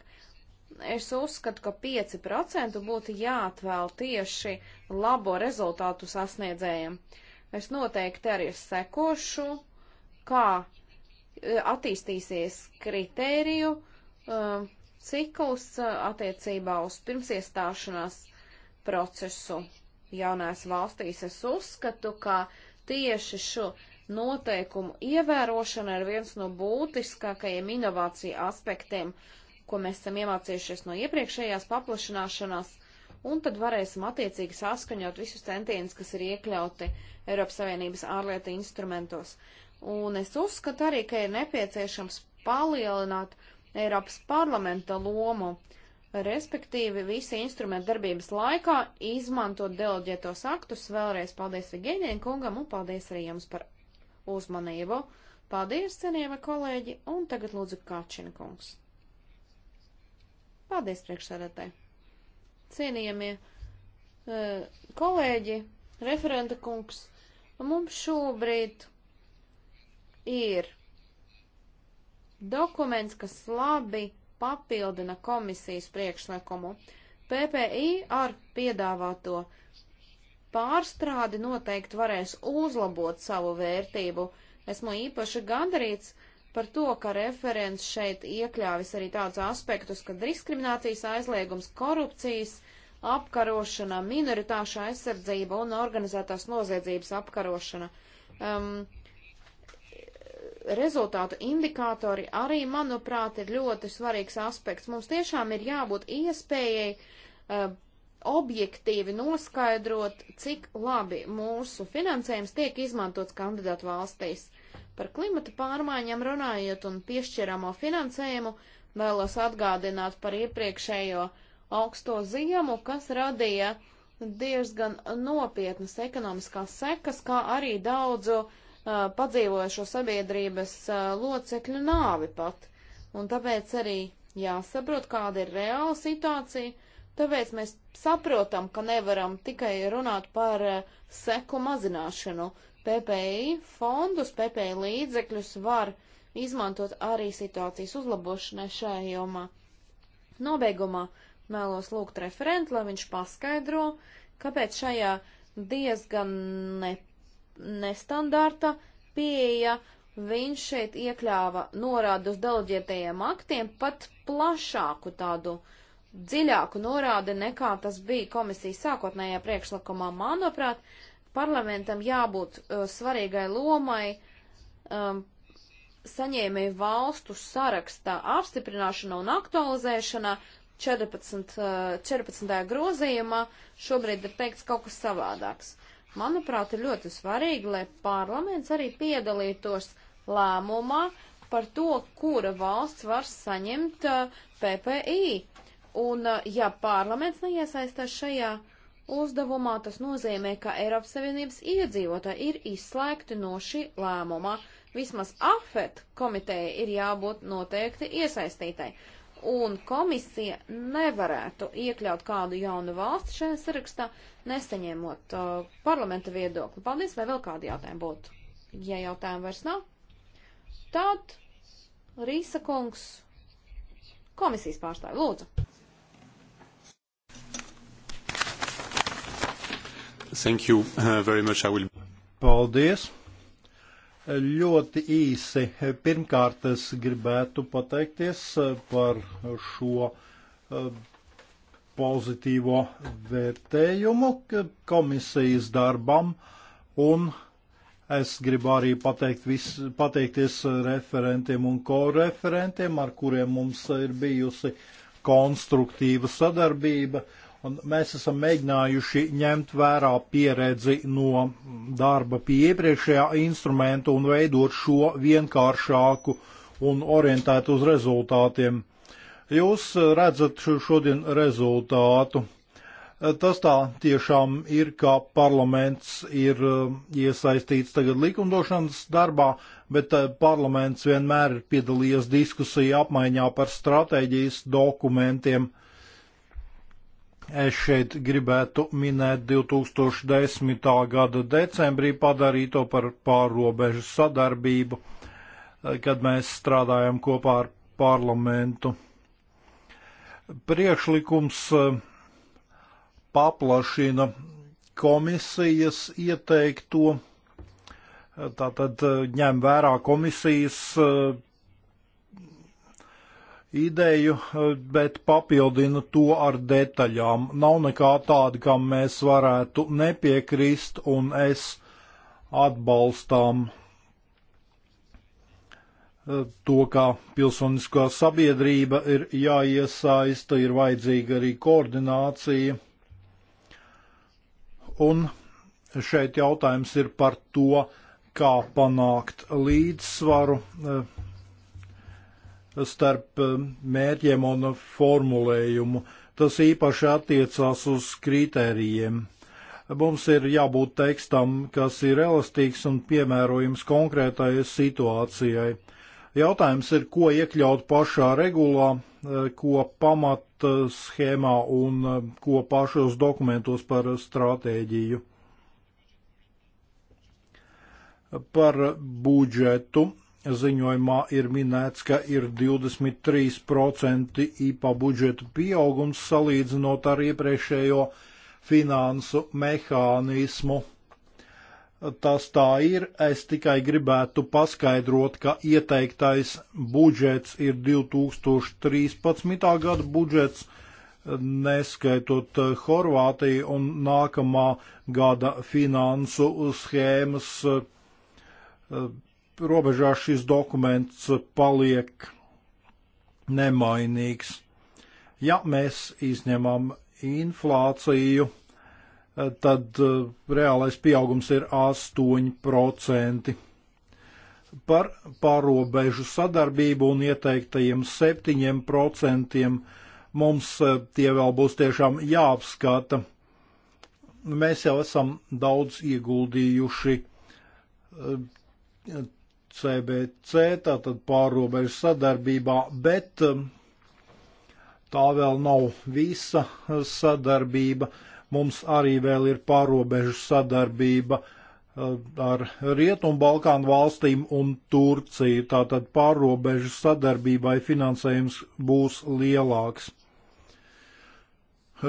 Es uzskatu, ka 5% būtu jāatvēl tieši labo rezultātu sasniedzējiem. Es noteikti arī sekošu, kā e, attīstīsies kritēriju uh, e, cikls e, attiecībā uz pirmsiestāšanās procesu jaunās valstīs. Es uzskatu, ka tieši šo noteikumu ievērošana ir viens no būtiskākajiem inovāciju aspektiem, ko mēs esam iemācījušies no iepriekšējās paplašanāšanās, un tad varēsim attiecīgi saskaņot visus centienus, kas ir iekļauti Eiropas Savienības ārlietu instrumentos. Un es uzskatu arī, ka ir nepieciešams palielināt Eiropas parlamenta lomu, respektīvi visi instrumenti darbības laikā, izmantot deleģētos aktus. Vēlreiz paldies Vigēniem kungam un paldies arī jums par uzmanību. Paldies, cienījami kolēģi, un tagad lūdzu Kačina kungs. Paldies, priekšsēdētāji. Cienījamie uh, kolēģi, referenta kungs, mums šobrīd ir dokuments, kas labi papildina komisijas priekšlikumu. PPI ar piedāvāto uh, pārstrādi noteikti varēs uzlabot savu vērtību. Esmu īpaši gandarīts par to, ka referents šeit iekļāvis arī tādus aspektus, ka diskriminācijas aizliegums, korupcijas apkarošana, minoritāšu aizsardzība un organizētās noziedzības apkarošana. Um, rezultātu indikātori arī, manuprāt, ir ļoti svarīgs aspekts. Mums tiešām ir jābūt iespējai uh, objektīvi noskaidrot, cik labi mūsu finansējums tiek izmantots kandidātu valstīs. Par klimata pārmaiņām runājot un piešķiramo finansējumu vēlos atgādināt par iepriekšējo augsto ziemu, kas radīja diezgan nopietnas ekonomiskās sekas, kā arī daudzu uh, padzīvojušo sabiedrības uh, locekļu nāvi pat. Un tāpēc arī jāsaprot, kāda ir reāla situācija Tāpēc mēs saprotam, ka nevaram tikai runāt par eh, seku mazināšanu. PPI fondus, PPI līdzekļus var izmantot arī situācijas uzlabošanai šajā jomā. Nobeigumā vēlos lūgt referentu, lai viņš paskaidro, kāpēc šajā diezgan ne, nestandarta pieeja viņš šeit iekļāva norādu uz delģētajiem aktiem pat plašāku tādu uh, dziļāku norādi nekā tas bija komisijas sākotnējā priekšlikumā. Manuprāt, parlamentam jābūt uh, svarīgai lomai um, saņēmēju valstu sarakstā apstiprināšana un aktualizēšana 14, uh, 14. grozījumā. Šobrīd ir teikts kaut kas savādāks. Manuprāt, ir ļoti svarīgi, lai parlaments arī piedalītos lēmumā par to, kura valsts var saņemt uh, PPI Un, eh, ja parlaments neiesaistās šajā uzdevumā, tas nozīmē, ka Eiropas Savienības iedzīvotāji ir izslēgti no šī lēmuma. Vismaz AFET komiteja ir jābūt noteikti iesaistītai. Un komisija nevarētu iekļaut kādu jaunu valsti šajā sarakstā, nesaņemot uh, parlamenta viedokli. Paldies, vai vēl kādi jautājumi būtu? Ja jautājumi vairs nav, tad Rīsa kungs, komisijas pārstāvi, lūdzu. Thank you uh, very much. I will... Paldies. Ļoti īsi. Pirmkārt, es gribētu pateikties uh, par šo uh, pozitīvo vērtējumu komisijas darbam, un es gribu arī pateikt vis, pateikties referentiem un koreferentiem, ar kuriem mums ir bijusi konstruktīva sadarbība. Uh, Un mēs esam mēģinājuši ņemt vērā pieredzi no darba pie iepriekšējā instrumenta un veidot šo vienkāršāku un orientētu uz rezultātiem. Jūs redzat šodien rezultātu. Tas tā tiešām ir, ka parlaments ir um, iesaistīts tagad likumdošanas darbā, bet uh, parlaments vienmēr ir piedalījies diskusija apmaiņā par stratēģijas dokumentiem Es šeit gribētu minēt 2010. gada decembrī padarīto par pārrobežu sadarbību, kad mēs strādājam kopā ar parlamentu. Priekšlikums e, paplašina komisijas ieteikto, e, tātad e, ņem vērā komisijas ideju, bet papildinu to ar detaļām. Nav nekā tāda, kam mēs varētu nepiekrist, un es atbalstām eh, to, kā pilsoniskā sabiedrība ir jāiesaista, ir vajadzīga arī koordinācija. Un šeit jautājums ir par to, kā panākt līdzsvaru eh, starp eh, mērķiem un formulējumu. Tas īpaši attiecās uz kritērijiem. Mums ir jābūt tekstam, kas ir elastīgs un piemērojams konkrētai situācijai. Jautājums ir, ko iekļaut pašā regulā, eh, ko pamat eh, schēmā un ko pašos dokumentos par stratēģiju. Par budžetu ziņojumā ir minēts, ka ir 23% IPA budžeta pieaugums salīdzinot ar iepriekšējo finansu mehānismu. Tas tā ir, es tikai gribētu paskaidrot, ka ieteiktais budžets ir 2013. gada budžets, neskaitot eh, Horvātiju un nākamā gada finansu schēmas eh, robežā šis dokuments paliek nemainīgs. Ja mēs izņemam inflāciju, tad eh, reālais pieaugums ir 8%. Par pārobežu sadarbību un ieteiktajiem 7% mums eh, tie vēl būs tiešām jāapskata. Mēs jau esam daudz ieguldījuši eh, CBC, tātad pārobežu sadarbībā, bet um, tā vēl nav visa sadarbība. Mums arī vēl ir pārobežu sadarbība uh, ar Rietumbalkānu valstīm un Turciju, tātad pārobežu sadarbībai finansējums būs lielāks.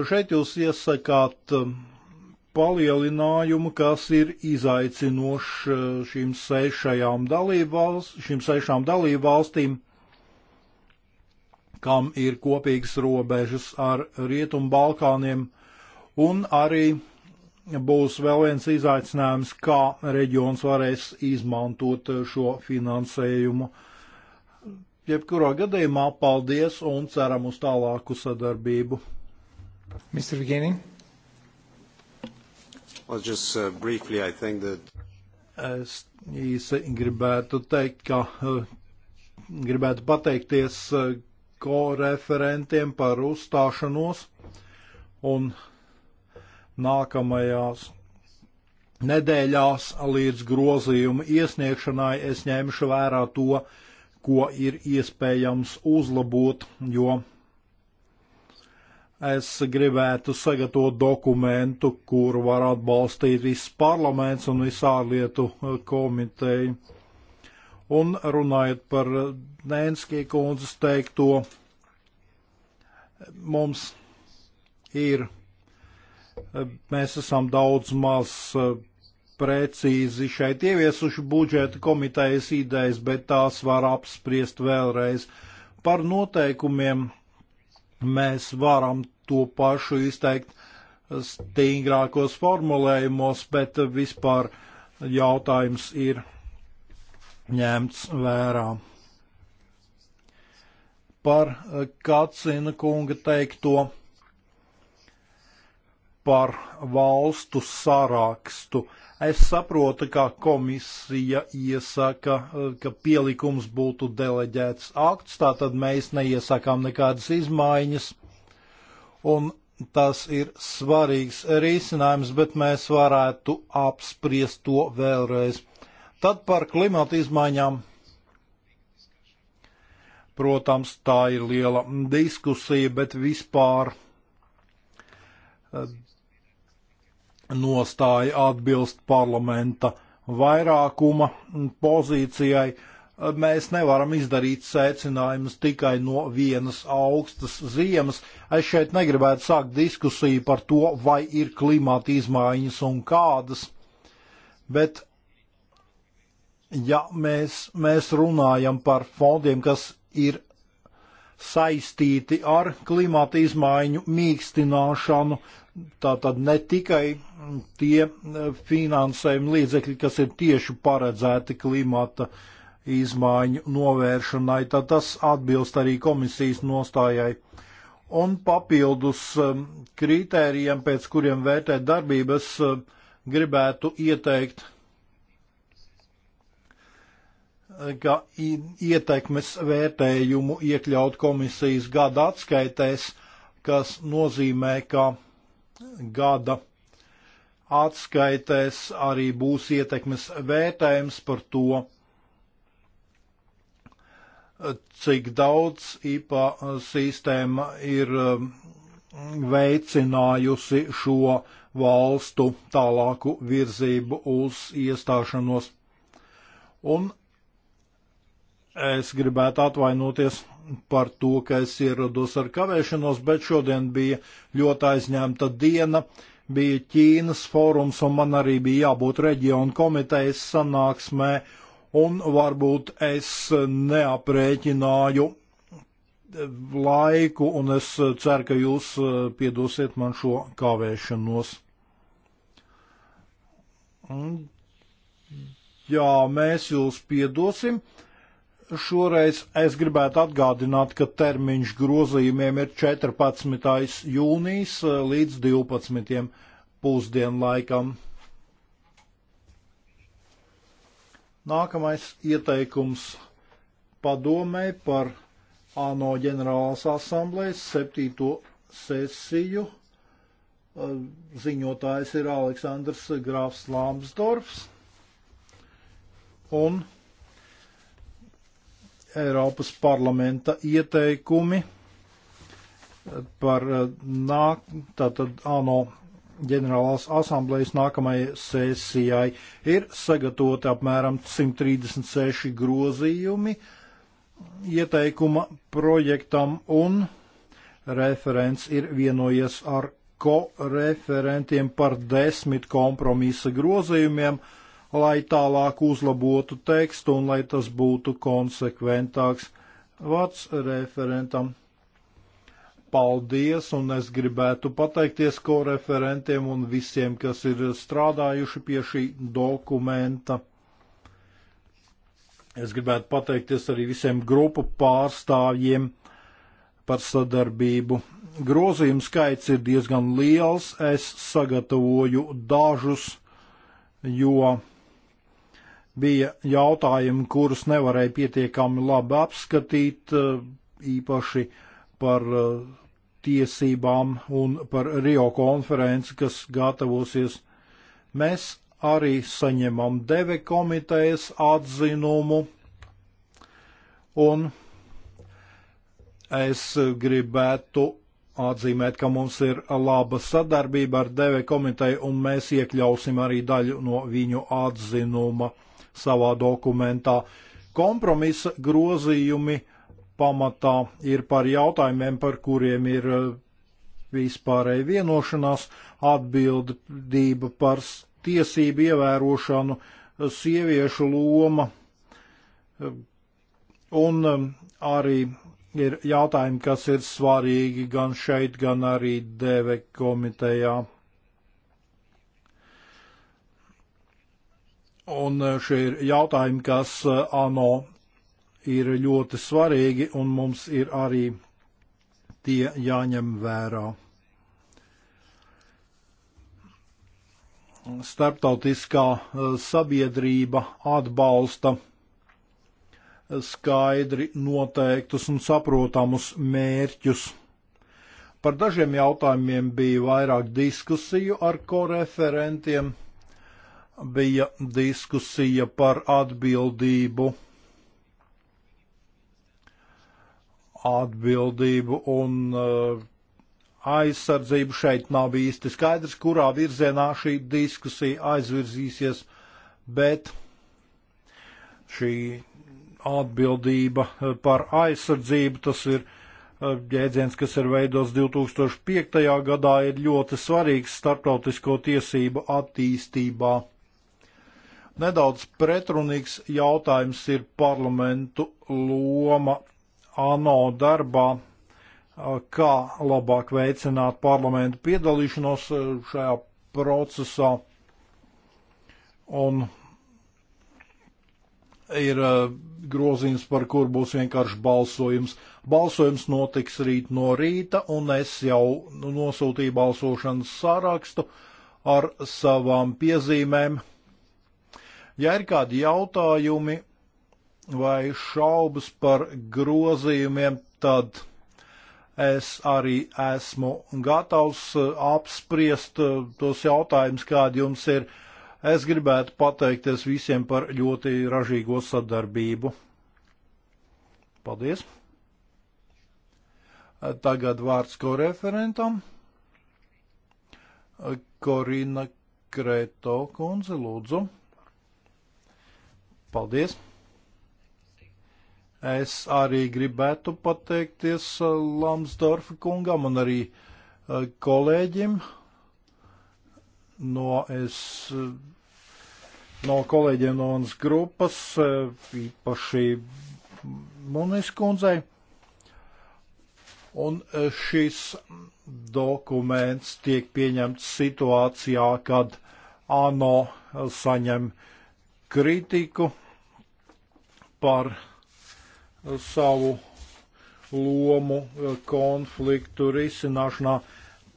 Šeit jūs iesakāt um, palielinājumu, kas ir izaicinošs eh, šīm sešajām dalībvalstīm, sešām dalībvalstīm, kam ir kopīgas robežas ar Rietumu Balkāniem, un arī būs vēl viens izaicinājums, kā reģions varēs izmantot eh, šo finansējumu. Jebkurā gadījumā paldies un ceram uz tālāku sadarbību. Mr. Vigeni. Well, just, uh, briefly, I think that... Es īsi gribētu teikt, ka uh, gribētu pateikties uh, koreferentiem par uzstāšanos un nākamajās nedēļās līdz grozījuma iesniegšanai es ņemšu vērā to, ko ir iespējams uzlabot, jo Es gribētu sagatavot dokumentu, kuru var atbalstīt viss parlaments un visārlietu eh, komiteja. Un runājot par Nēnskī kundzes teikto, mums ir, eh, mēs esam daudz maz eh, precīzi šeit ieviesuši budžeta komitejas idejas, bet tās var apspriest vēlreiz par noteikumiem Mēs varam to pašu izteikt stingrākos formulējumos, bet vispār jautājums ir ņemts vērā. Par Kacina kunga teikto par valstu sarakstu. Uh, Es saprotu, ka komisija iesaka, eh, ka pielikums būtu deleģēts akts, tātad mēs neiesakām nekādas izmaiņas. Un tas ir svarīgs risinājums, bet mēs varētu apspriest to vēlreiz. Tad par klimatu izmaiņām. Protams, tā ir liela diskusija, bet vispār eh, nostāja atbilst parlamenta vairākuma pozīcijai. Mēs nevaram izdarīt secinājumus tikai no vienas augstas ziemas. Es šeit negribētu sākt diskusiju par to, vai ir klimata izmaiņas un kādas. Bet, ja mēs, mēs runājam par fondiem, kas ir saistīti ar klimata izmaiņu mīkstināšanu. Tātad ne tikai tie e, finansējuma līdzekļi, kas ir tieši paredzēti klimata izmaiņu novēršanai, tad tas atbilst arī komisijas nostājai. Un papildus e, kritērijiem, pēc kuriem vērtēt darbības, e, gribētu ieteikt ka ietekmes vērtējumu iekļaut komisijas gada atskaitēs, kas nozīmē, ka gada atskaitēs arī būs ietekmes vērtējums par to, cik daudz IPA sistēma ir um, veicinājusi šo valstu tālāku virzību uz iestāšanos. Un Es gribētu atvainoties par to, ka es ierados ar kavēšanos, bet šodien bija ļoti aizņemta diena. Bija Ķīnas fórums, un man arī bija jābūt reģionu komitejas sanāksmē, un varbūt es neaprēķināju laiku, un es ceru, ka jūs piedosiet man šo kavēšanos. Jā, mēs jūs piedosim. Uh, Šoreiz es gribētu atgādināt, ka termiņš grozījumiem ir 14. jūnijas eh, līdz 12. pusdienlaikam. Nākamais ieteikums padomē par ANO ģenerālās asamblējas 7. sesiju. Eh, ziņotājs ir Aleksandrs Grāfs Lāmsdorfs. Un Eiropas parlamenta ieteikumi par eh, nāk, tātad ANO ģenerālās asamblejas nākamajai sesijai ir sagatavoti apmēram 136 grozījumi ieteikuma projektam un referents ir vienojies ar koreferentiem par desmit kompromisa grozījumiem, uh, lai tālāk uzlabotu tekstu un lai tas būtu konsekventāks. Vārds referentam. Paldies, un es gribētu pateikties koreferentiem un visiem, kas ir strādājuši pie šī dokumenta. Es gribētu pateikties arī visiem grupu pārstāvjiem par sadarbību. Grozījuma skaits ir diezgan liels, es sagatavoju dažus, jo bija jautājumi, kurus nevarēja pietiekami labi apskatīt, eh, īpaši par eh, tiesībām un par Rio konferenci, kas gatavosies. Mēs arī saņemam deve komitejas atzinumu, un es gribētu atzīmēt, ka mums ir laba sadarbība ar deve komiteju, un mēs iekļausim arī daļu no viņu atzinuma savā dokumentā. Kompromisa grozījumi pamatā ir par jautājumiem, par kuriem ir eh, vispārēja vienošanās, atbildība par tiesību ievērošanu, eh, sieviešu loma, eh, un arī ir jautājumi, kas ir svarīgi gan šeit, gan arī DV komitejā. Un e, šie ir jautājumi, kas e, ANO ir ļoti svarīgi, un mums ir arī tie jāņem vērā. Starptautiskā e, sabiedrība atbalsta skaidri noteiktus un saprotamus mērķus. Par dažiem jautājumiem bija vairāk diskusiju ar koreferentiem. referentiem bija diskusija par atbildību, atbildību un uh, aizsardzību. Šeit nav īsti skaidrs, kurā virzienā šī diskusija aizvirzīsies, bet šī atbildība uh, par aizsardzību, tas ir uh, jēdziens, kas ir veidots 2005. gadā, ir ļoti svarīgs starptautisko tiesību attīstībā. Nedaudz pretrunīgs jautājums ir parlamentu loma ANO darbā, kā labāk veicināt parlamentu piedalīšanos eh, šajā procesā. Un ir eh, grozījums, par kur būs vienkārši balsojums. Balsojums notiks rīt no rīta, un es jau nosūtīju balsošanas sārakstu ar savām piezīmēm. Ja ir kādi jautājumi vai šaubas par grozījumiem, tad es arī esmu gatavs uh, apspriest uh, tos jautājumus, kādi jums ir. Es gribētu pateikties visiem par ļoti ražīgo sadarbību. Paldies! Uh, tagad vārds koreferentam. Korina Kreto kundze, lūdzu. Paldies! Es arī gribētu pateikties uh, Lamsdorfa kungam un arī uh, kolēģim no es uh, no kolēģiem no manas grupas, īpaši Munis kundzei. Un šis dokuments tiek pieņemts situācijā, kad ANO saņem uh, kritiku par eh, savu lomu eh, konfliktu risināšanā.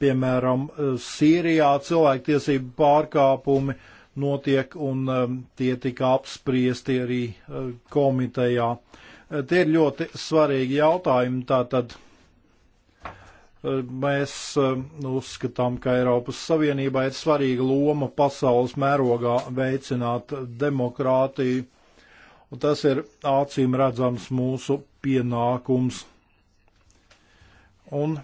Piemēram, eh, Sīrijā cilvēktiesību pārkāpumi notiek un tie tika apspriesti arī komitejā. Tie ir ļoti svarīgi jautājumi, tātad Mēs eh, nu, uzskatām, ka Eiropas Savienībā ir svarīga loma pasaules mērogā veicināt demokrātiju, un tas ir acīm redzams mūsu pienākums. Un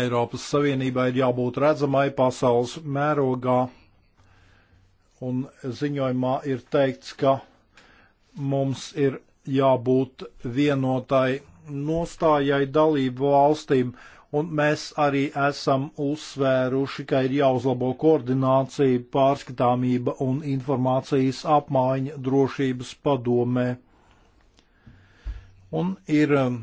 Eiropas Savienībai ir jābūt redzamai pasaules mērogā, un ziņojumā ir teikts, ka mums ir jābūt vienotai nostājai dalību valstīm, un mēs arī esam uzsvēruši, ka ir jāuzlabo koordinācija, pārskatāmība un informācijas apmaiņa drošības padomē. Un ir um,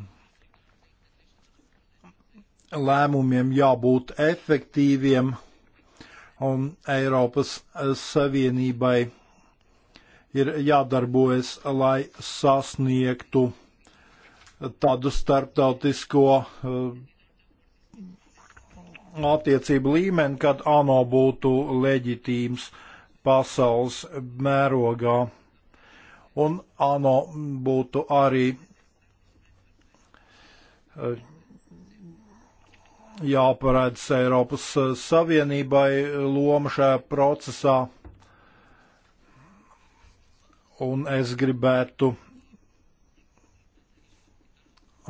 lēmumiem jābūt efektīviem, un Eiropas uh, Savienībai ir jādarbojas, lai sasniegtu tādu starptautisko eh, attiecību līmeni, kad ANO būtu leģitīms pasaules mērogā. Un ANO būtu arī eh, jāparādz Eiropas eh, Savienībai loma šajā procesā. Un es gribētu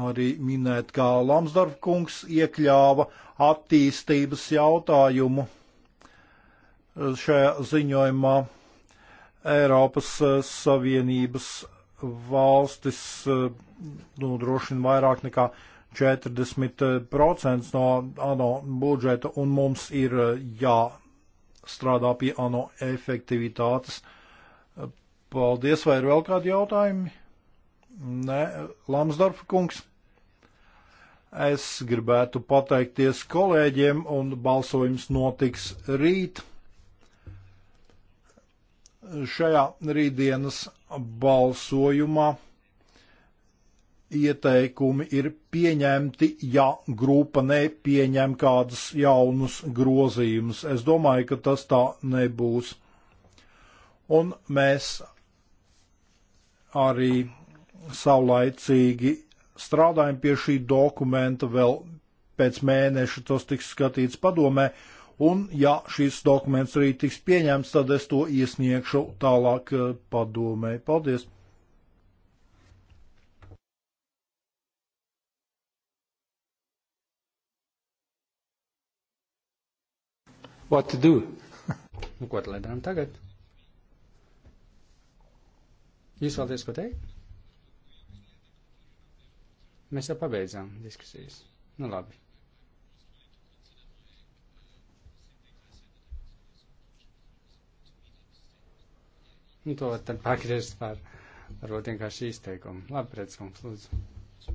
arī minēt, kā Lamsdorf kungs iekļāva attīstības jautājumu eh, šajā ziņojumā Eiropas eh, Savienības valstis nodrošina eh, nu, vairāk nekā 40% no ANO budžeta, un mums ir jāstrādā pie ANO efektivitātes. Paldies, vai ir vēl kādi jautājumi? Nē, Lamsdorfa kungs. Es gribētu pateikties kolēģiem, un balsojums notiks rīt. Šajā rītdienas balsojumā ieteikumi ir pieņemti, ja grupa nepieņem kādus jaunus grozījumus. Es domāju, ka tas tā nebūs. Un mēs arī saulaicīgi strādājam pie šī dokumenta, vēl pēc mēneša tas tiks skatīts padomē, un ja šis dokuments arī tiks pieņemts, tad es to iesniegšu tālāk eh, padomē. Paldies! What to do? [LAUGHS] nu, ko tad lai darām tagad? Jūs vēlaties ko teikt? Mēs jau pabeidzām diskusijas. Nu labi. Un nu, to tad pagriezt par, varbūt vienkārši izteikumu. Labi, pretskungs, lūdzu.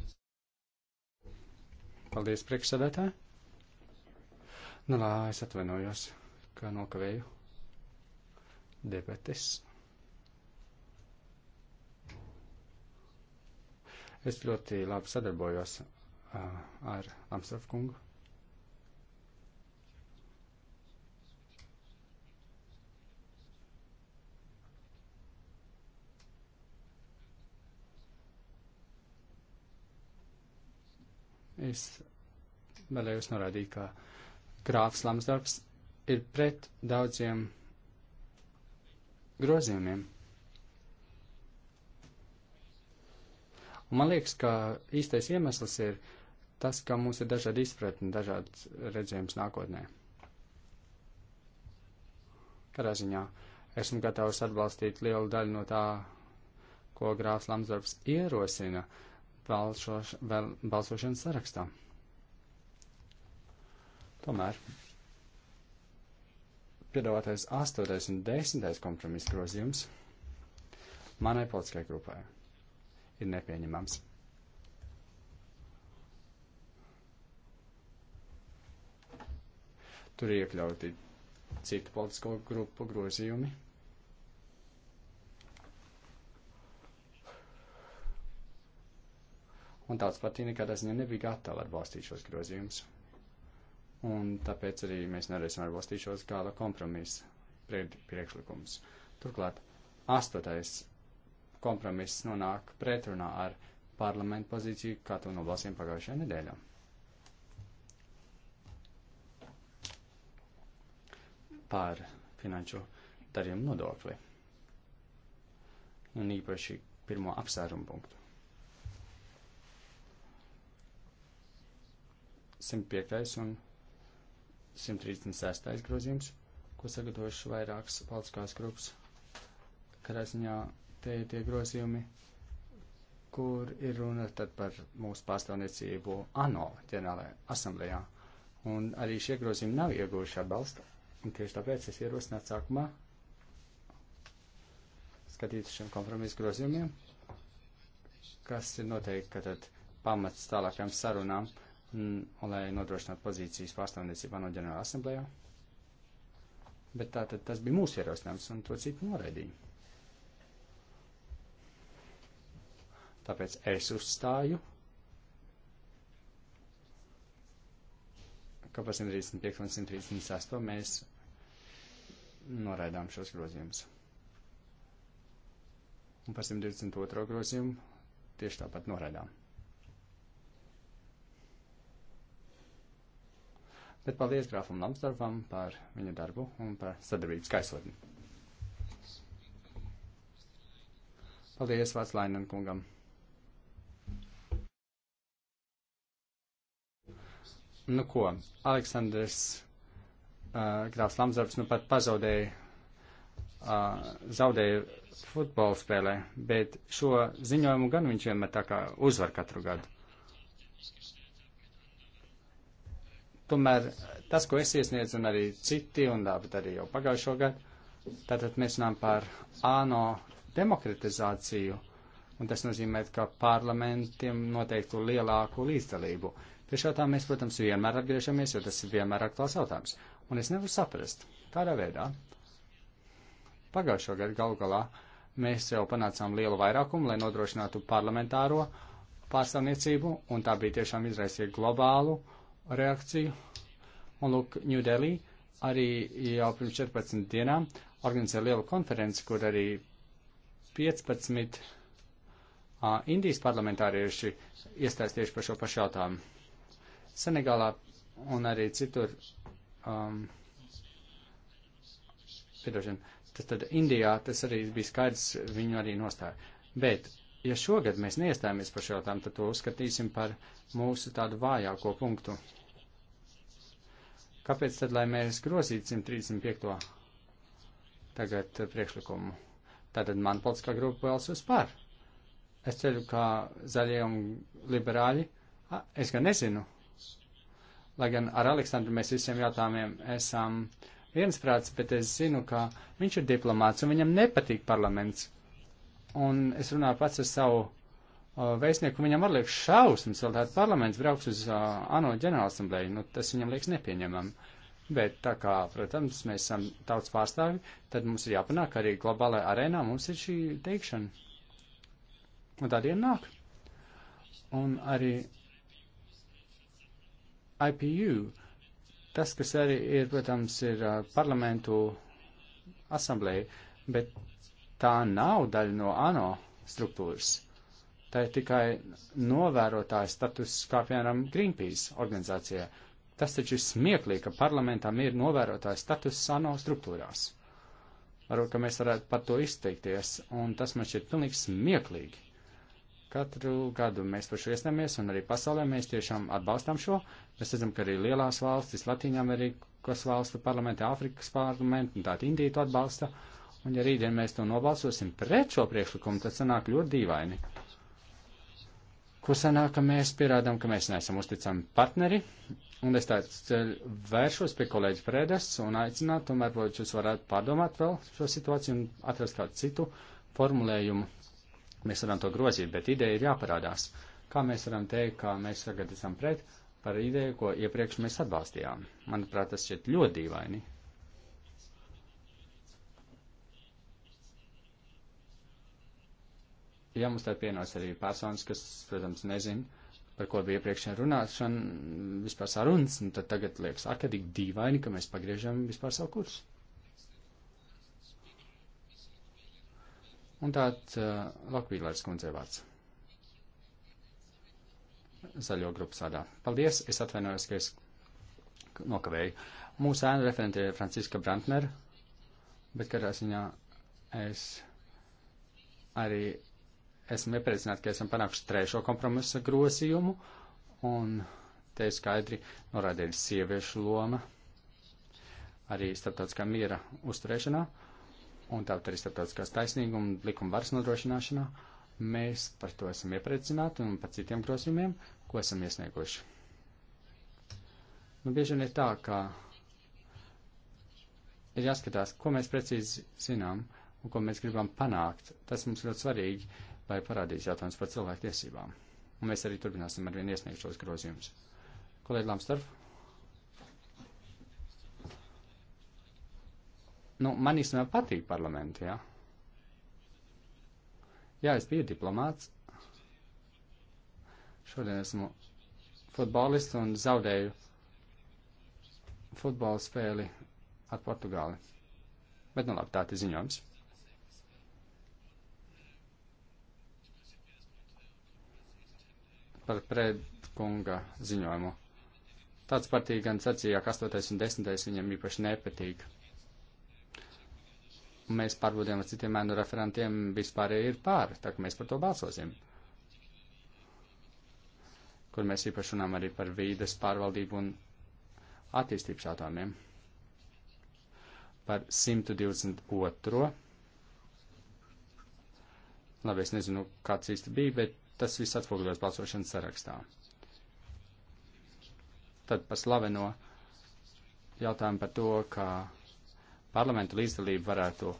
Paldies, priekšsēdētā. Nu, lā, es atvainojos, ka nokavēju debates. Es ļoti labi sadarbojos uh, ar Lamsdorf kungu. Es vēlējos norādīt, ka grāfs Lamsdorfs ir pret daudziem grozījumiem, Un man liekas, ka īstais iemesls ir tas, ka mums ir dažādi izpratni, dažāds redzējums nākotnē. Katrā ziņā esmu gatavs atbalstīt lielu daļu no tā, ko Grāfs Lamsdorfs ierosina balsoš, vēl, balsošanas sarakstā. Tomēr piedāvātais 8. un 10. kompromiss grozījums manai politiskajai grupai ir nepieņemams. Tur ir iekļauti citu politisko grupu grozījumi. Un tāds patī nekādā ziņā nebija gatava atbalstīt šos grozījumus. Un tāpēc arī mēs nevarēsim atbalstīt šos gala kompromisu priekšlikumus. Turklāt, astotais kompromiss nonāk pretrunā ar parlamentu pozīciju, kā to nobalsīm pagājušajā nedēļā. Par finanšu darījumu nodokli. Un īpaši pirmo apsvērumu punktu. 105. un 136. grozījums, ko sagatavojuši vairākas politiskās grupas. Karā ziņā Te ir tie grozījumi, kur ir runa tad par mūsu pārstāvniecību ANO ģenerālajā asamblējā. Un arī šie grozījumi nav ieguvuši atbalstu. Un tieši tāpēc es ierosinātu sākumā skatīt šiem kompromisu grozījumiem, kas ir noteikti, ka tad pamats tālākajām sarunām, un, un, lai nodrošinātu pozīcijas pārstāvniecībā no ģenerāla asamblējā. Bet tā tad tas bija mūsu ierosinājums, un to citu noraidīja. Tāpēc es uzstāju, ka par 135 un 136 mēs noraidām šos grozījumus. Un par 122 grozījumu tieši tāpat noraidām. Bet paldies grāfam Lamsdorfam par viņa darbu un par sadarbības kaisotni. Paldies Vāclainen kungam! Nu ko, Aleksandrs uh, Grāfs Lamsdārps nu pat pazaudēja, uh, zaudēja futbola spēlē, bet šo ziņojumu gan viņš vienmēr tā kā uzvar katru gadu. Tomēr tas, ko es iesniedzu, un arī citi, un tāpat arī jau pagājušo gadu, tātad mēs runājam par ANO demokratizāciju, un tas nozīmē, ka parlamentiem noteiktu lielāku līdzdalību. Pie šā tā mēs, protams, vienmēr atgriežamies, jo tas ir vienmēr aktuāls jautājums. Un es nevaru saprast, kādā veidā pagājušo gadu galu galā mēs jau panācām lielu vairākumu, lai nodrošinātu parlamentāro pārstāvniecību, un tā bija tiešām izraisīja globālu reakciju. Un lūk, New Delhi arī jau pirms 14 dienām organizēja lielu konferenci, kur arī 15 uh, Indijas parlamentārieši iestājas tieši par šo pašu jautājumu. Senegālā un arī citur, um, piedošana, tad, tad Indijā tas arī bija skaidrs viņu arī nostāja. Bet, ja šogad mēs neiestājāmies par šo jautājumu, tad to uzskatīsim par mūsu tādu vājāko punktu. Kāpēc tad, lai mēs grozītu 135. tagad priekšlikumu? Tātad man politiskā grupa balsos par. Es ceļu kā zaļie un liberāļi. A, es gan nezinu, lai gan ar Aleksandru mēs visiem jautājumiem esam viensprāts, bet es zinu, ka viņš ir diplomāts un viņam nepatīk parlaments. Un es runāju pats ar savu uh, vēstnieku, viņam arī liekas šausmas, vēl tāds parlaments brauks uz uh, ANO ģenerālasamblēju, nu tas viņam liekas nepieņemam. Bet tā kā, protams, mēs esam tautas pārstāvi, tad mums ir jāpanāk arī globālajā arēnā mums ir šī teikšana. Un tā diena nāk. Un arī IPU. Tas, kas arī ir, protams, ir parlamentu asamblēja, bet tā nav daļa no ANO struktūras. Tā ir tikai novērotāja status, kā piemēram Greenpeace organizācijā. Tas taču ir smieklīgi, ka parlamentam ir novērotāja status ANO struktūrās. Varbūt, ka mēs varētu par to izteikties, un tas man šķiet pilnīgi smieklīgi. Katru gadu mēs par šo iestāmies un arī pasaulē mēs tiešām atbalstām šo. Mēs redzam, ka arī lielās valstis, Latīņamerikas valstu parlamenti, Āfrikas parlamenti un tāda Indija to atbalsta. Un ja rītdien mēs to nobalsosim pret šo priekšlikumu, tad sanāk ļoti dīvaini. Ko sanāk, ka mēs pierādām, ka mēs neesam uzticami partneri, un es tāds eh, vēršos pie kolēģa Fredes un aicinātu, tomēr, lai jūs varētu pārdomāt vēl šo situāciju un atrast kādu citu formulējumu Mēs varam to grozīt, bet ideja ir jāparādās. Kā mēs varam teikt, ka mēs tagad esam pret par ideju, ko iepriekš mēs atbalstījām? Manuprāt, tas šķiet ļoti dīvaini. Ja mums tā pienos arī personas, kas, protams, nezin, par ko bija iepriekšējā runāšana, vispār sarunas, nu, tad tagad liekas ārkārtīgi dīvaini, ka mēs pagriežam vispār savu kursu. Un tāds uh, eh, Lokvīlērs kundze vārds. Zaļo grupu sādā. Paldies, es atvainojos, ka es nokavēju. Mūsu ēna referente ir Franciska Brantner, bet kādā ziņā es arī esmu iepriecināts, ka esam panākuši trešo kompromisa grozījumu, un te skaidri norādīts sieviešu loma arī starptautiskā miera uzturēšanā. Uh, un tāpat arī starptautiskās taisnīguma likuma varas nodrošināšanā. Mēs par to esam iepriecināti un par citiem grozījumiem, ko esam iesnieguši. Nu, bieži vien ir tā, ka ir jāskatās, ko mēs precīzi zinām un ko mēs gribam panākt. Tas mums ļoti svarīgi, lai parādīs jautājums par cilvēku tiesībām. Un mēs arī turpināsim ar vien iesniegšos grozījumus. Kolēģi Lamstarp! Nu, man īstenībā patīk parlamenti, jā. Jā, es biju diplomāts. Šodien esmu futbolists un zaudēju futbola spēli ar Portugāli. Bet nu labi, tā ir ziņojums. Par predkunga ziņojumu. Tāds partija gan sacīja, ka 8. un 10. viņam īpaši nepatīk un mēs pārbūdiem ar citiem mēnu referentiem vispārēji ir pār, tā ka mēs par to balsosim. Kur mēs īpaši runājam arī par vīdes pārvaldību un attīstības jautājumiem. Par 122. Labi, es nezinu, kāds īsti bija, bet tas viss atspoguļos balsošanas sarakstā. Tad pa slaveno jautājumu par to, ka parlamentu līdzdalība varētu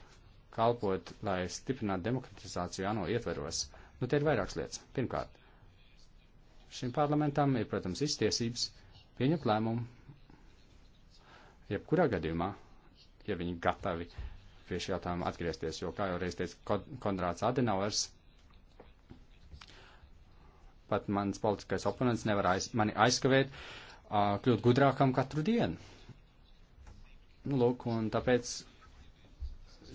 kalpot, lai stiprinātu demokratizāciju ANO ietveros. Nu, te ir vairākas lietas. Pirmkārt, šim parlamentam ir, protams, iztiesības pieņemt lēmumu, jebkurā gadījumā, ja viņi gatavi pie šī jautājuma atgriezties, jo, kā jau reiz teica Konrāds Adenauers, pat mans politiskais oponents nevar aiz, mani aizskavēt, kļūt gudrākam katru dienu. Nu, lūk, un tāpēc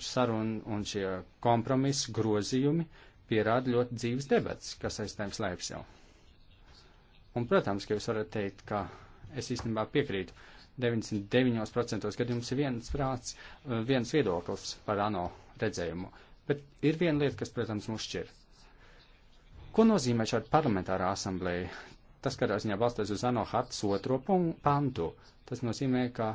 saruna un šie kompromisa grozījumi pierāda ļoti dzīves debats, kas aiz tiem slēpjas jau. Un, protams, ka jūs varat teikt, ka es īstenībā piekrītu. 99% gadījums ir viens prāts, viens viedoklis par ANO redzējumu. Bet ir viena lieta, kas, protams, mūs šķir. Ko nozīmē šāda parlamentārā asamblēja? Tas, kādā ziņā balstās uz ANO hartas otro pantu, tas nozīmē, ka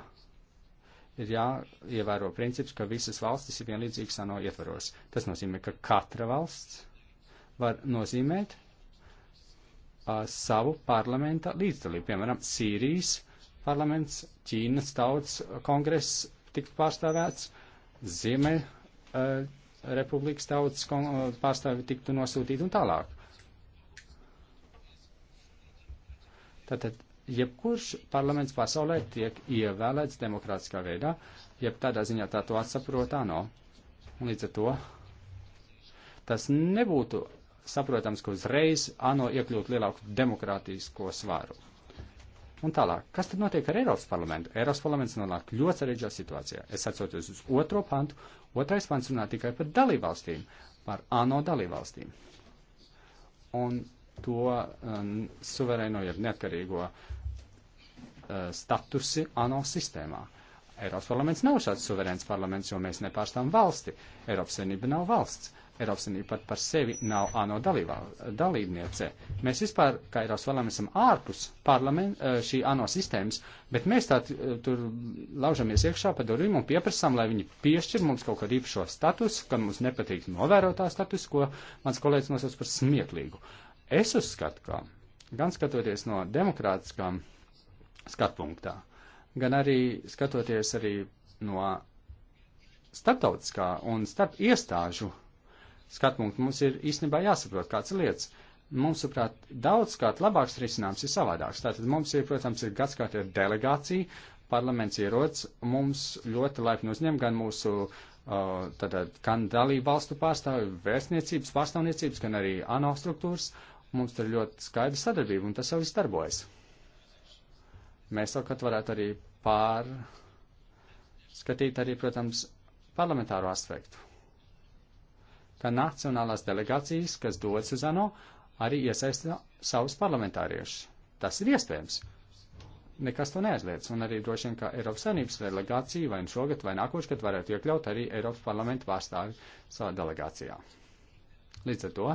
ir jāievēro princips, ka visas valstis ir vienlīdzīgas ANO ietvaros. Tas nozīmē, ka katra valsts var nozīmēt uh, savu parlamenta līdzdalību. Piemēram, Sīrijas parlaments, Ķīnas tautas kongress tiks pārstāvēts, Ziemē uh, republikas tautas pārstāvi tiktu nosūtīti un tālāk. Tātad jebkurš parlaments pasaulē tiek ievēlēts demokrātiskā veidā, jeb tādā ziņā tā to atsaprot ANO. Līdz ar to tas nebūtu saprotams, ka uzreiz ANO iekļūt lielāku demokrātisko svāru. Un tālāk, kas tad notiek ar Eiropas parlamentu? Eiropas parlaments nonāk ļoti sarežģītā situācijā. Es atcaucos uz otro pantu. Otrais pants runā tikai par dalībvalstīm, par ANO dalībvalstīm. Un to um, suverēno, jeb neatkarīgo uh, Uh, statusi ANO sistēmā. Eiropas parlaments nav šāds suverēns parlaments, jo mēs nepārstāvam valsti. Eiropas Savienība nav valsts. Eiropas Savienība pat par sevi nav ANO dalībā, dalībniece. Mēs vispār, kā Eiropas parlaments, esam ārpus uh, šī ANO sistēmas, bet mēs tā uh, tur laužamies iekšā pa durvīm un pieprasām, lai viņi piešķir mums kaut kādu īpašo statusu, ka mums nepatīk novērotā statusu, ko mans kolēģis nosauc par smieklīgu. Es uzskatu, ka gan skatoties no demokrātiskām skatpunktā, gan arī skatoties arī no starptautiskā un starp iestāžu skatpunktu, mums ir īstenībā jāsaprot kāds lietas. Mūsuprāt, daudzkārt labāks risinājums ir savādāks. Tātad mums ir, protams, ir gadskārt ir delegācija, parlaments ierodas, mums ļoti laipni uzņem gan mūsu uh, tātad, gan dalību valstu pārstāvi, vēstniecības pārstāvniecības, gan arī ANO struktūras. Mums tur ļoti skaidra sadarbība, un tas jau viss darbojas. Mēs savukārt varētu arī pārskatīt arī, protams, parlamentāro aspektu. Kā nacionālās delegācijas, kas dodas uz ANO, arī iesaista savus parlamentāriešus. Tas ir iespējams. Nekas to neaizliedz, un arī droši vien, ka Eiropas Savienības delegācija vai šogad vai nākošgad varētu iekļaut arī Eiropas parlamentu pārstāvi savā delegācijā. Līdz ar to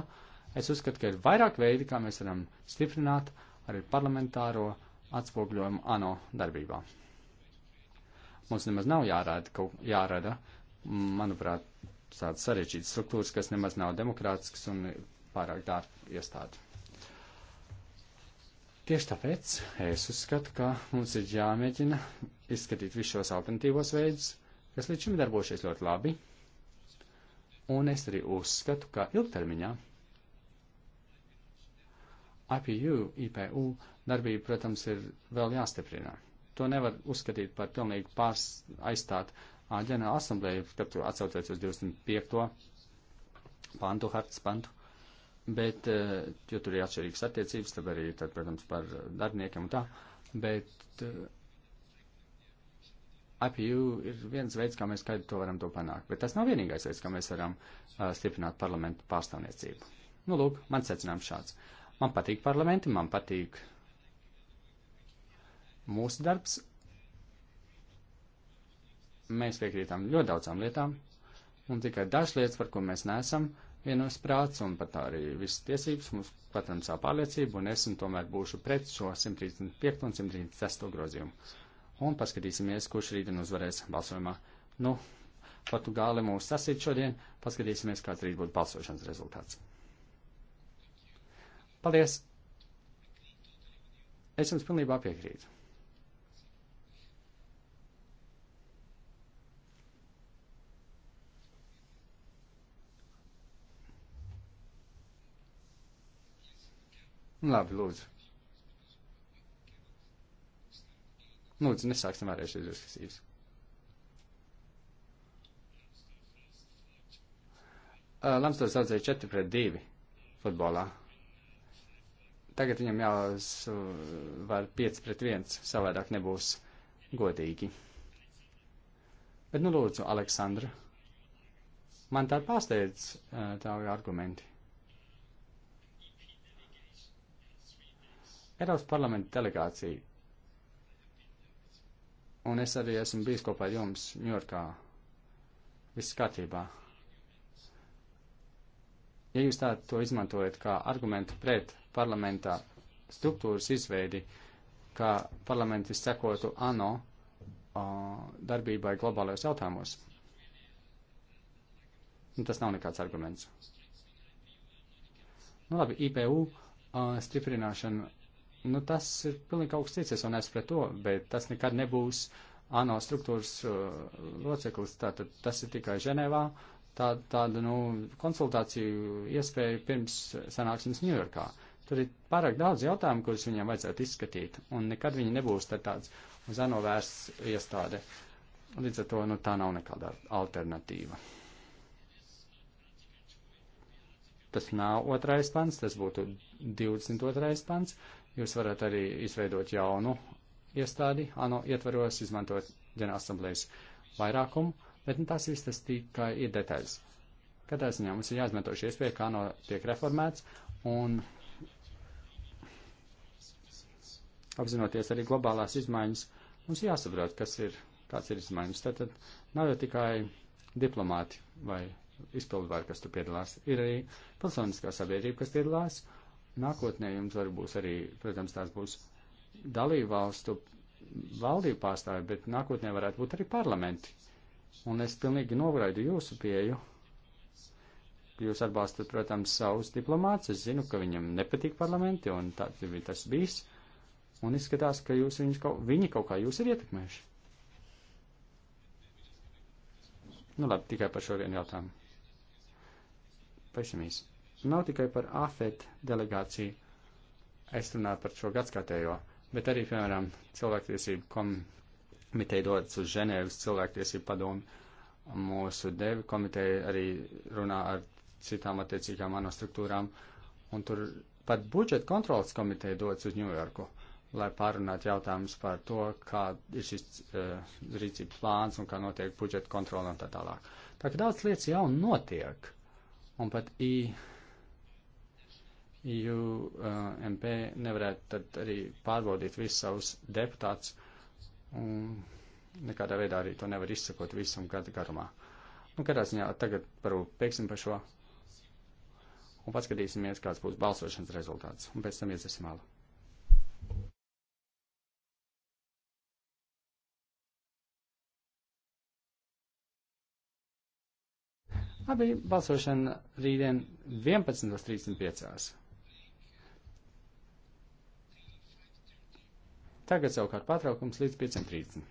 es uzskatu, ka ir vairāk veidi, kā mēs varam stiprināt arī parlamentāro uh, atspoguļojumu ANO darbībā. Mums nemaz nav jārāda, kaut, jārada, manuprāt, tādas sarežģītas struktūras, kas nemaz nav demokrātiskas un pārāk dārgi iestādi. Tieši tāpēc es uzskatu, ka mums ir jāmēģina izskatīt visus šos alternatīvos veidus, kas līdz šim darbojušies ļoti labi, un es arī uzskatu, ka ilgtermiņā IPU, IPU darbība, protams, ir vēl jāstiprina. To nevar uzskatīt par pilnīgi pārs aizstāt ģenerāla asamblēju, kad tu atsaucies uz 25. pantu, hartas pantu, bet, eh, jo tur ir atšķirīgas attiecības, tad arī, tad, protams, par darbiniekiem un tā, bet eh, IPU ir viens veids, kā mēs skaidri to varam to panākt, bet tas nav vienīgais veids, kā mēs varam uh, stiprināt parlamentu pārstāvniecību. Nu, lūk, mans secinājums šāds. Man patīk parlamenti, man patīk mūsu darbs. Mēs piekrītam ļoti daudzām lietām, un tikai dažas lietas, par ko mēs neesam vienos prāts, un pat arī visas tiesības mums patram savu pārliecību, un es un tomēr būšu pret šo 135 un 136 grozījumu. Un paskatīsimies, kurš rītdien uzvarēs balsojumā. Nu, Portugāli mūs sasīt šodien, paskatīsimies, kāds rīt būtu balsošanas rezultāts. Paldies! Es jums pilnībā piekrītu. Labi, lūdzu. Lūdzu, nesāksim vēlreiz šīs diskusijas. Uh, Lamsdors atzēja 4 pret 2 futbolā. Tagad viņam jāuzvar 5 pret 1, savādāk nebūs godīgi. Bet nu lūdzu, Aleksandra, man tā pārsteidz uh, tā argumenti. Eiropas parlamenta delegācija. Un es arī esmu bijis kopā ar jums Ņujorkā. Viss kārtībā. Ja jūs tā to izmantojat kā argumentu pret parlamentā struktūras izveidi, kā parlamenti sekotu ANO darbībai globālajos jautājumos, un nu, tas nav nekāds arguments. Nu labi, IPU stiprināšana nu, tas ir pilnīgi kaut kas cits, es vēl neesmu pret to, bet tas nekad nebūs ANO struktūras uh, loceklis, tātad tas ir tikai Ženēvā, tā, tāda, nu, konsultāciju iespēja pirms sanāksmes Ņujorkā. Tur ir pārāk daudz jautājumu, kurus viņiem vajadzētu izskatīt, un nekad viņi nebūs tāds uz ANO vērsts iestāde. Līdz ar to, nu, tā nav nekāda alternatīva. Tas nav otrais pants, tas būtu 22. pants. Jūs varat arī izveidot jaunu iestādi, ANO ietvaros, izmantot ģenerālasamblejas vairākumu, bet nu, tas viss tas tikai ir detaļas. Katrā ziņā mums ir jāizmanto šī iespēja, kā ANO tiek reformēts, un apzinoties arī globālās izmaiņas, mums jāsaprot, kas ir, kāds ir izmaiņas. Tad, tad nav jau tikai diplomāti vai izpildvāri, kas tur piedalās, ir arī pilsoniskā sabiedrība, kas piedalās, Nākotnē jums var būs arī, protams, tās būs dalībvalstu valdību pārstāvi, bet nākotnē varētu būt arī parlamenti. Un es pilnīgi novraidu jūsu pieju. Jūs atbalstat, protams, savus diplomātus. Es zinu, ka viņam nepatīk parlamenti, un tā, tas bijis. Un izskatās, ka jūs viņus kaut, viņi kaut kā jūs ir ietekmējuši. Nu labi, tikai par šo vienu jautājumu. Pavisam īsi. Nav tikai par AFET delegāciju. Es runāju par šo gadskārtējo, bet arī, piemēram, cilvēktiesību komiteja dodas uz Ženēvas cilvēktiesību padomu. Mūsu devi komiteja arī runā ar citām attiecīgām ANO struktūrām, un tur pat budžeta kontrolas komiteja dodas uz Ņujorku lai pārunātu jautājumus par to, kā ir šis uh, rīcības plāns un kā notiek budžeta kontrola un tā tālāk. Tā ka daudz lietas jau notiek, un pat i UMP eh, nevarētu tad arī pārbaudīt visus savus deputātus, un nekādā veidā arī to nevar izsakot visam gada garumā. Nu, kādā ziņā tagad varbūt pēksim par šo, un paskatīsimies, kāds būs balsošanas rezultāts, un pēc tam iedzēsim alu. Abi balsošana rītdien 11.35. Tagad savukārt pārtraukums līdz 5.30.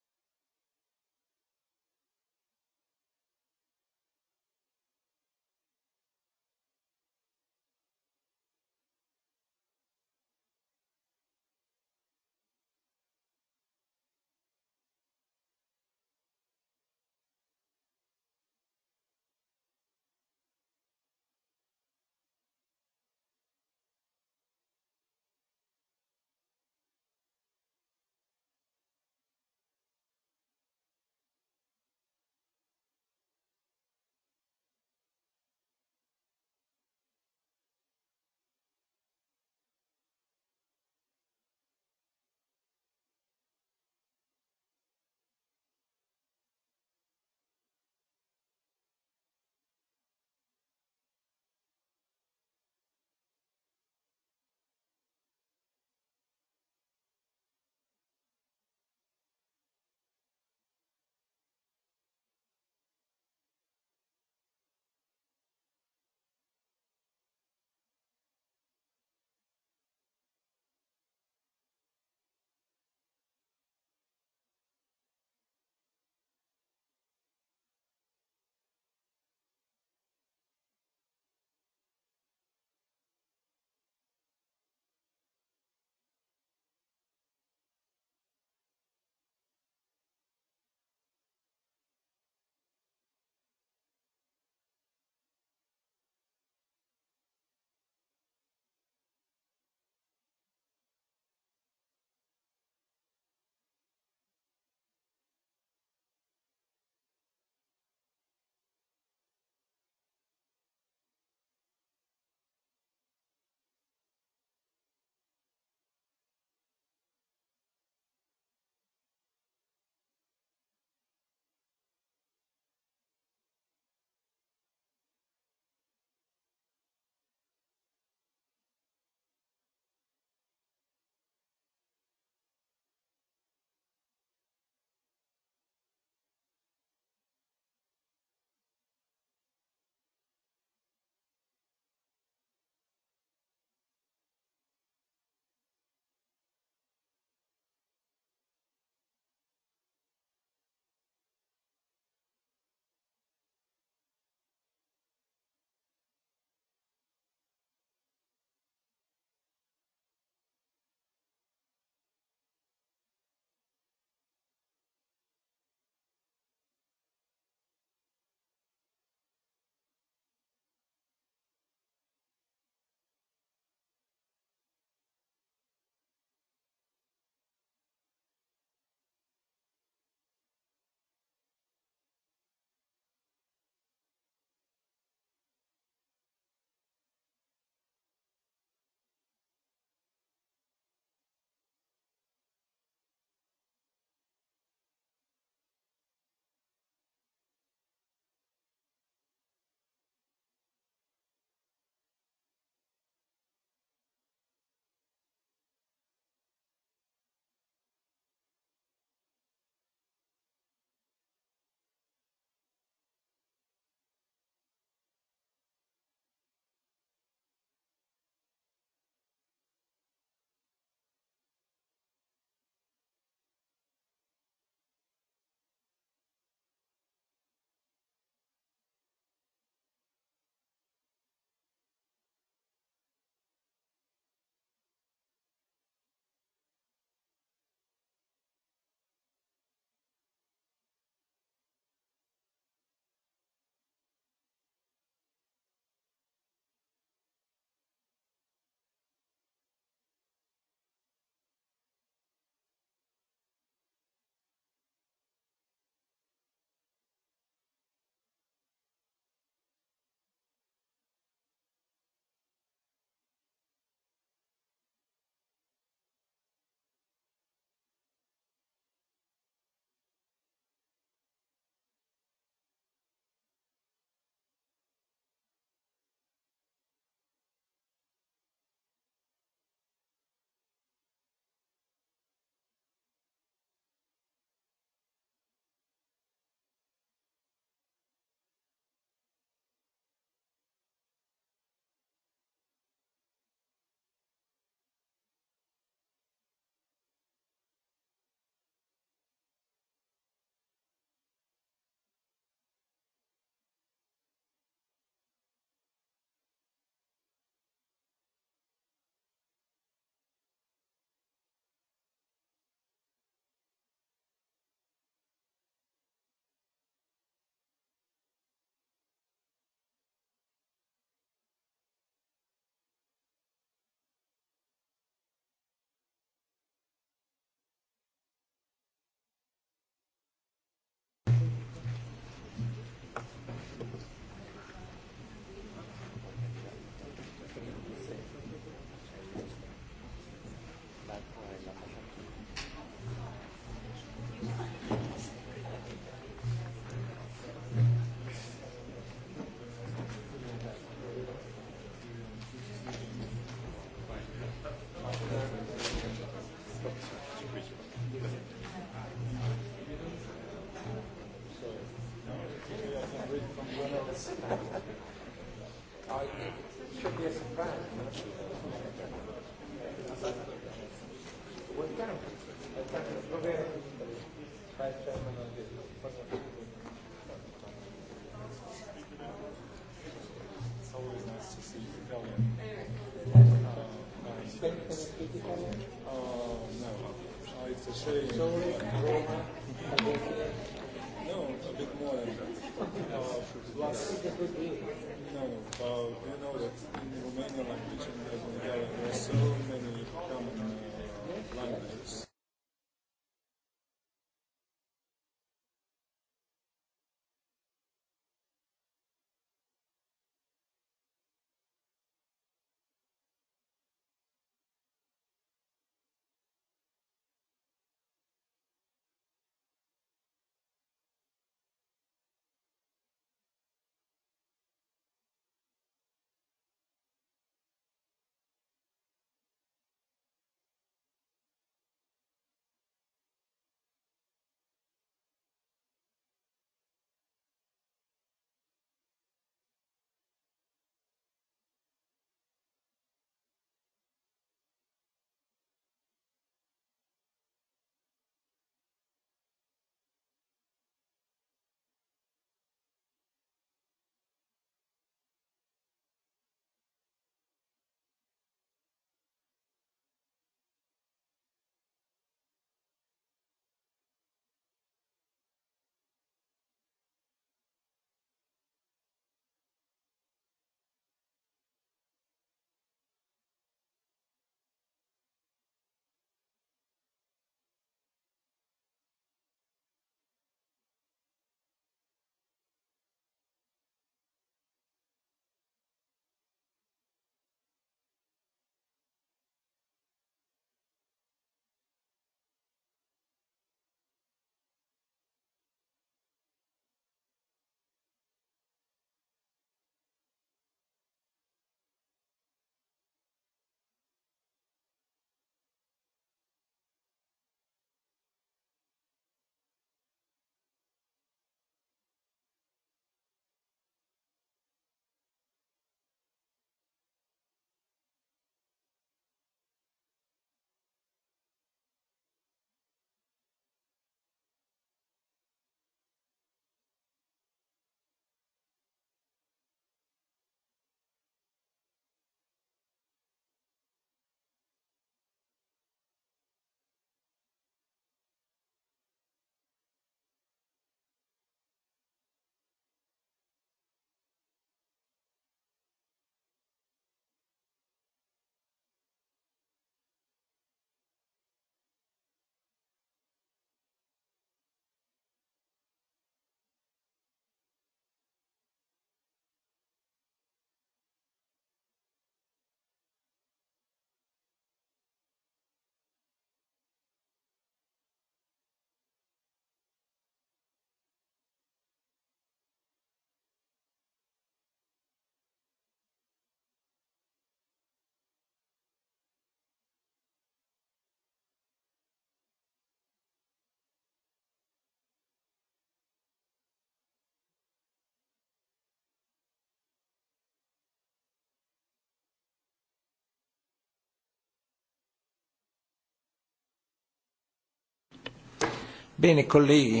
Bene, kolēģi.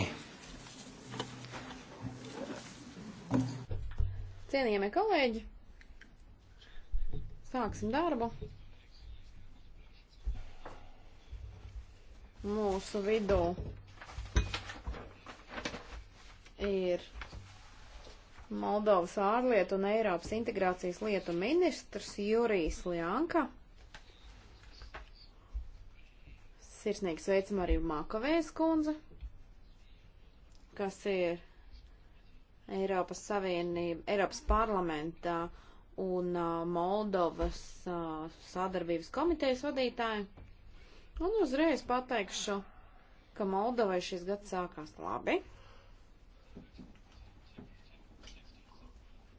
Cienījamie kolēģi, sāksim darbu. Mūsu vidū ir Moldovas ārlietu un Eiropas integrācijas lietu ministrs Jurijs Ljanka. Sirsnīgi sveicam arī Mākavējas kundze kas ir Eiropas Savienība, Eiropas parlamentā un uh, Moldovas uh, sadarbības komitejas vadītāji. Un uzreiz pateikšu, ka Moldovai šis gads sākās labi.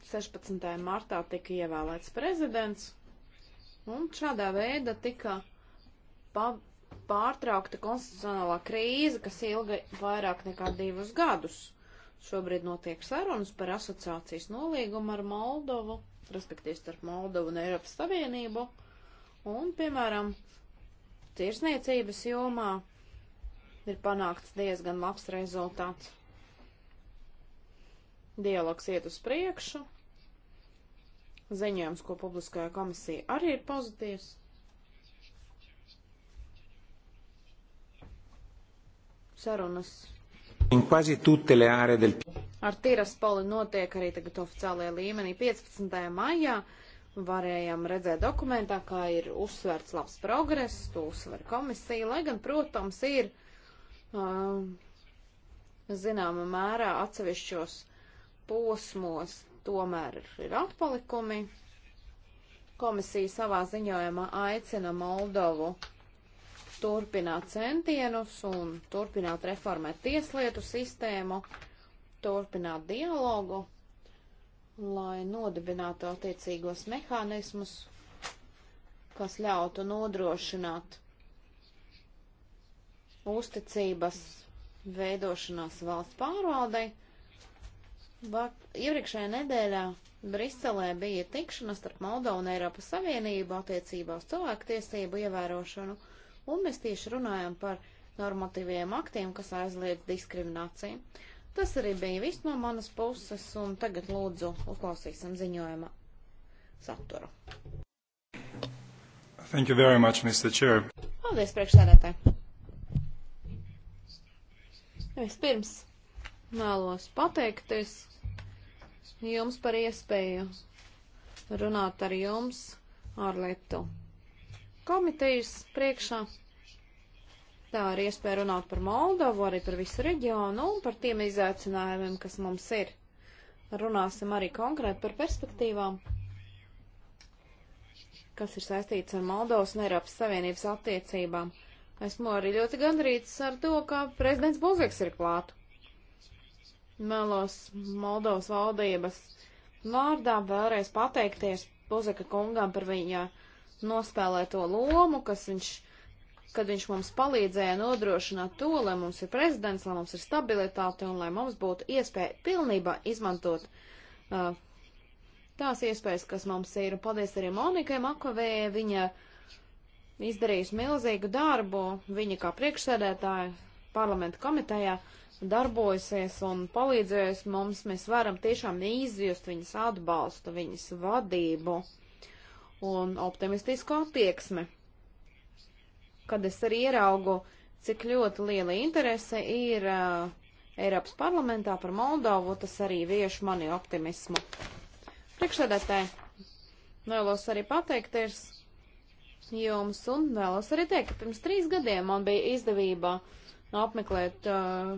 16. martā tika ievēlēts prezidents, un šādā veidā tika pa pārtraukta konstitucionālā krīze, kas ilga vairāk nekā divus gadus. Šobrīd notiek sarunas par asociācijas nolīgumu ar Moldovu, respektīvi starp Moldovu un Eiropas Savienību, un, piemēram, tirsniecības jomā ir panākts diezgan labs rezultāts. Dialogs iet uz priekšu, ziņojums, ko publiskajā komisija arī ir pozitīvs. sarunas. Ar Tiraspoli notiek arī tagad oficiālajā līmenī 15. maijā. Varējām redzēt dokumentā, kā ir uzsvērts labs progress, to uzsver komisija, lai gan, protams, ir uh, um, zināma mērā atsevišķos posmos tomēr ir atpalikumi. Komisija savā ziņojumā aicina Moldovu turpināt centienus un turpināt reformēt tieslietu sistēmu, turpināt dialogu, lai nodibinātu attiecīgos mehānismus, kas ļautu nodrošināt uzticības veidošanās valsts pārvaldei. Iepriekšējā nedēļā Briselē bija tikšanās starp Moldovu un Eiropas Savienību attiecībā uz cilvēku tiesību ievērošanu un mēs tieši runājam par normatīviem aktiem, kas aizliedz diskrimināciju. Tas arī bija viss no manas puses, un tagad lūdzu uzklausīsim ziņojuma saturu. Thank you very much, Mr. Chair. Paldies, priekšsēdētāji. Vispirms vēlos pateikties jums par iespēju runāt ar jums ārlietu komitejas priekšā. Tā ir iespēja runāt par Moldovu, arī par visu reģionu un par tiem izaicinājumiem, kas mums ir. Runāsim arī konkrēti par perspektīvām, kas ir saistīts ar Moldovas un Eiropas Savienības attiecībām. Esmu arī ļoti gandrīts ar to, ka prezidents Buzeks ir klāt. Melos Moldovas valdības vārdā vēlreiz pateikties Buzeka kungam par viņa nospēlē to lomu, kas viņš, kad viņš mums palīdzēja nodrošināt to, lai mums ir prezidents, lai mums ir stabilitāte un lai mums būtu iespēja pilnībā izmantot uh, tās iespējas, kas mums ir. Paldies arī Monikai Makovējai, viņa izdarījusi milzīgu darbu, viņa kā priekšsēdētāja parlamenta komitejā darbojusies un palīdzējusi mums, mēs varam tiešām izjust viņas atbalstu, viņas vadību. Uh, un optimistisku attieksmi. Kad es arī ieraugu, cik ļoti liela interese ir uh, Eiropas parlamentā par Moldovu, tas arī vieš mani optimismu. Priekšsēdētāji, vēlos arī pateikties jums un vēlos arī teikt, ka pirms trīs gadiem man bija izdevība apmeklēt uh,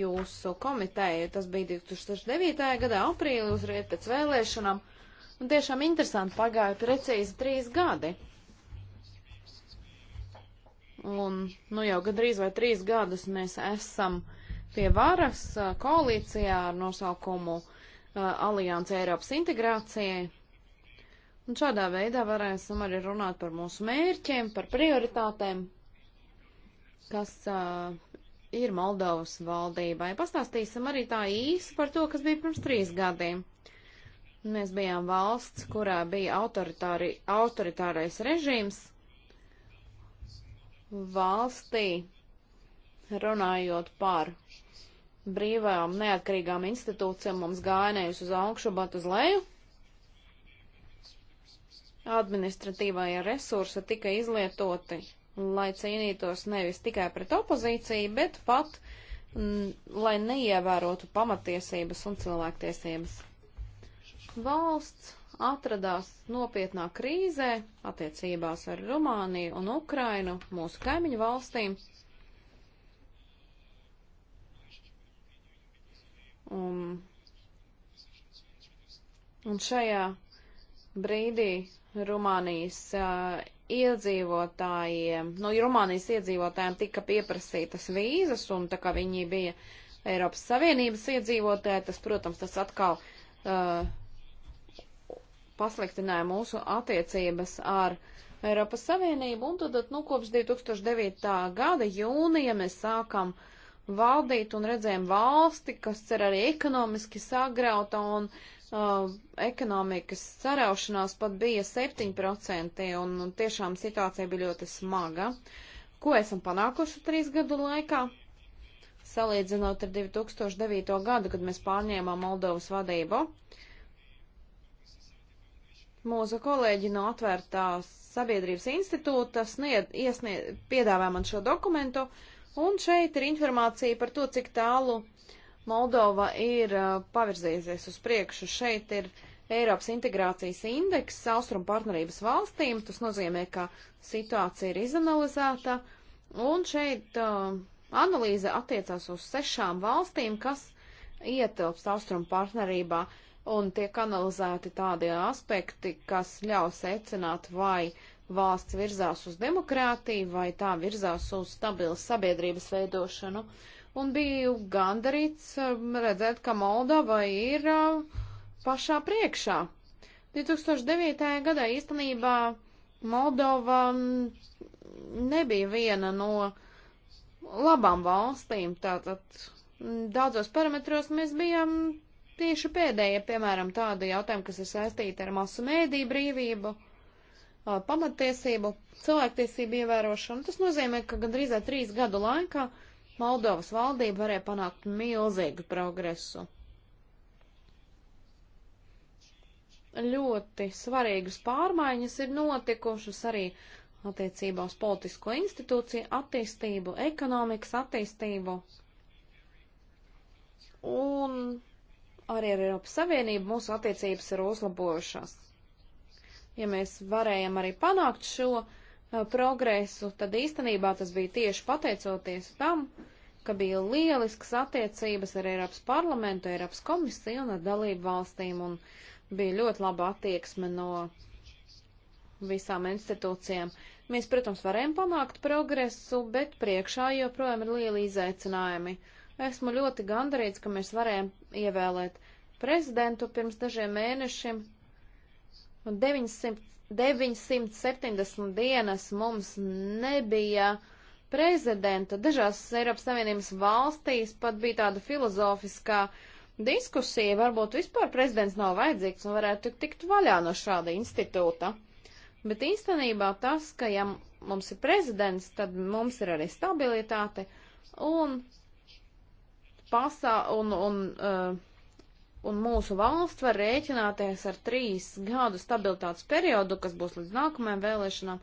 jūsu komiteju. Tas bija 2009. gadā aprīlī, uzreiz pēc vēlēšanām. Uh, Un tiešām interesanti pagāja precīzi trīs gadi. Un nu jau gandrīz vai trīs gadus mēs esam pie varas koalīcijā ar nosaukumu Alianse Eiropas integrācijai. Un šādā veidā varēsim arī runāt par mūsu mērķiem, par prioritātēm, kas uh, ir Moldovas valdībai. Pastāstīsim arī tā īsi par to, kas bija pirms trīs gadiem. Mēs bijām valsts, kurā bija autoritārais režīms. Valstī, runājot par brīvām, neatkarīgām institūcijām, mums gāja nevis uz augšu, bet uz leju. Administratīvajā resursa tika izlietoti, lai cīnītos nevis tikai pret opozīciju, bet pat, m, mm, lai neievērotu pamatiesības un cilvēktiesības valsts atradās nopietnā krīzē attiecībās ar Rumāniju un Ukrainu, mūsu kaimiņu valstīm. Un, un šajā brīdī Rumānijas uh, iedzīvotājiem, no nu, Rumānijas iedzīvotājiem tika pieprasītas vīzas, un tā kā viņi bija Eiropas Savienības iedzīvotāji, tas, protams, tas atkal uh, pasliktināja mūsu attiecības ar Eiropas Savienību, un tad, nu, kopš 2009. gada jūnija mēs sākam valdīt un redzējām valsti, kas ir arī ekonomiski sagrauta, un uh, ekonomikas saraušanās pat bija 7%, un tiešām situācija bija ļoti smaga. Ko esam panākuši trīs gadu laikā? Salīdzinot ar 2009. gadu, kad mēs pārņēmām Moldovas vadību, uh, Mūsu kolēģi no atvērtās sabiedrības institūta sniedz, iesniedz, piedāvā man šo dokumentu, un šeit ir informācija par to, cik tālu Moldova ir uh, pavirzījusies uz priekšu. Šeit ir Eiropas integrācijas indeks austrumu partnerības valstīm, tas nozīmē, ka situācija ir izanalizēta, un šeit uh, analīze attiecās uz sešām valstīm, kas ietilpst austrumu partnerībā. Uh, un tiek analizēti tādi aspekti, kas ļaus secināt, vai valsts virzās uz demokrātiju, vai tā virzās uz stabilu sabiedrības veidošanu. Un biju gandarīts um, redzēt, ka Moldova ir uh, pašā priekšā. 2009. gadā īstenībā Moldova mm, nebija viena no labām valstīm, tātad mm, daudzos parametros mēs bijām Tieši pēdējie, piemēram, tādi jautājumi, kas ir saistīti ar masu mēdīju brīvību, pamatiesību, cilvēktiesību ievērošanu. Tas nozīmē, ka gandrīz trīs gadu laikā Moldovas valdība varēja panākt milzīgu progresu. Ļoti svarīgas pārmaiņas ir notikušas arī attiecībā uz politisko institūciju attīstību, ekonomikas attīstību. Un arī ar Eiropas Savienību mūsu attiecības ir uzlabojušās. Ja mēs varējam arī panākt šo uh, progresu, tad īstenībā tas bija tieši pateicoties tam, ka bija lielisks attiecības ar Eiropas parlamentu, Eiropas komisiju un ar dalību valstīm, un bija ļoti laba attieksme no visām institūcijām. Mēs, protams, varējām panākt progresu, bet priekšā joprojām ir lieli izaicinājumi. Uh, Esmu ļoti gandarīts, ka mēs varējām ievēlēt prezidentu pirms dažiem mēnešiem. 900, 970 dienas mums nebija prezidenta. Dažās Eiropas Savienības valstīs pat bija tāda filozofiskā diskusija, varbūt vispār prezidents nav vajadzīgs un varētu tikt vaļā no šāda institūta. Bet īstenībā tas, ka ja mums ir prezidents, tad mums ir arī stabilitāte un pasā un, un, uh, un mūsu valsts var rēķināties ar trīs gadu stabilitātes periodu, kas būs līdz nākamajām vēlēšanām.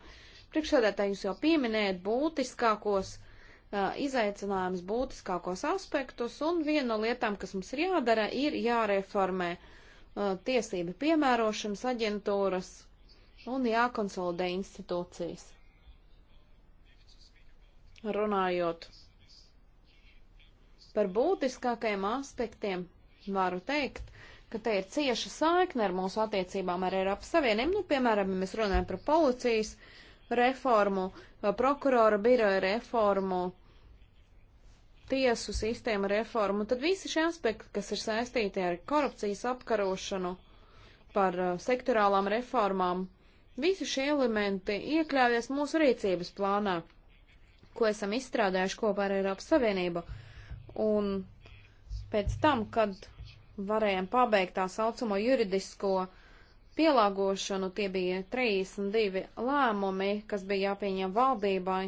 Priekšsēdētāji jūs jau pieminējat būtiskākos uh, izaicinājumus, būtiskākos aspektus, un viena no lietām, kas mums ir jādara, ir jāreformē uh, eh, tiesība piemērošanas aģentūras un jākonsolidē institūcijas runājot Par būtiskākajiem aspektiem varu teikt, ka te ir cieša saikne ar mūsu attiecībām ar Eiropas Savienību. Nu, piemēram, ja mēs runājam par policijas reformu, prokurora biroja reformu, tiesu sistēmu reformu, tad visi šie aspekti, kas ir saistīti ar korupcijas apkarošanu, par uh, sektorālām reformām, visi šie elementi iekļaujas mūsu rīcības plānā, ko esam izstrādājuši kopā ar Eiropas Savienību. Uh, un pēc tam, kad varējām pabeigt tā saucamo juridisko pielāgošanu, tie bija 32 lēmumi, kas bija jāpieņem valdībai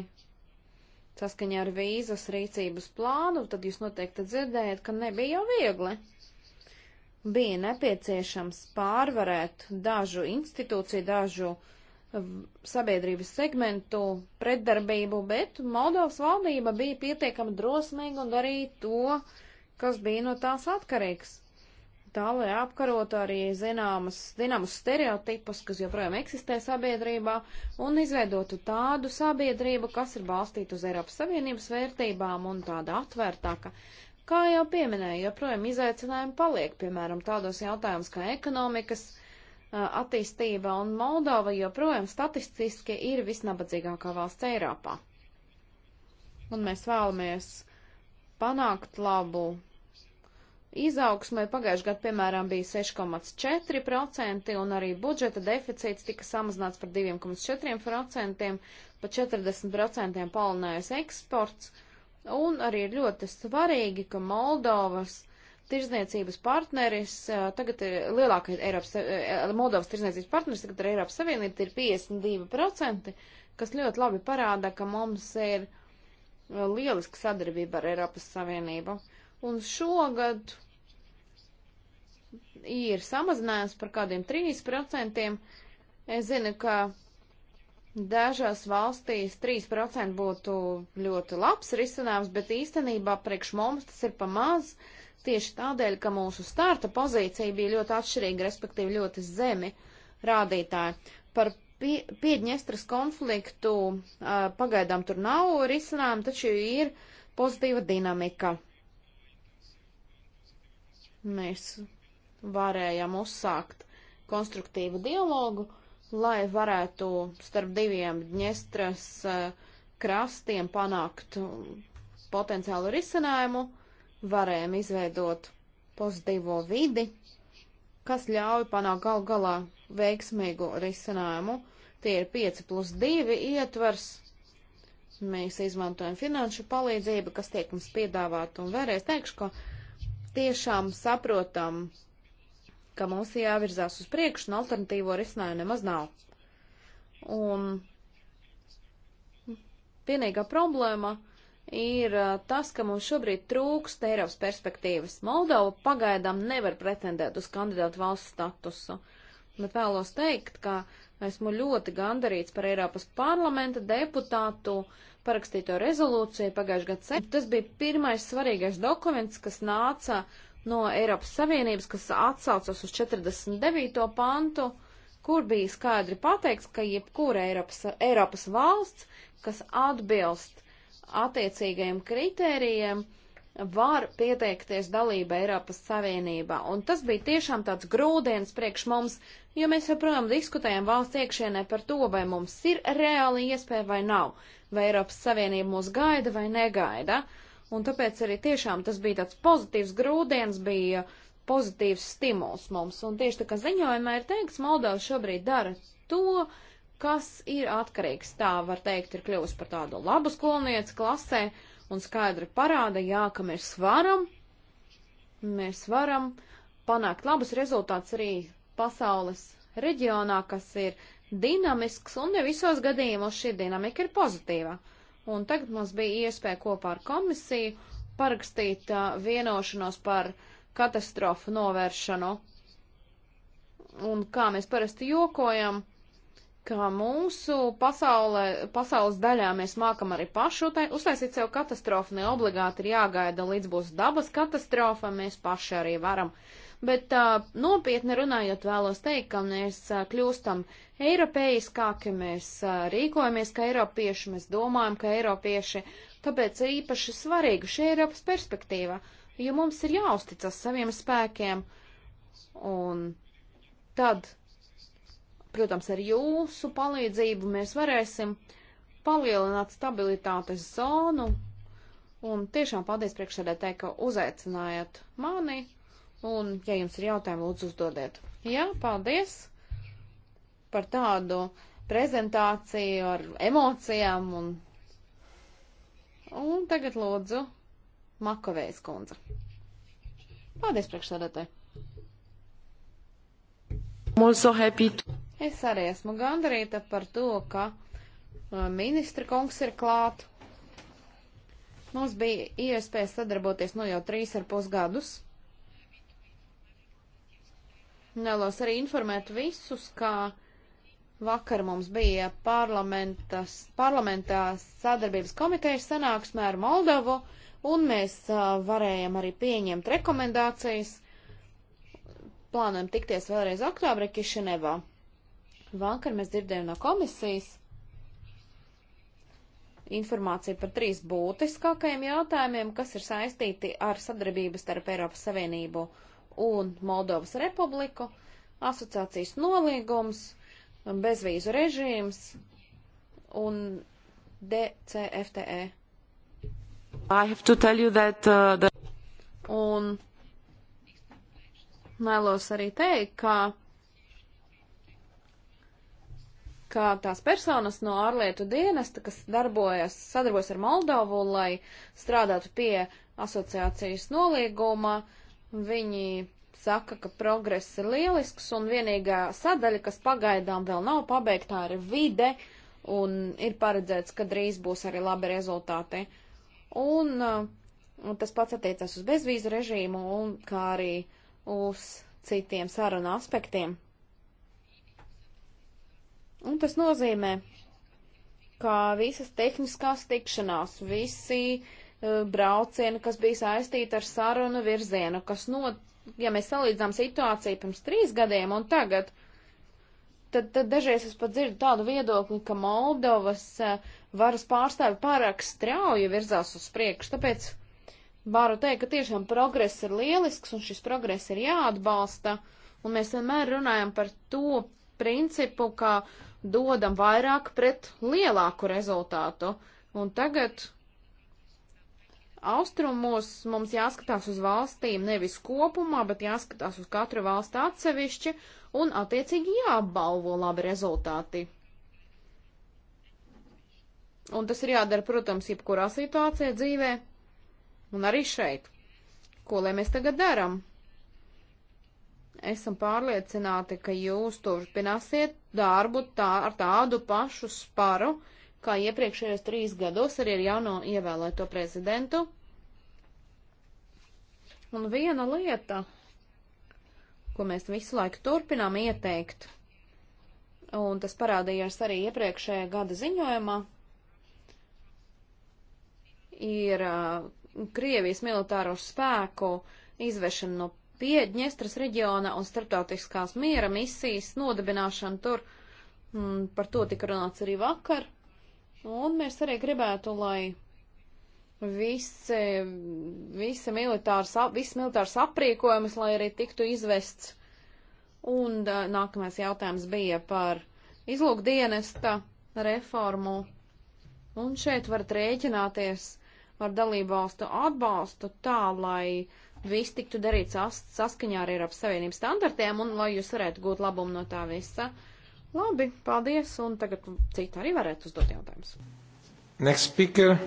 saskaņā ar vīzas rīcības plānu, tad jūs noteikti dzirdējat, ka nebija jau viegli. Bija nepieciešams pārvarēt dažu institūciju, dažu uh, sabiedrības segmentu pretdarbību, bet Moldovas valdība bija pietiekami drosmīga un darīja to, kas bija no tās atkarīgs. Tā, lai apkarotu arī zināmas, zināmas stereotipus, kas joprojām eksistē sabiedrībā, un izveidotu tādu sabiedrību, kas ir balstīta uz Eiropas Savienības vērtībām un tāda atvērtāka. Kā jau pieminēju, joprojām izaicinājumi paliek, piemēram, tādos jautājumus kā ekonomikas, attīstība, un Moldova joprojām statistiski ir visnabadzīgākā valsts Eiropā. Un mēs vēlamies panākt labu izaugsmē. Pagājušajā gadā, piemēram, bija 6,4%, un arī budžeta deficīts tika samazināts par 2,4%, pa 40% palinājies eksports. Un arī ir ļoti svarīgi, ka Moldovas tirzniecības partneris, tagad ir lielākais Eiropas, Moldovas tirzniecības partneris, tagad ir Eiropas Savienība, ir 52%, kas ļoti labi parāda, ka mums ir lieliska sadarbība ar Eiropas Savienību. Un šogad ir samazinājums par kādiem 3%. Es zinu, ka Dažās valstīs 3% būtu ļoti labs risinājums, bet īstenībā priekš mums tas ir pamaz. Uh, tieši tādēļ, ka mūsu starta pozīcija bija ļoti atšķirīga, respektīvi ļoti zemi rādītāji. Par pie, Piedņestras konfliktu uh, pagaidām tur nav risinājumu, taču ir pozitīva dinamika. Mēs varējām uzsākt konstruktīvu dialogu, lai varētu starp diviem Dņestras uh, krastiem panākt potenciālu risinājumu. Uh, varējām izveidot pozitīvo vidi, kas ļauj panākt gal galā veiksmīgu risinājumu. Tie ir 5 plus 2 ietvers. Mēs izmantojam finanšu palīdzību, kas tiek mums piedāvāta. Un vēlreiz teikšu, ka tiešām saprotam, ka mums jāvirzās uz priekšu un alternatīvo risinājumu nemaz nav. Un vienīgā problēma ir tas, ka mums šobrīd trūkst Eiropas perspektīvas. Moldova pagaidām nevar pretendēt uz kandidātu valsts statusu, bet vēlos teikt, ka esmu ļoti gandarīts par Eiropas parlamenta deputātu parakstīto rezolūciju pagājušajā gadā. Tas bija pirmais svarīgais dokuments, kas nāca no Eiropas Savienības, kas atsaucas uz 49. pantu, kur bija skaidri pateikts, ka jebkura Eiropas, Eiropas valsts, kas atbilst attiecīgajiem kritērijiem var pieteikties dalība Eiropas Savienībā. Un tas bija tiešām tāds grūdienis priekš mums, jo mēs joprojām diskutējam valsts iekšienē par to, vai mums ir reāli iespēja vai nav, vai Eiropas Savienība mūs gaida vai negaida. Un tāpēc arī tiešām tas bija tāds pozitīvs grūdienis, bija pozitīvs stimuls mums. Un tieši tā kā ziņojumā ir teikts, Moldova šobrīd dara to, uh, kas ir atkarīgs. Tā var teikt, ir kļuvusi par tādu labu skolnieci klasē un skaidri parāda, jā, ka mēs varam, mēs varam panākt labus rezultātus arī pasaules reģionā, kas ir dinamisks un ne visos gadījumos šī dinamika ir pozitīva. Un tagad mums bija iespēja kopā ar komisiju parakstīt uh, vienošanos par katastrofu novēršanu. Un kā mēs parasti jokojam, ka mūsu pasaulē, pasaules daļā mēs mākam arī pašu uztaisīt sev katastrofu, ne obligāti ir jāgaida, līdz būs dabas katastrofa, mēs paši arī varam. Bet uh, nopietni runājot, vēlos teikt, ka mēs uh, kļūstam eiropeiskāki, mēs uh, rīkojamies kā eiropieši, mēs domājam kā eiropieši, tāpēc ir īpaši svarīga šī Eiropas perspektīva, jo mums ir jāuzticas saviem spēkiem, un tad Protams, ar jūsu palīdzību mēs varēsim palielināt stabilitātes zonu. Un tiešām paldies priekšsēdētāji, ka uzaicinājāt mani. Un, ja jums ir jautājumi, lūdzu uzdodiet. Jā, paldies par tādu prezentāciju ar emocijām un Un tagad lūdzu Makovējas kundze. Paldies priekšsēdētāji. I'm also happy to... Es arī esmu gandarīta par to, ka ministra kungs ir klāt. Mums bija iespēja sadarboties nu no jau trīs ar pusgadus. Nelos arī informēt visus, ka vakar mums bija parlamentā sadarbības komitejas sanāksmē ar Moldovu, un mēs a, varējām arī pieņemt rekomendācijas. Plānojam tikties vēlreiz oktobrī Kišinevā. Vakar mēs dzirdējām no komisijas informāciju par trīs būtiskākajiem jautājumiem, kas ir saistīti ar sadarbību starp Eiropas Savienību un Moldovas Republiku, asociācijas nolīgums, bezvīzu režīms un DCFTE. E. That, uh, the... Un vēlos arī teikt, ka ka tās personas no ārlietu dienesta, kas darbojas, sadarbojas ar Moldovu, lai strādātu pie asociācijas nolīguma, viņi saka, ka progress ir lielisks un vienīgā sadaļa, kas pagaidām vēl nav pabeigtā, ir vide un ir paredzēts, ka drīz būs arī labi rezultāti. Un, un uh, tas pats attiecas uz bezvīzu režīmu un kā arī uz citiem sarunu aspektiem. Un tas nozīmē, ka visas tehniskās tikšanās, visi uh, braucieni, kas bija saistīti ar sarunu virzienu, kas no, ja mēs salīdzām situāciju pirms trīs gadiem un tagad, tad, tad dažreiz es pat dzirdu tādu viedokli, ka Moldovas uh, varas pārstāvi pārāk strauji virzās uz priekšu, tāpēc varu teikt, ka tiešām progress ir lielisks un šis progress ir jāatbalsta, un mēs vienmēr runājam par to principu, ka uh, dodam vairāk pret lielāku rezultātu. Un tagad austrumos mums jāskatās uz valstīm nevis kopumā, bet jāskatās uz katru valstu atsevišķi un attiecīgi jāapbalvo labi rezultāti. Un tas ir jādara, protams, jebkurā situācijā dzīvē, un arī šeit. Ko lai mēs tagad darām? Esam pārliecināti, ka jūs turpināsiet darbu tā, ar tādu pašu sparu, kā iepriekšējos trīs gados arī ar jauno ievēlēto prezidentu. Un viena lieta, ko mēs visu laiku turpinām ieteikt, un tas parādījās arī iepriekšējā gada ziņojumā, ir uh, Krievijas militāro spēku izvešana no pie Dņestras reģiona un starptautiskās miera misijas nodibināšana tur. Mm, par to tika runāts arī vakar. Un mēs arī gribētu, lai visi, visi militārs, viss militārs aprīkojums, lai arī tiktu izvests. Un nākamais jautājums bija par izlūkdienesta reformu. Un šeit varat rēķināties ar dalībvalstu atbalstu tā, lai uh, viss tiktu darīts saskaņā ar Eiropas Savienības standartiem un lai jūs varētu gūt labumu no tā visa. Labi, paldies, un tagad citi arī varētu uzdot jautājumus. Next speaker,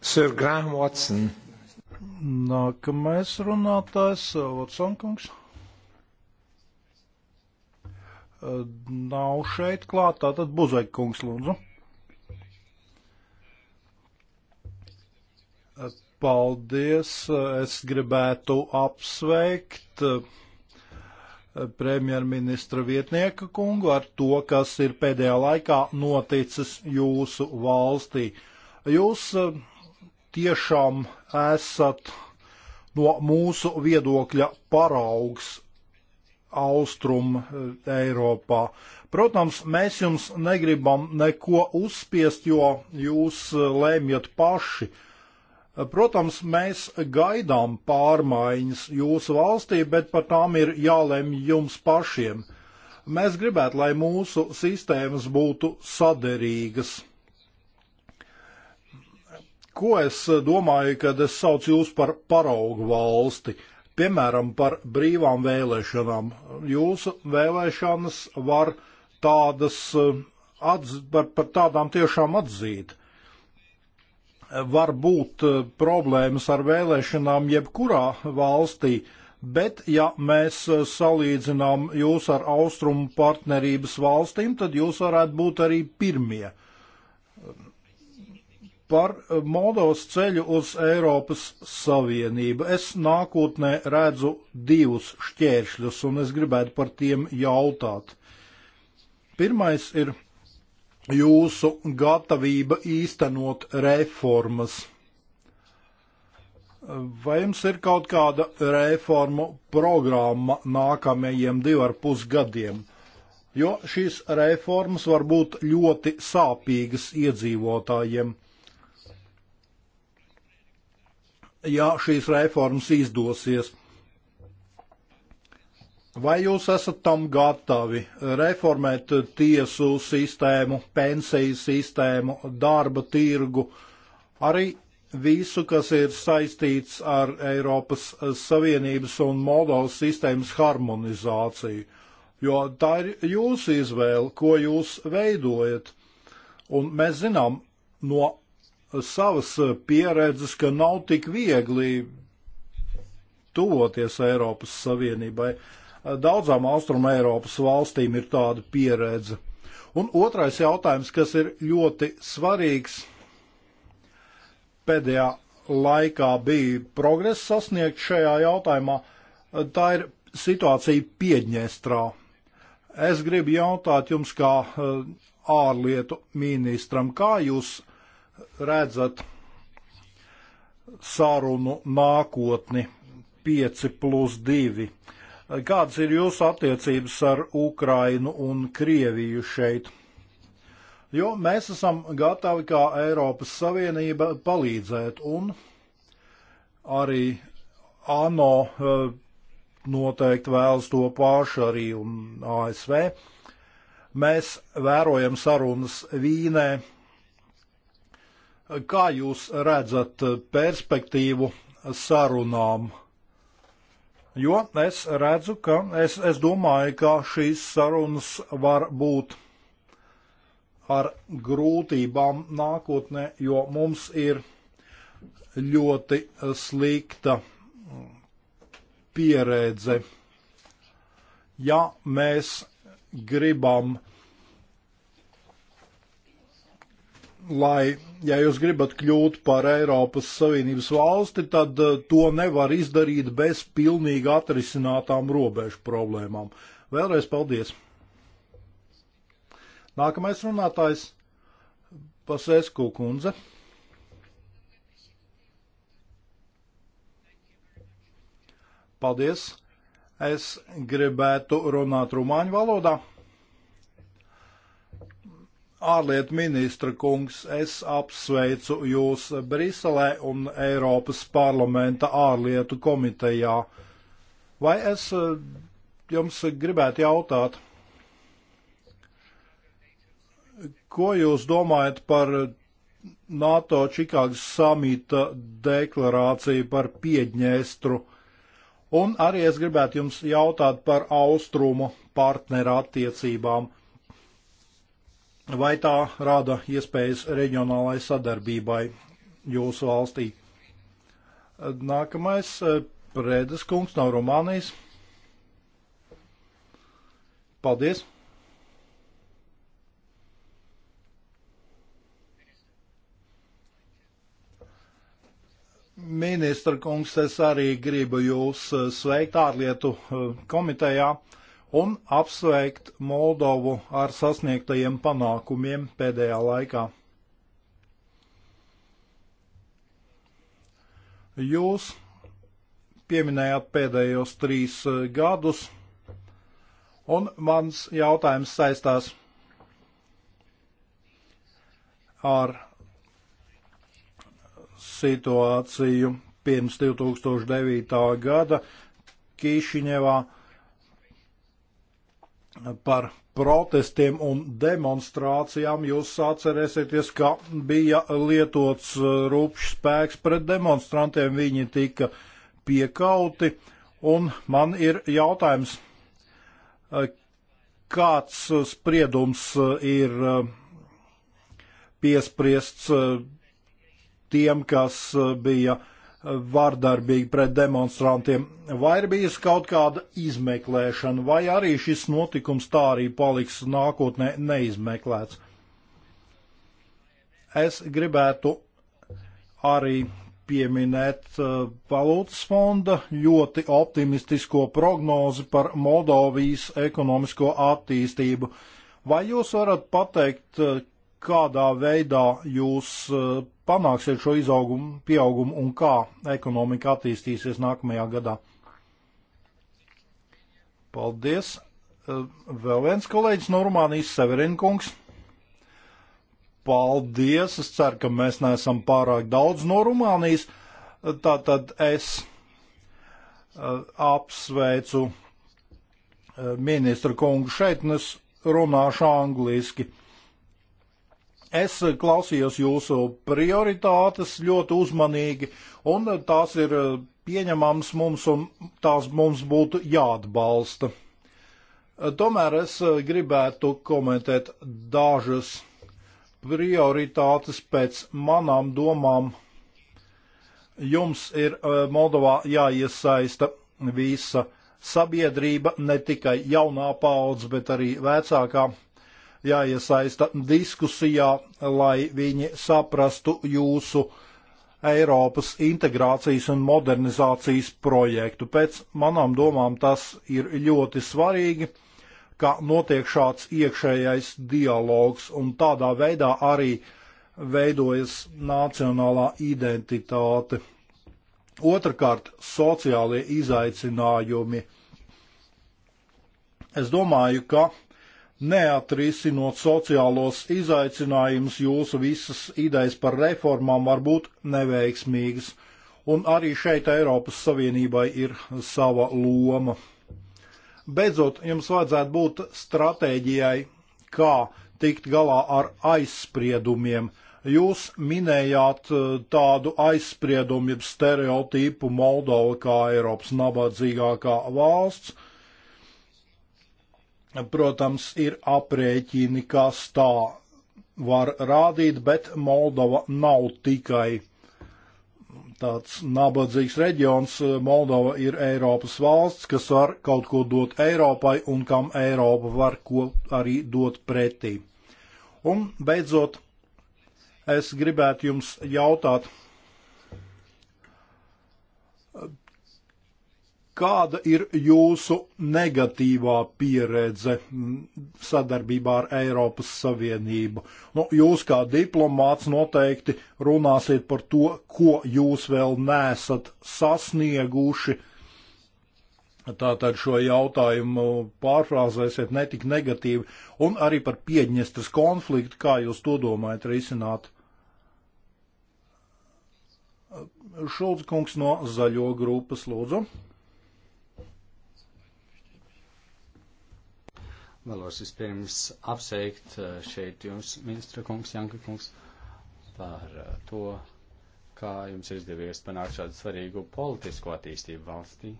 Sir Graham Watson. Nākamais runātājs, uh, Watson kungs. Uh, nav šeit klāt, tātad Buzaik kungs lūdzu. Uh, Paldies! Es gribētu apsveikt eh, premjerministra vietnieka kungu ar to, kas ir pēdējā laikā noticis jūsu valstī. Jūs eh, tiešām esat no mūsu viedokļa paraugs Austrum eh, Eiropā. Protams, mēs jums negribam neko uzspiest, jo jūs lēmjat paši Protams, mēs gaidām pārmaiņas jūsu valstī, bet par tām ir jālemj jums pašiem. Mēs gribētu, lai mūsu sistēmas būtu saderīgas. Ko es domāju, kad es saucu jūs par paraugu valsti? Piemēram, par brīvām vēlēšanām. Jūsu vēlēšanas var tādas, eh, atz, par, par tādām tiešām atzīt var būt eh, problēmas ar vēlēšanām jebkurā valstī, bet ja mēs eh, salīdzinām jūs ar austrumu partnerības valstīm, tad jūs varētu būt arī pirmie. Par eh, Moldovas ceļu uz Eiropas Savienību es nākotnē redzu divus šķēršļus, un es gribētu par tiem jautāt. Pirmais ir jūsu gatavība īstenot reformas. Vai jums ir kaut kāda reformu programma nākamajiem divu ar pus gadiem? Jo šīs reformas var būt ļoti sāpīgas iedzīvotājiem. Ja šīs reformas izdosies. Vai jūs esat tam gatavi reformēt tiesu sistēmu, pensiju sistēmu, darba tirgu, arī visu, kas ir saistīts ar Eiropas Savienības un Moldovas sistēmas harmonizāciju? Jo tā ir jūsu izvēle, ko jūs veidojat. Un mēs zinām no savas pieredzes, ka nav tik viegli tuvoties Eiropas Savienībai. Daudzām Austrum Eiropas valstīm ir tāda pieredze. Un otrais jautājums, kas ir ļoti svarīgs, pēdējā laikā bija progress sasniegt šajā jautājumā, tā ir situācija Piedņestrā. Es gribu jautāt jums, kā eh, ārlietu ministram, kā jūs redzat sarunu nākotni 5 plus 2? Kādas ir jūsu attiecības ar Ukrainu un Krieviju šeit? Jo mēs esam gatavi kā Eiropas Savienība palīdzēt un arī ANO eh, noteikti vēlas to pašu arī un ASV. Mēs vērojam sarunas Vīnē. Kā jūs redzat eh, perspektīvu sarunām? jo es redzu, ka es, es domāju, ka šīs sarunas var būt ar grūtībām nākotnē, jo mums ir ļoti slikta pieredze. Ja mēs gribam uh, lai, ja jūs gribat kļūt par Eiropas Savienības valsti, tad eh, to nevar izdarīt bez pilnīgi atrisinātām robežu problēmām. Vēlreiz paldies! Nākamais runātājs - Pasēsku kundze. Paldies! Es gribētu runāt rumāņu valodā. Ārlietu ministra kungs, es apsveicu jūs Briselē un Eiropas parlamenta ārlietu komitejā. Vai es eh, jums gribētu jautāt, ko jūs domājat par NATO Čikāgas samīta deklarāciju par Piedņēstru? Un arī es gribētu jums jautāt par austrumu partneru attiecībām vai tā rada iespējas reģionālai sadarbībai jūsu valstī? Nākamais eh, Prēdes kungs no Rumānijas. Paldies! Ministra kungs, es arī gribu jūs eh, sveikt ārlietu eh, komitejā un apsveikt Moldovu ar sasniegtajiem panākumiem pēdējā laikā. Jūs pieminējāt pēdējos trīs eh, gadus, un mans jautājums saistās ar situāciju pirms 2009. gada Kīšiņevā par protestiem un demonstrācijām. Jūs atcerēsieties, ka bija lietots uh, rūpšs spēks pret demonstrantiem, viņi tika piekauti. Un man ir jautājums, uh, kāds spriedums uh, ir piespriests tiem, kas bija uh, vārdarbīgi pret demonstrantiem. Vai ir bijusi kaut kāda izmeklēšana, vai arī šis notikums tā arī paliks nākotnē neizmeklēts? Es gribētu arī pieminēt uh, valūtas fonda ļoti optimistisko prognozi par Moldovijas ekonomisko attīstību. Vai jūs varat pateikt, uh, kādā veidā jūs eh, panāksiet šo izaugumu, pieaugumu un kā ekonomika attīstīsies nākamajā gadā. Paldies! Eh, vēl viens kolēģis no Rumānijas, Severinkungs. Paldies! Es ceru, ka mēs neesam pārāk daudz no Rumānijas. Eh, tātad es apsveicu ministru kungu šeit un es runāšu angliski. Es klausījos jūsu prioritātes ļoti uzmanīgi, un tās ir pieņemams mums, un tās mums būtu jāatbalsta. Tomēr es gribētu komentēt dažas prioritātes pēc manām domām. Jums ir e, Moldovā jāiesaista visa sabiedrība, ne tikai jaunā paudze, bet arī vecākā paudze jāiesaista diskusijā, lai viņi saprastu jūsu Eiropas integrācijas un modernizācijas projektu. Pēc manām domām tas ir ļoti svarīgi, ka notiek šāds iekšējais dialogs un tādā veidā arī veidojas nacionālā identitāte. Otrakārt, sociālie izaicinājumi. Es domāju, ka neatrisinot sociālos izaicinājumus, jūsu visas idejas par reformām var būt neveiksmīgas, un arī šeit Eiropas Savienībai ir sava loma. Beidzot, jums vajadzētu būt stratēģijai, kā tikt galā ar aizspriedumiem. Jūs minējāt eh, tādu aizspriedumu, jeb stereotipu Moldova kā Eiropas nabadzīgākā valsts, uh, Protams, ir aprēķini, kas tā var rādīt, bet Moldova nav tikai tāds nabadzīgs reģions. Moldova ir Eiropas valsts, kas var kaut ko dot Eiropai un kam Eiropa var ko arī dot pretī. Un beidzot, es gribētu jums jautāt, Kāda ir jūsu negatīvā pieredze sadarbībā ar Eiropas Savienību? Nu, jūs kā diplomāts noteikti runāsiet par to, ko jūs vēl nesat sasnieguši. Tātad šo jautājumu pārfrāzēsiet netik negatīvi un arī par Piedņestras konfliktu, kā jūs to domājat risināt. Šulc kungs no zaļo grupas lūdzu. Vēlos vispirms apsveikt eh, šeit jums, ministra kungs, Janka kungs, par eh, to, kā jums izdevies panākt šādu svarīgu politisko attīstību valstī.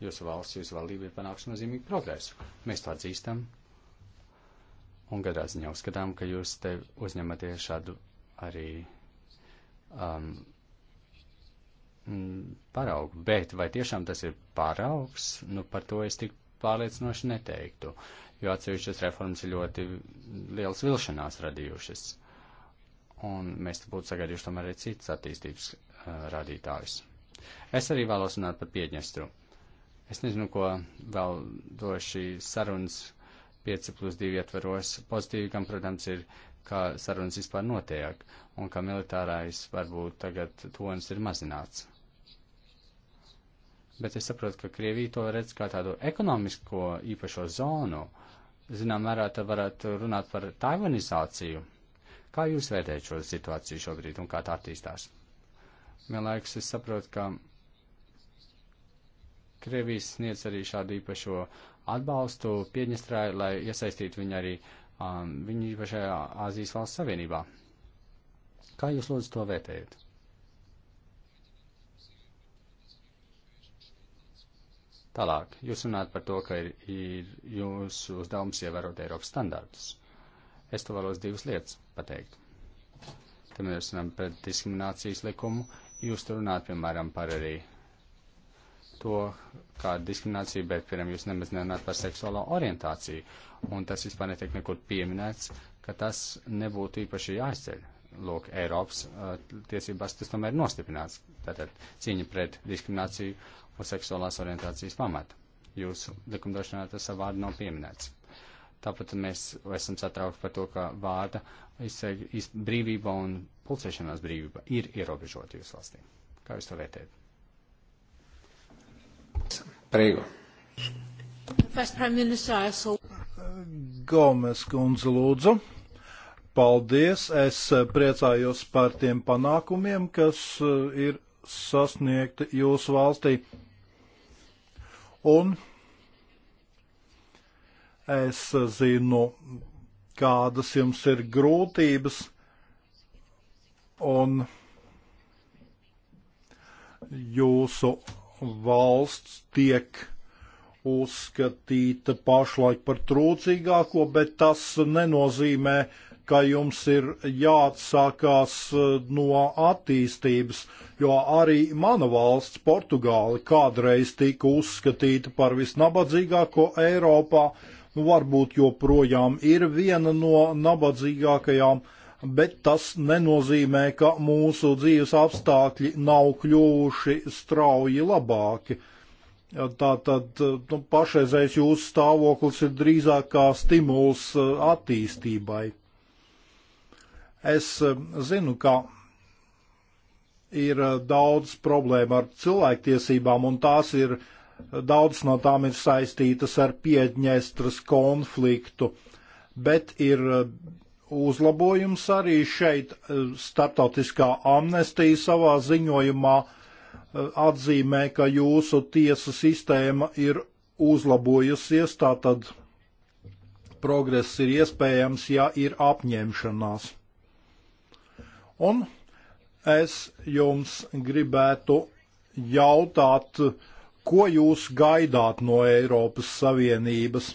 Jūsu valsts, jūsu valdība ir panākusi nozīmīgu progresu. Mēs to atzīstam un gadā ziņā uzskatām, ka jūs te uzņematies šādu arī um, paraugu. Bet vai tiešām tas ir paraugs? Nu, par to es tik pārliecinoši neteiktu, jo atsevišķas reformas ir ļoti liels vilšanās radījušas. Un mēs te būtu sagaidījuši tomēr arī citas attīstības uh, radītājus. Es arī vēlos runāt par Piedņestru. Es nezinu, ko vēl došu sarunas 5 plus 2 ietvaros. Pozitīvi, kam, protams, ir kā sarunas vispār notiek un ka militārais varbūt tagad tonis ir mazināts bet es saprotu, ka Krievija to redz kā tādu ekonomisko īpašo zonu. Zinām, mērā te varētu runāt par taivanizāciju. Kā jūs vērtējat šo situāciju šobrīd un kā tā attīstās? Vienlaikus es saprotu, ka Krievijas sniedz arī šādu īpašo atbalstu Piedņestrā, lai iesaistītu viņu arī um, viņu īpašajā Āzijas valsts savienībā. Kā jūs lūdzu to vērtējat? Tālāk, jūs runājat par to, ka ir, ir jūsu uzdevums ievērot Eiropas standartus. Es to vēlos divas lietas pateikt. Tad mēs runājam par diskriminācijas likumu. Jūs tur runājat, piemēram, par arī to, kāda diskriminācija, bet, piemēram, jūs nemaz nerunājat par seksuālo orientāciju. Un tas vispār netiek nekur pieminēts, ka tas nebūtu īpaši jāizceļ. Lūk, Eiropas uh, tiesībās tas tomēr ir nostiprināts. Tātad cīņa pret diskrimināciju uz seksuālās orientācijas pamata. Jūsu likumdošanā tas ar vārdu nav pieminēts. Tāpat mēs esam satraukti par to, ka vārda brīvība un pulcēšanās brīvība ir ierobežota jūsu valstī. Kā jūs to vērtējat? Prīgu. Gomes kundze lūdzu. Paldies, es eh, priecājos par tiem panākumiem, kas eh, ir sasniegti jūsu valstī. Un es zinu, kādas jums ir grūtības, un jūsu valsts tiek uzskatīta pašlaik par trūcīgāko, bet tas nenozīmē, uh, ka jums ir jāatsākās eh, no attīstības, jo arī mana valsts, Portugāla, kādreiz tika uzskatīta par visnabadzīgāko Eiropā, nu varbūt joprojām ir viena no nabadzīgākajām, bet tas nenozīmē, ka mūsu dzīves apstākļi nav kļuvuši strauji labāki. Tātad nu, pašreizējais jūsu stāvoklis ir drīzāk kā stimuls eh, attīstībai. Es e, zinu, ka ir e, daudz problēmu ar cilvēktiesībām, un tās ir, e, daudz no tām ir saistītas ar Piedņestras konfliktu, bet ir uzlabojums arī šeit starptautiskā amnestija savā ziņojumā atzīmē, ka jūsu tiesu sistēma ir uzlabojusies, tātad progress ir iespējams, ja ir apņemšanās. Un es jums gribētu jautāt, ko jūs gaidāt no Eiropas Savienības?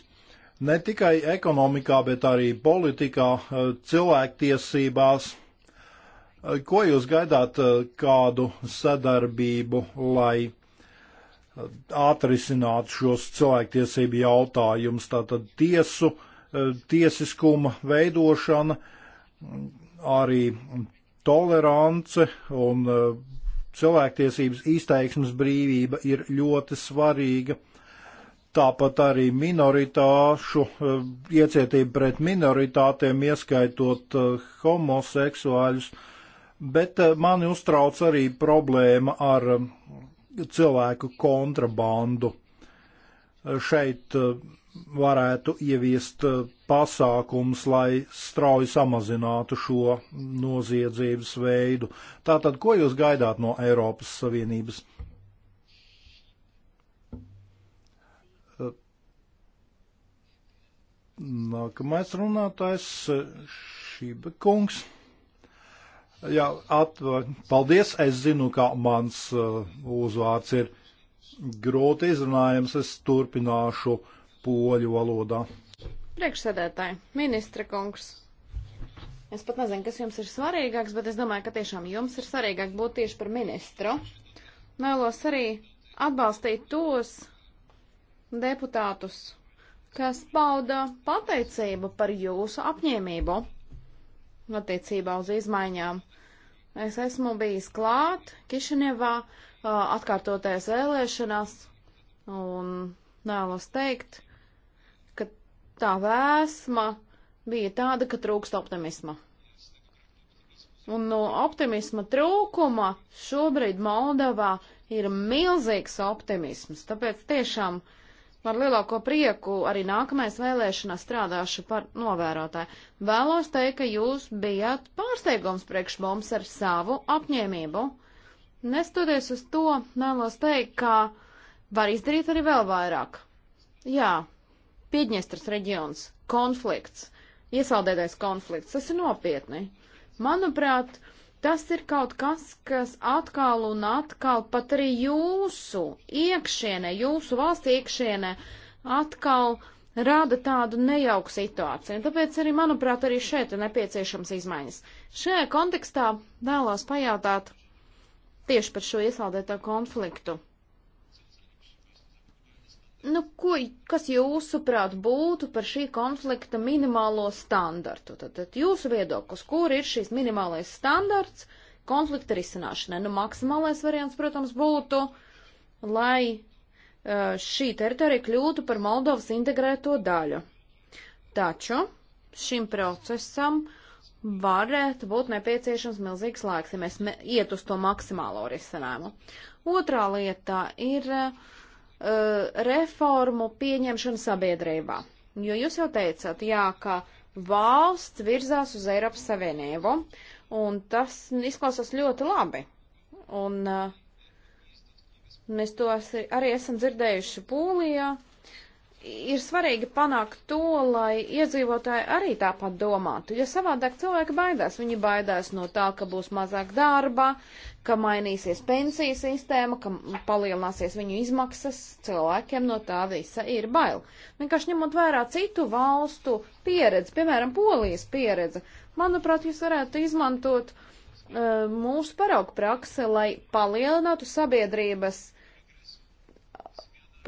Ne tikai ekonomikā, bet arī politikā, eh, cilvēktiesībās. Eh, ko jūs gaidāt eh, kādu sadarbību, lai atrisināt šos cilvēktiesību jautājumus, tātad tiesu, tiesiskuma veidošana, mm, arī tolerance un uh, cilvēktiesības izteiksmes brīvība ir ļoti svarīga. Tāpat arī minoritāšu uh, iecietība pret minoritātiem, ieskaitot uh, homoseksuāļus, bet mani uztrauc arī problēma ar um, cilvēku kontrabandu. Šeit varētu ieviest pasākums, lai strauji samazinātu šo noziedzības veidu. Tātad, ko jūs gaidāt no Eiropas Savienības? Nākamais runātājs Šība kungs. Jā, atva, paldies, es zinu, ka mans uh, uzvārds ir grūti izrunājams, es turpināšu poļu valodā. Priekšsēdētāji, ministra kungs, es pat nezinu, kas jums ir svarīgāks, bet es domāju, ka tiešām jums ir svarīgāk būt tieši par ministru. Vēlos arī atbalstīt tos deputātus, kas pauda pateicību par jūsu apņēmību attiecībā uz izmaiņām. Es esmu bijis klāt Kišinevā atkārtotajās vēlēšanās un vēlos teikt, tā vēsma bija tāda, ka trūkst optimisma. Un no optimisma trūkuma šobrīd Moldavā ir milzīgs optimisms. Tāpēc tiešām ar lielāko prieku arī nākamais vēlēšanās strādāšu par novērotāju. Vēlos teikt, ka jūs bijāt pārsteigums priekš mums ar savu apņēmību. Nestoties uz to, vēlos teikt, ka var izdarīt arī vēl vairāk. Jā, Piedņestras reģions, konflikts, iesaldētais konflikts, tas ir nopietni. Manuprāt, tas ir kaut kas, kas atkal un atkal pat arī jūsu iekšienē, jūsu valsts iekšienē atkal rada tādu nejauku situāciju. Tāpēc arī, manuprāt, arī šeit ir nepieciešams izmaiņas. Šajā kontekstā vēlos pajautāt tieši par šo iesaldēto konfliktu. Nu, ko, kas jūsuprāt būtu par šī konflikta minimālo standartu? Tad, tad jūsu viedoklis, kur ir šis minimālais standarts konflikta risināšanai? Nu, maksimālais variants, protams, būtu, lai šī teritorija kļūtu par Moldovas integrēto daļu. Taču šim procesam varētu būt nepieciešams milzīgs laiks, ja mēs iet uz to maksimālo risinājumu. Otrā lietā ir uh, Eh, reformu pieņemšanu sabiedrībā. Jo jūs jau teicat, jā, ka valsts virzās uz Eiropas Savienību, un tas izklausās ļoti labi. Un uh, mēs to arī esam dzirdējuši Pūlijā, ir svarīgi panākt to, lai iedzīvotāji arī tāpat domātu, jo savādāk cilvēki baidās. Viņi baidās no tā, ka būs mazāk darba, ka mainīsies pensiju sistēma, ka palielināsies viņu izmaksas. Cilvēkiem no tā visa ir bail. Vienkārši ņemot vērā citu valstu pieredzi, piemēram, Polijas pieredzi, manuprāt, jūs varētu izmantot uh, mūsu paraugu praksi, lai palielinātu sabiedrības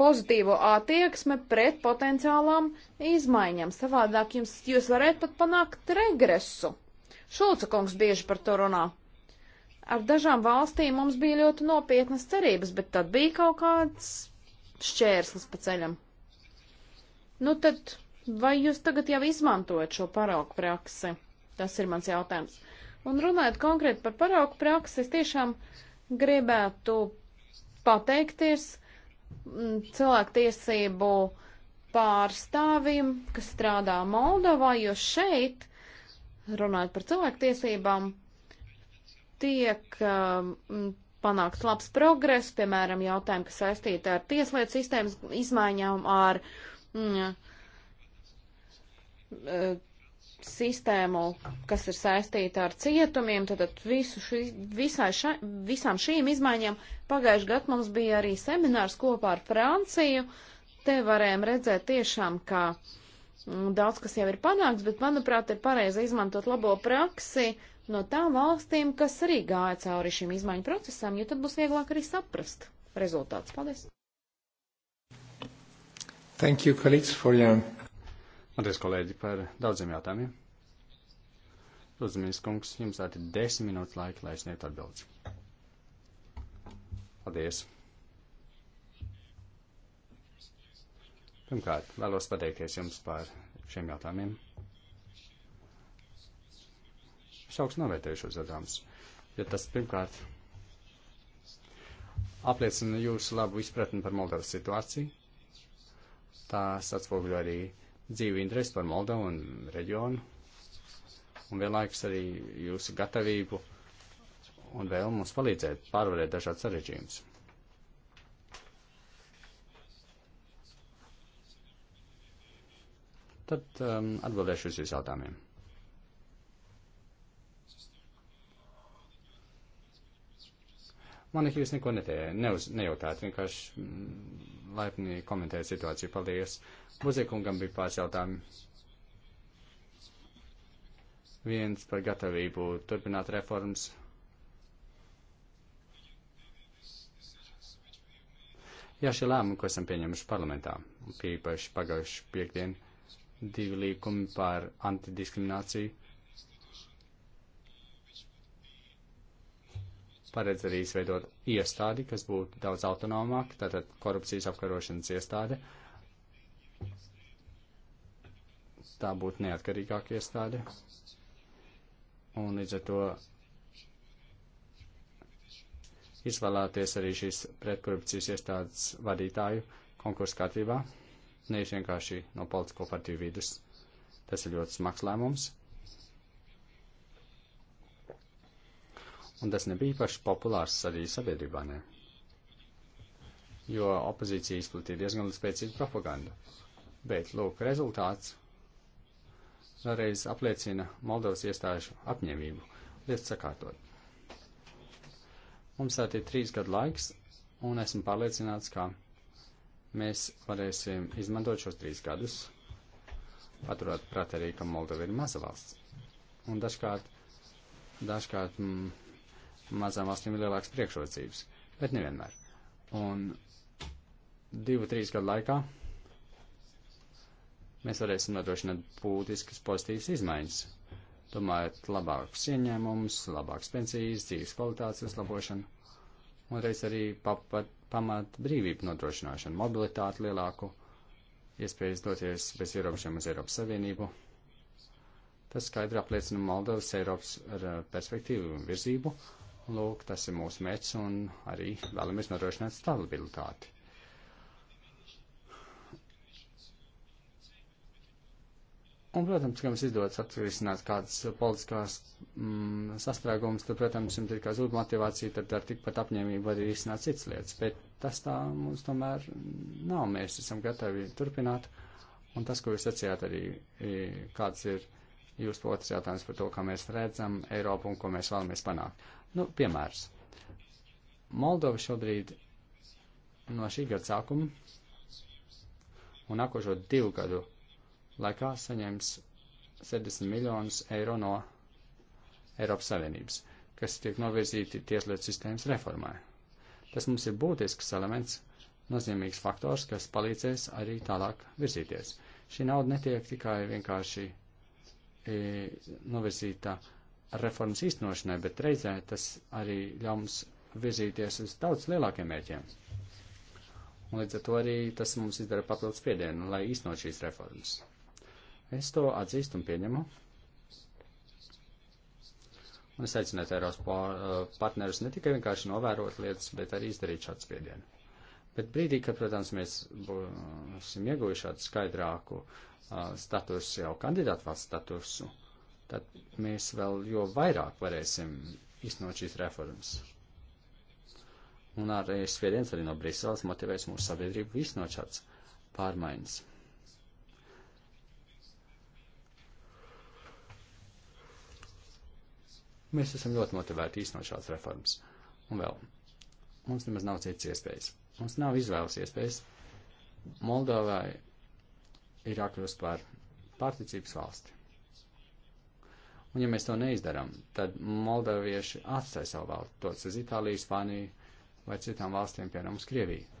pozitīvo attieksmi pret potenciālām izmaiņām. Savādāk jums, jūs varētu pat panākt regresu. Šulca kungs bieži par to runā. Ar dažām valstīm mums bija ļoti nopietnas cerības, bet tad bija kaut kāds šķērslis pa ceļam. Nu tad, vai jūs tagad jau izmantojat šo paraugu praksi? Tas ir mans jautājums. Un runājot konkrēti par paraugu praksi, es tiešām gribētu pateikties uh, Mm, cilvēktiesību pārstāvim, kas strādā Moldovā, jo šeit, runājot par cilvēktiesībām, tiek um, mm, panākts labs progress, piemēram, jautājumi, kas saistīti ar tieslietu sistēmas izmaiņām, ar mm, uh, sistēmu, kas ir saistīta ar cietumiem, tad visu ši, visai ša, visām šīm izmaiņām pagājuši gadu mums bija arī seminārs kopā ar Franciju. Te varējām redzēt tiešām, ka mm, daudz kas jau ir panāks, bet, manuprāt, ir pareizi izmantot labo praksi no tām valstīm, kas arī gāja cauri šim izmaiņu procesam, jo tad būs vieglāk arī saprast rezultātus. Paldies! Thank you, colleagues, for your Paldies, kolēģi, par daudziem jautājumiem. Lūdzu, ministrs kungs, jums tātad desmit minūtes laika, lai sniegtu atbildes. Paldies! Pirmkārt, vēlos pateikties jums par šiem jautājumiem. Es augstu novērtēju šos jautājumus, jo tas pirmkārt apliecina jūsu labu izpratni par Moldovas situāciju. Tās atspoguļo arī uh, dzīvi interesi par Moldovu un reģionu, un vienlaikus arī jūsu gatavību un vēl mums palīdzēt pārvarēt dažādas sarežģījumus. Tad um, atbildēšu uz jūsu jautājumiem. Man ir jūs neko netē, neuz, nejautāt, vienkārši mm, laipni komentēja situāciju. Paldies. Buzekungam bija pāris jautājumi. Viens par gatavību turpināt reformas. Jā, šie lēmumi, ko esam pieņemuši parlamentā, īpaši pagājuši piekdien, divi līkumi par antidiskrimināciju paredz arī izveidot iestādi, kas būtu daudz autonomāk, tātad korupcijas apkarošanas iestāde. Tā būtu neatkarīgāka iestāde. Un līdz ar to izvēlēties arī šīs pretkorupcijas iestādes vadītāju konkursu kārtībā, nevis vienkārši no politisko partiju vidus. Tas ir ļoti smags lēmums un tas nebija īpaši populārs arī sabiedrībā, ne? Jo opozīcija izplatīja diezgan spēcīgu propagandu. Bet, lūk, rezultāts vēlreiz apliecina Moldovas iestāžu apņēmību lietas sakārtot. Mums tā ir trīs gadu laiks, un esmu pārliecināts, ka mēs varēsim izmantot šos trīs gadus, paturot prāt arī, ka Moldova ir maza valsts. Un dažkārt, dažkārt m, mm, mazām valstīm ir lielākas priekšrocības, bet nevienmēr. Un divu, trīs gadu laikā mēs varēsim nodrošināt būtiskas pozitīvas izmaiņas. Domājot labākus ieņēmumus, labākas pensijas, dzīves kvalitātes uzlabošanu, un reiz arī papat pamat brīvību nodrošināšanu, mobilitāti lielāku, iespējas doties bez ierobežiem uz Eiropas Savienību. Tas skaidri apliecina Moldovas Eiropas perspektīvu un virzību, Lūk, tas ir mūsu mērķis un arī vēlamies nodrošināt stabilitāti. Un, protams, ka mums izdodas atrisināt kādas politiskās mm, sastrēgumus, tad, protams, jums ir kā zūd motivācija, tad ar tikpat apņēmību var izsināt citas lietas. Bet tas tā mums tomēr nav. Mēs esam gatavi turpināt. Un tas, ko jūs sacījāt arī, kāds ir Jūs otrs jautājums par to, kā mēs redzam Eiropu un ko mēs vēlamies panākt. Nu, piemērs. Moldova šobrīd no šī gada sākuma un nākošo divu gadu laikā saņems 70 miljonus eiro no Eiropas Savienības, kas tiek novirzīti tieslietu sistēmas reformai. Tas mums ir būtisks elements, nozīmīgs faktors, kas palīdzēs arī tālāk virzīties. Šī nauda netiek tikai vienkārši E, novirzītā reformas īstenošanai, bet reizē tas arī ļauj mums virzīties uz daudz lielākiem mērķiem. Un līdz ar to arī tas mums izdara papildus spiedienu, lai īstenot šīs reformas. Es to atzīstu un pieņemu. Un es aicinātu Eiropas partnerus ne tikai vienkārši novērot lietas, bet arī izdarīt šādu spiedienu. Bet brīdī, kad, protams, mēs būsim ieguvuši tādu skaidrāku uh, statusu, jau kandidātu valsts statusu, tad mēs vēl jo vairāk varēsim iznot šīs reformas. Un arī spiediens arī no Briseles motivēs mūsu sabiedrību iznot šāds pārmaiņas. Mēs esam ļoti motivēti īstenot šādas reformas. Un vēl, mums nemaz nav citas iespējas. Mums nav izvēles iespējas. Moldovai ir jākļūst par pārticības valsti. Un ja mēs to neizdaram, tad moldovieši atstāj savu valsti, tos uz Itāliju, Spāniju vai citām valstīm, piemēram, uz Krieviju,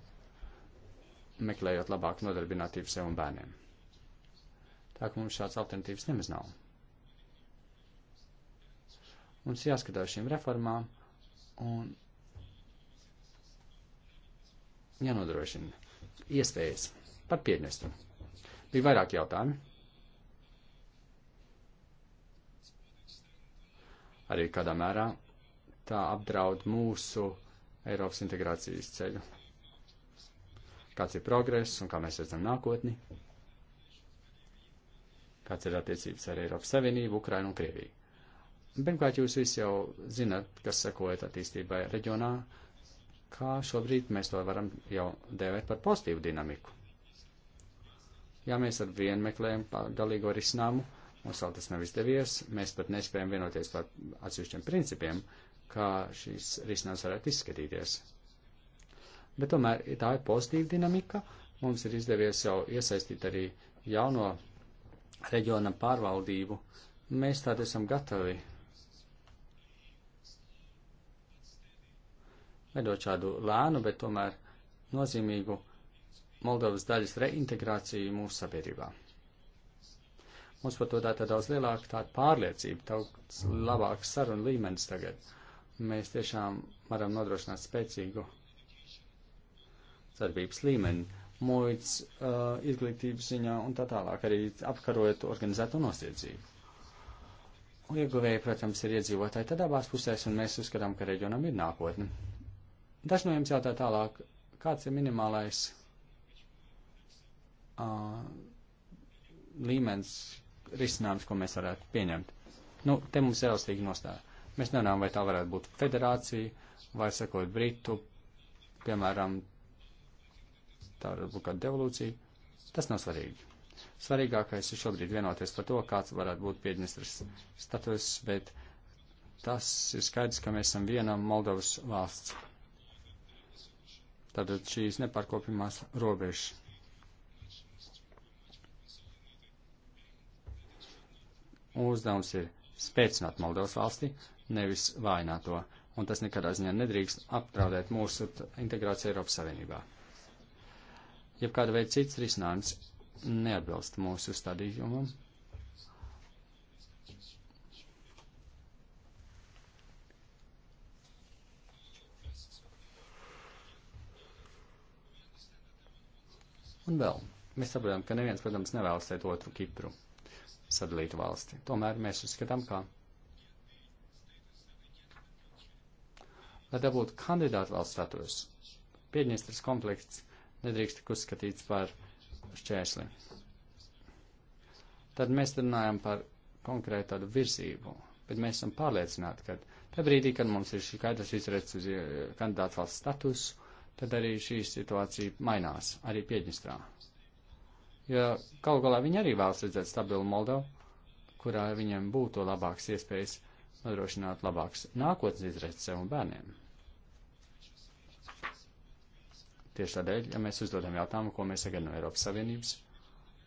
meklējot labāku nodarbinātību sev un bērniem. Tā ka mums šāds alternatīvas nemaz nav. Mums jāskatās šīm reformām un jānodrošina iespējas par Piedņestru. Bija vairāk jautājumi. Arī kādā mērā tā apdraud mūsu Eiropas integrācijas ceļu. Kāds ir progress un kā mēs redzam nākotni? Kāds ir attiecības ar Eiropas Savienību, Ukrainu un Krieviju? Pirmkārt, jūs visi jau zinat, kas sekoja attīstībai reģionā, kā šobrīd mēs to varam jau dēvēt par pozitīvu dinamiku. Ja mēs ar vienu meklējam galīgo risinājumu, mums vēl tas nav izdevies, mēs pat nespējam vienoties par atsevišķiem principiem, kā šīs risinājums varētu izskatīties. Bet tomēr tā ir pozitīva dinamika, mums ir izdevies jau iesaistīt arī jauno reģiona pārvaldību, mēs tātad esam gatavi veidot šādu lēnu, bet tomēr nozīmīgu Moldovas daļas reintegrāciju mūsu sabiedrībā. Mums par to tāda daudz lielāka tāda pārliecība, daudz labāks saruna līmenis tagad. Mēs tiešām varam nodrošināt spēcīgu sadarbības līmeni, muitas, uh, izglītības ziņā un tā tālāk, arī apkarojot organizēto noziedzību. Ieguvēji, protams, ir iedzīvotāji tad abās pusēs, un mēs uzskatām, ka reģionam ir nākotne. Daži no jums jautā tālāk, kāds ir minimālais uh, līmenis risinājums, ko mēs varētu pieņemt. Nu, te mums ir elastīgi nostāja. Mēs nezinām, vai tā varētu būt federācija, vai sekot Britu, piemēram, tā varētu būt kāda devolūcija. Tas nav svarīgi. Svarīgākais ir šobrīd vienoties par to, kāds varētu būt piedņestras status, bet tas ir skaidrs, ka mēs esam viena Moldovas valsts Tātad šīs nepārkopjamās robežas. Uzdevums ir spēcināt Moldovas valsti, nevis vājināt to, un tas nekādā ziņā nedrīkst apdraudēt mūsu integrāciju Eiropas Savienībā. Ja kāda veida cits risinājums neatbilst mūsu stadījumam, Un vēl, mēs saprotam, ka neviens, protams, nevēlas teikt otru Kipru sadalītu valsti. Tomēr mēs uzskatām, ka, lai dabūtu kandidātu valsts status, Piedņestras konflikts nedrīkst tik uzskatīts par šķērsli. Tad mēs runājam par konkrētu tādu virzību, bet mēs esam pārliecināti, ka tajā brīdī, kad mums ir šī skaidrs izredz uz eh, kandidātu valsts status, tad arī šī situācija mainās, arī Piedņestrā. Jo ja kaut galā viņi arī vēlas redzēt stabilu Moldovu, kurā viņiem būtu labāks iespējas nodrošināt labāks nākotnes izredzes sev un bērniem. Tieši tādēļ, ja mēs uzdodam jautājumu, ko mēs sagaidām no Eiropas Savienības,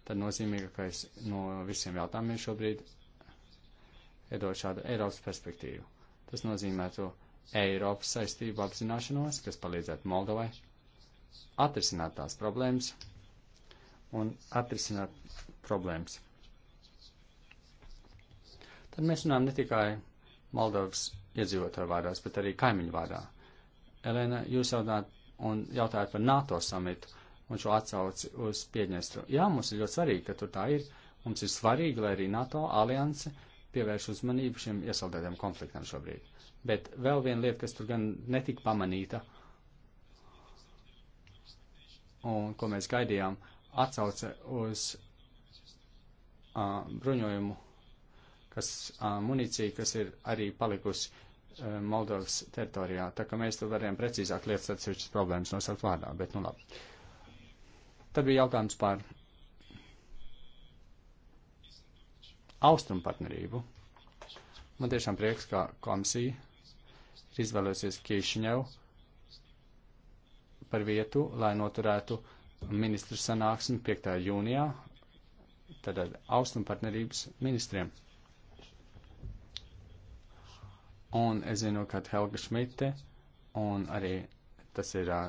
tad nozīmīgākais no visiem jautājumiem šobrīd iedod šādu Eiropas perspektīvu. Tas nozīmētu Eiropas saistību apzināšanos, kas palīdzētu Moldovai atrisināt tās problēmas un atrisināt problēmas. Tad mēs runājam ne tikai Moldovas iedzīvotāju vārdās, bet arī kaimiņu vārdā. Elena, jūs jautājat un jautājat par NATO samitu un šo atsauci uz Piedņestru. Jā, mums ir ļoti svarīgi, ka tur tā ir. Mums ir svarīgi, lai arī NATO alianse pievērš uzmanību šiem iesaldētiem konfliktiem šobrīd. Bet vēl viena lieta, kas tur gan netika pamanīta, un ko mēs gaidījām, atsauce uz uh, bruņojumu, kas uh, munīcija, kas ir arī palikusi uh, Moldovas teritorijā. Tā kā mēs tur varējām precīzāk lietas atsevišķas problēmas nosaukt vārdā, bet nu labi. Tad bija jautājums par austrumu partnerību. Man tiešām prieks, ka komisija ir izvēlējusies Kīšņevu par vietu, lai noturētu ministru sanāksmi 5. jūnijā, tad austrumu partnerības ministriem. Un es zinu, ka Helga Šmite un arī tas ir uh,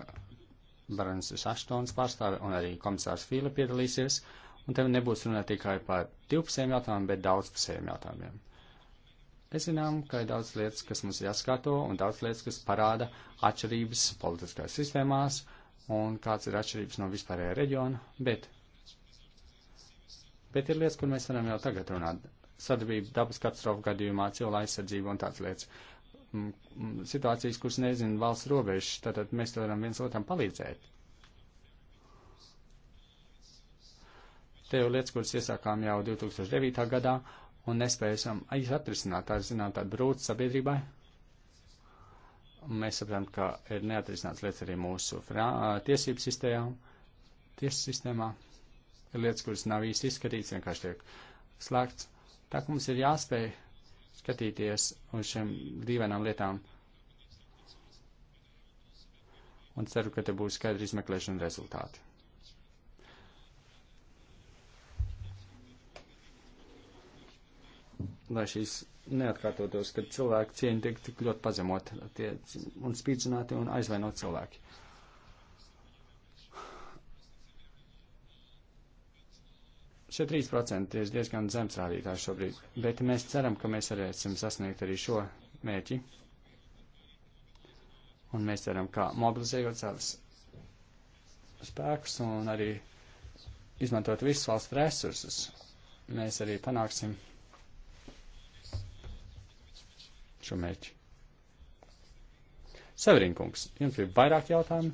Barons Šaštons pārstāve un arī komisārs Fīle piedalīsies. Un tev nebūs runa tikai par divpusējiem jautājumiem, bet daudzpusējiem jautājumiem. Mēs zinām, ka ir daudz lietas, kas mums jāskato, un daudz lietas, kas parāda atšķirības politiskās sistēmās, un kāds ir atšķirības no vispārējā reģiona, bet, bet ir lietas, kur mēs varam jau tagad runāt. Sadarbība dabas katastrofu gadījumā, cilvēka aizsardzība un tādas lietas. Mm, mm, situācijas, kuras nezina valsts robežas, tad mēs to varam viens otram palīdzēt. Te jau lietas, kuras iesākām jau 2009. gadā, un nespējam atrisināt, tā zinām, tādu brūci sabiedrībai. Un mēs saprotam, ka ir neatrisināts lietas arī mūsu tiesību sistēmā, tiesu sistēmā. Ir lietas, kuras nav īsti izskatīts, vienkārši tiek slēgts. Tā ka mums ir jāspēj skatīties uz šiem dīvainām lietām. Un ceru, ka te būs skaidri izmeklēšana rezultāti. lai šīs neatkārtotos, kad cilvēku cieņa tiek tik ļoti pazemot tie, un spīdzināti un aizvainot cilvēki. Šie 3% ir diezgan zems rādītājs šobrīd, bet mēs ceram, ka mēs varēsim sasniegt arī šo mērķi. Un mēs ceram, ka mobilizējot savus spēkus un arī izmantot visus valsts resursus, mēs arī panāksim šo mērķi. Severinkungs, jums ir vairāk jautājumu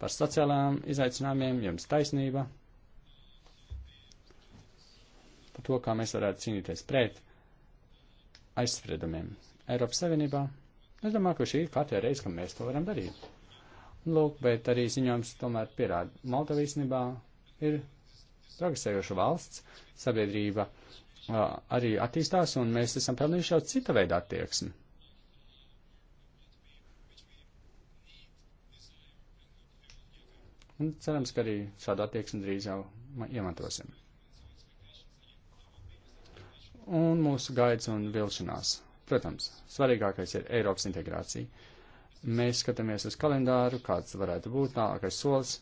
par sociālām izaicinājumiem, jums taisnība, par to, kā mēs varētu cīnīties pret aizspriedumiem Eiropas Savienībā. Es domāju, ka šī ir katrā reize, kad mēs to varam darīt. Lūk, bet arī ziņojums tomēr pierāda Moldavīsnībā ir progresējoša valsts, sabiedrība arī attīstās, un mēs esam pelnījuši jau cita veida attieksmi. Un cerams, ka arī šādu attieksmi drīz jau iemantosim. Un mūsu gaids un vilšanās. Protams, svarīgākais ir Eiropas integrācija. Mēs skatāmies uz kalendāru, kāds varētu būt nākamais solis,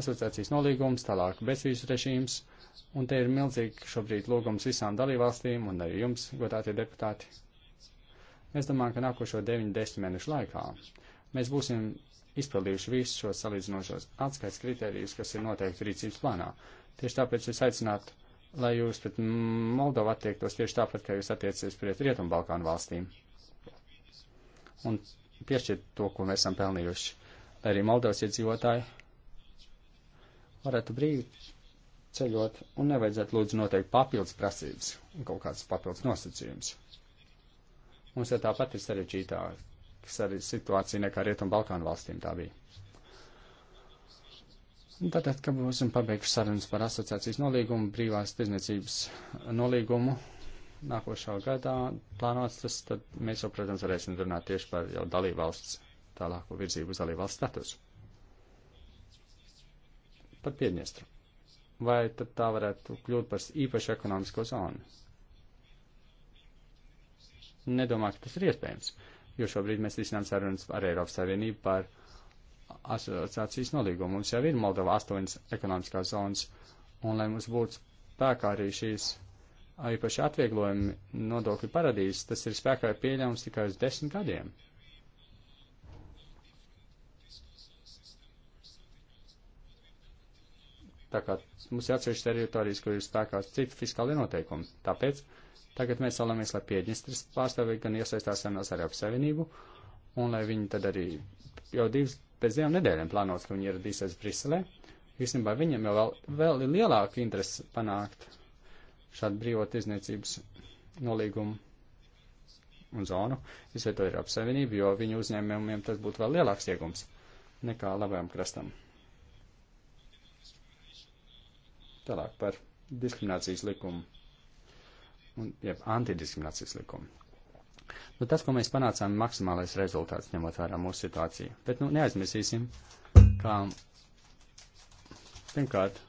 asociācijas nolīgums, tālāk bezvīzu režīms Un te ir milzīgi šobrīd lūgums visām dalībvalstīm un arī jums, godātie deputāti. Es domāju, ka nākošo 9-10 mēnešu laikā mēs būsim izpildījuši visus šos salīdzinošos atskaits kritērijus, kas ir noteikti rīcības plānā. Tieši tāpēc es aicinātu, lai jūs pret Moldovu attiektos tieši tāpat, kā jūs attiecies pret Rietumbalkānu valstīm. Un piešķirt to, ko mēs esam pelnījuši, lai arī Moldovas iedzīvotāji varētu brīvi ceļot, un nevajadzētu lūdzu noteikt papildus prasības un kaut kādas papildus nosacījumus. Mums jau tāpat ir sarežģītāka situācija nekā Rietumu Balkānu valstīm tā bija. Un tātad, kad būsim pabeiguši sarunas par asociācijas nolīgumu, brīvās tirzniecības nolīgumu nākošā gadā plānots, tas tad mēs jau, protams, varēsim runāt tieši par jau dalībvalsts tālāko virzību uz dalībvalsts statusu. Par Piedņestru vai tad tā varētu kļūt par īpašu ekonomisko zonu? Nedomāju, ka tas ir iespējams, jo šobrīd mēs risinām sarunas ar Eiropas Savienību par asociācijas nolīgumu. Mums jau ir Moldova astoņas ekonomiskās zonas, un lai mums būtu spēkā arī šīs īpaši atvieglojumi nodokļu paradīzes, tas ir spēkā pieļaums tikai uz desmit gadiem. Tā kā mums ir atsevišķas teritorijas, kur ir spēkās citi fiskāli noteikumi. Tāpēc tagad mēs vēlamies, lai Piedņestris pārstāvīgi gan iesaistās sarunās ar Eiropas Savienību, un lai viņi tad arī jau divas pēc divām nedēļām plānos, ka viņi ieradīsies Briselē. Īstenībā viņiem jau vēl, vēl ir lielāka interese panākt šādu brīvo tirzniecības nolīgumu un zonu, izvieto Eiropas Savienību, jo viņu uzņēmumiem tas būtu vēl lielāks iegums nekā labajam krastam. Tālāk par diskriminācijas likumu. Un, jeb antidiskriminācijas likumu. Nu, tas, ko mēs panācām, maksimālais rezultāts, ņemot vērā mūsu situāciju. Bet, nu, neaizmirsīsim, kā pirmkārt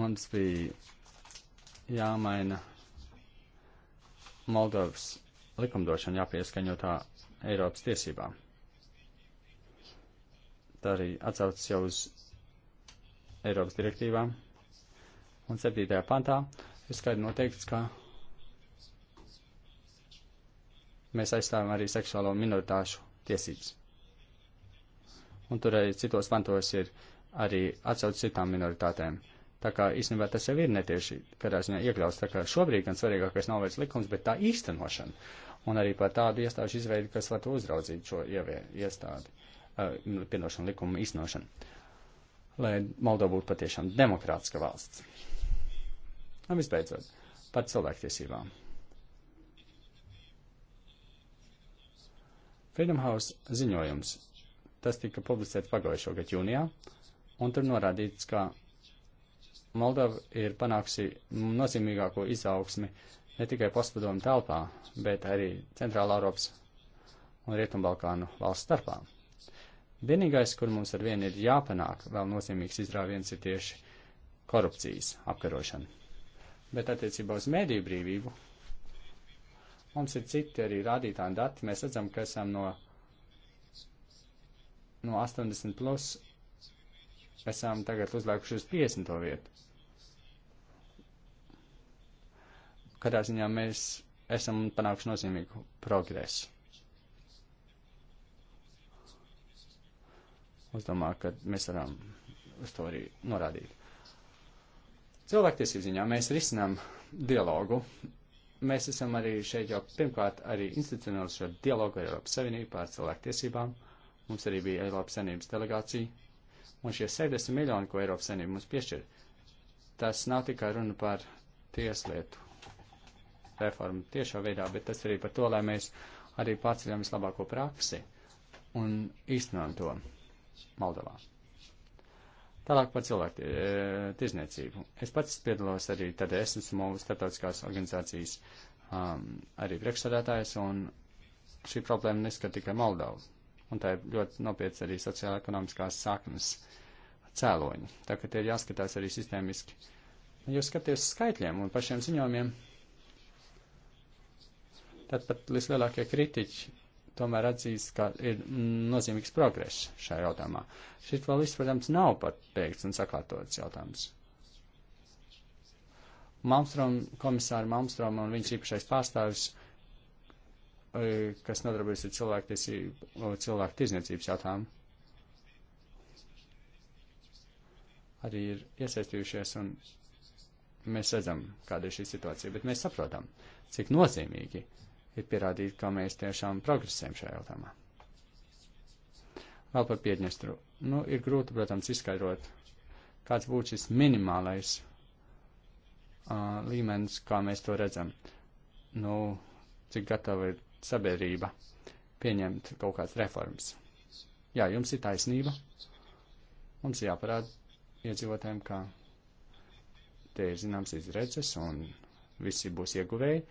mums bija jāmaina Moldovas likumdošana, jāpieskaņo tā Eiropas tiesībām. Tā arī atsaucas jau uz Eiropas direktīvā un 7. pantā ir skaidri noteikts, ka mēs aizstāvam arī seksuālo minoritāšu tiesības. Un tur arī citos pantos ir arī atsauc citām minoritātēm. Tā kā īstenībā tas jau ir netieši, kādā ziņā iekļauts. Tā kā šobrīd gan svarīgākais nav vairs likums, bet tā īstenošana. Un arī par tādu iestāžu izveidi, kas var uzraudzīt šo ievie, iestādi, uh, nu, pienošanu likumu īstenošanu lai Moldova būtu patiešām demokrātiska valsts. Un visbeidzot, par cilvēktiesībām. Freedom House ziņojums. Tas tika publicēts pagājušo gadu jūnijā, un tur norādīts, ka Moldova ir panākusi nozīmīgāko izaugsmi ne tikai postpadomu telpā, bet arī Centrāla Eiropas un Rietumbalkānu valsts starpā. Vienīgais, kur mums ar vienu ir jāpanāk vēl nozīmīgs izrāviens, ir tieši korupcijas apkarošana. Bet attiecībā uz mēdīju brīvību mums ir citi arī rādītāji dati. Mēs redzam, ka esam no, no 80 plus, esam tagad uzlēkuši uz 50 vietu. Katrā ziņā mēs esam panākuši nozīmīgu progresu. Es domāju, ka mēs varam uz to arī norādīt. Cilvēktiesību ziņā mēs risinām dialogu. Mēs esam arī šeit jau pirmkārt arī institucionāli šo dialogu ar Eiropas Savienību par cilvēktiesībām. Mums arī bija Eiropas Savienības delegācija. Un šie 60 miljoni, ko Eiropas Savienība mums piešķir, tas nav tikai runa par tieslietu reformu tiešā veidā, bet tas arī par to, lai mēs arī pārceļam vislabāko praksi un īstenojam to. Moldovā. Tālāk par cilvēku e, tirzniecību. Es pats piedalos arī tad es esmu starptautiskās organizācijas um, arī priekšsādātājs, un šī problēma neskat tikai Moldovu. Un tā ir ļoti nopietns arī sociāla-ekonomiskās saknes cēloņi. Tā ka tie ir jāskatās arī sistēmiski. Jūs skaties skaitļiem un pašiem ziņojumiem, tad pat vislielākie kritiķi tomēr atzīst, ka ir nozīmīgs progress šajā jautājumā. Šis vēl viss, protams, nav pateikts un sakārtots jautājums. Malmstrom, komisāra Malmstrom un viņš īpašais pārstāvis, e, kas nodarbojas ar cilvēku, cilvēku tirzniecības jautājumu, arī ir iesaistījušies un mēs redzam, kāda ir šī situācija, bet mēs saprotam, cik nozīmīgi ir pierādīt, ka mēs tiešām progresējam šajā jautājumā. Vēl par Piedņestru. Nu, ir grūti, protams, izskaidrot, kāds būtu šis minimālais uh, līmenis, kā mēs to redzam. Nu, cik gatava ir sabiedrība pieņemt kaut kādas reformas. Jā, jums ir taisnība. Mums ir jāparāda iedzīvotājiem, ka te ir zināms izredzes un visi būs ieguvēji,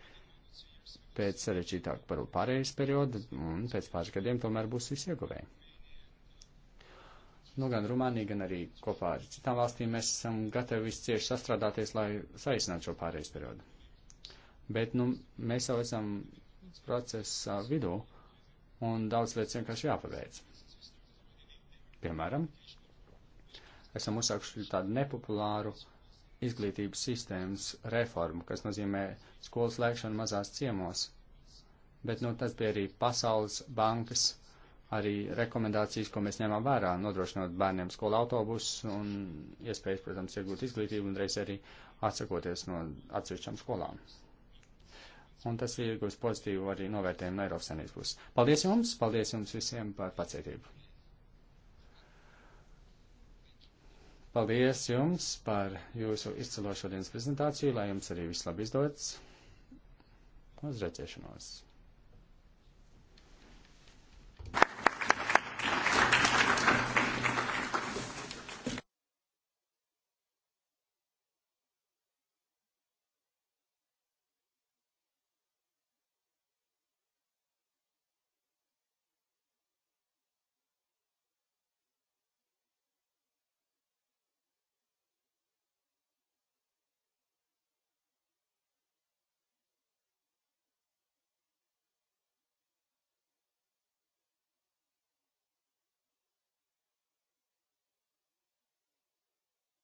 pēc sarežģītāk par pārējais periodu, un pēc pāris gadiem tomēr būs visi ieguvēji. Nu, gan Rumānija, gan arī kopā ar citām valstīm mēs esam gatavi cieši sastrādāties, lai saīsinātu šo pārējais periodu. Bet, nu, mēs jau esam procesa vidū, un daudz lietas vienkārši jāpaveic. Piemēram, esam uzsākuši tādu nepopulāru uh, izglītības sistēmas reformu, kas nozīmē skolas slēgšanu mazās ciemos. Bet nu, tas bija arī Pasaules bankas arī rekomendācijas, ko mēs ņēmām vērā, nodrošinot bērniem skolu autobusus un iespējas, protams, iegūt izglītību un reiz arī atsakoties no atsevišķām skolām. Un tas ir iegūst pozitīvu arī novērtējumu no Eiropas Sanības puses. Paldies jums, paldies jums visiem par pacietību! Paldies jums par jūsu izcilošo dienas prezentāciju, lai jums arī viss labi izdodas. Uz redzēšanos!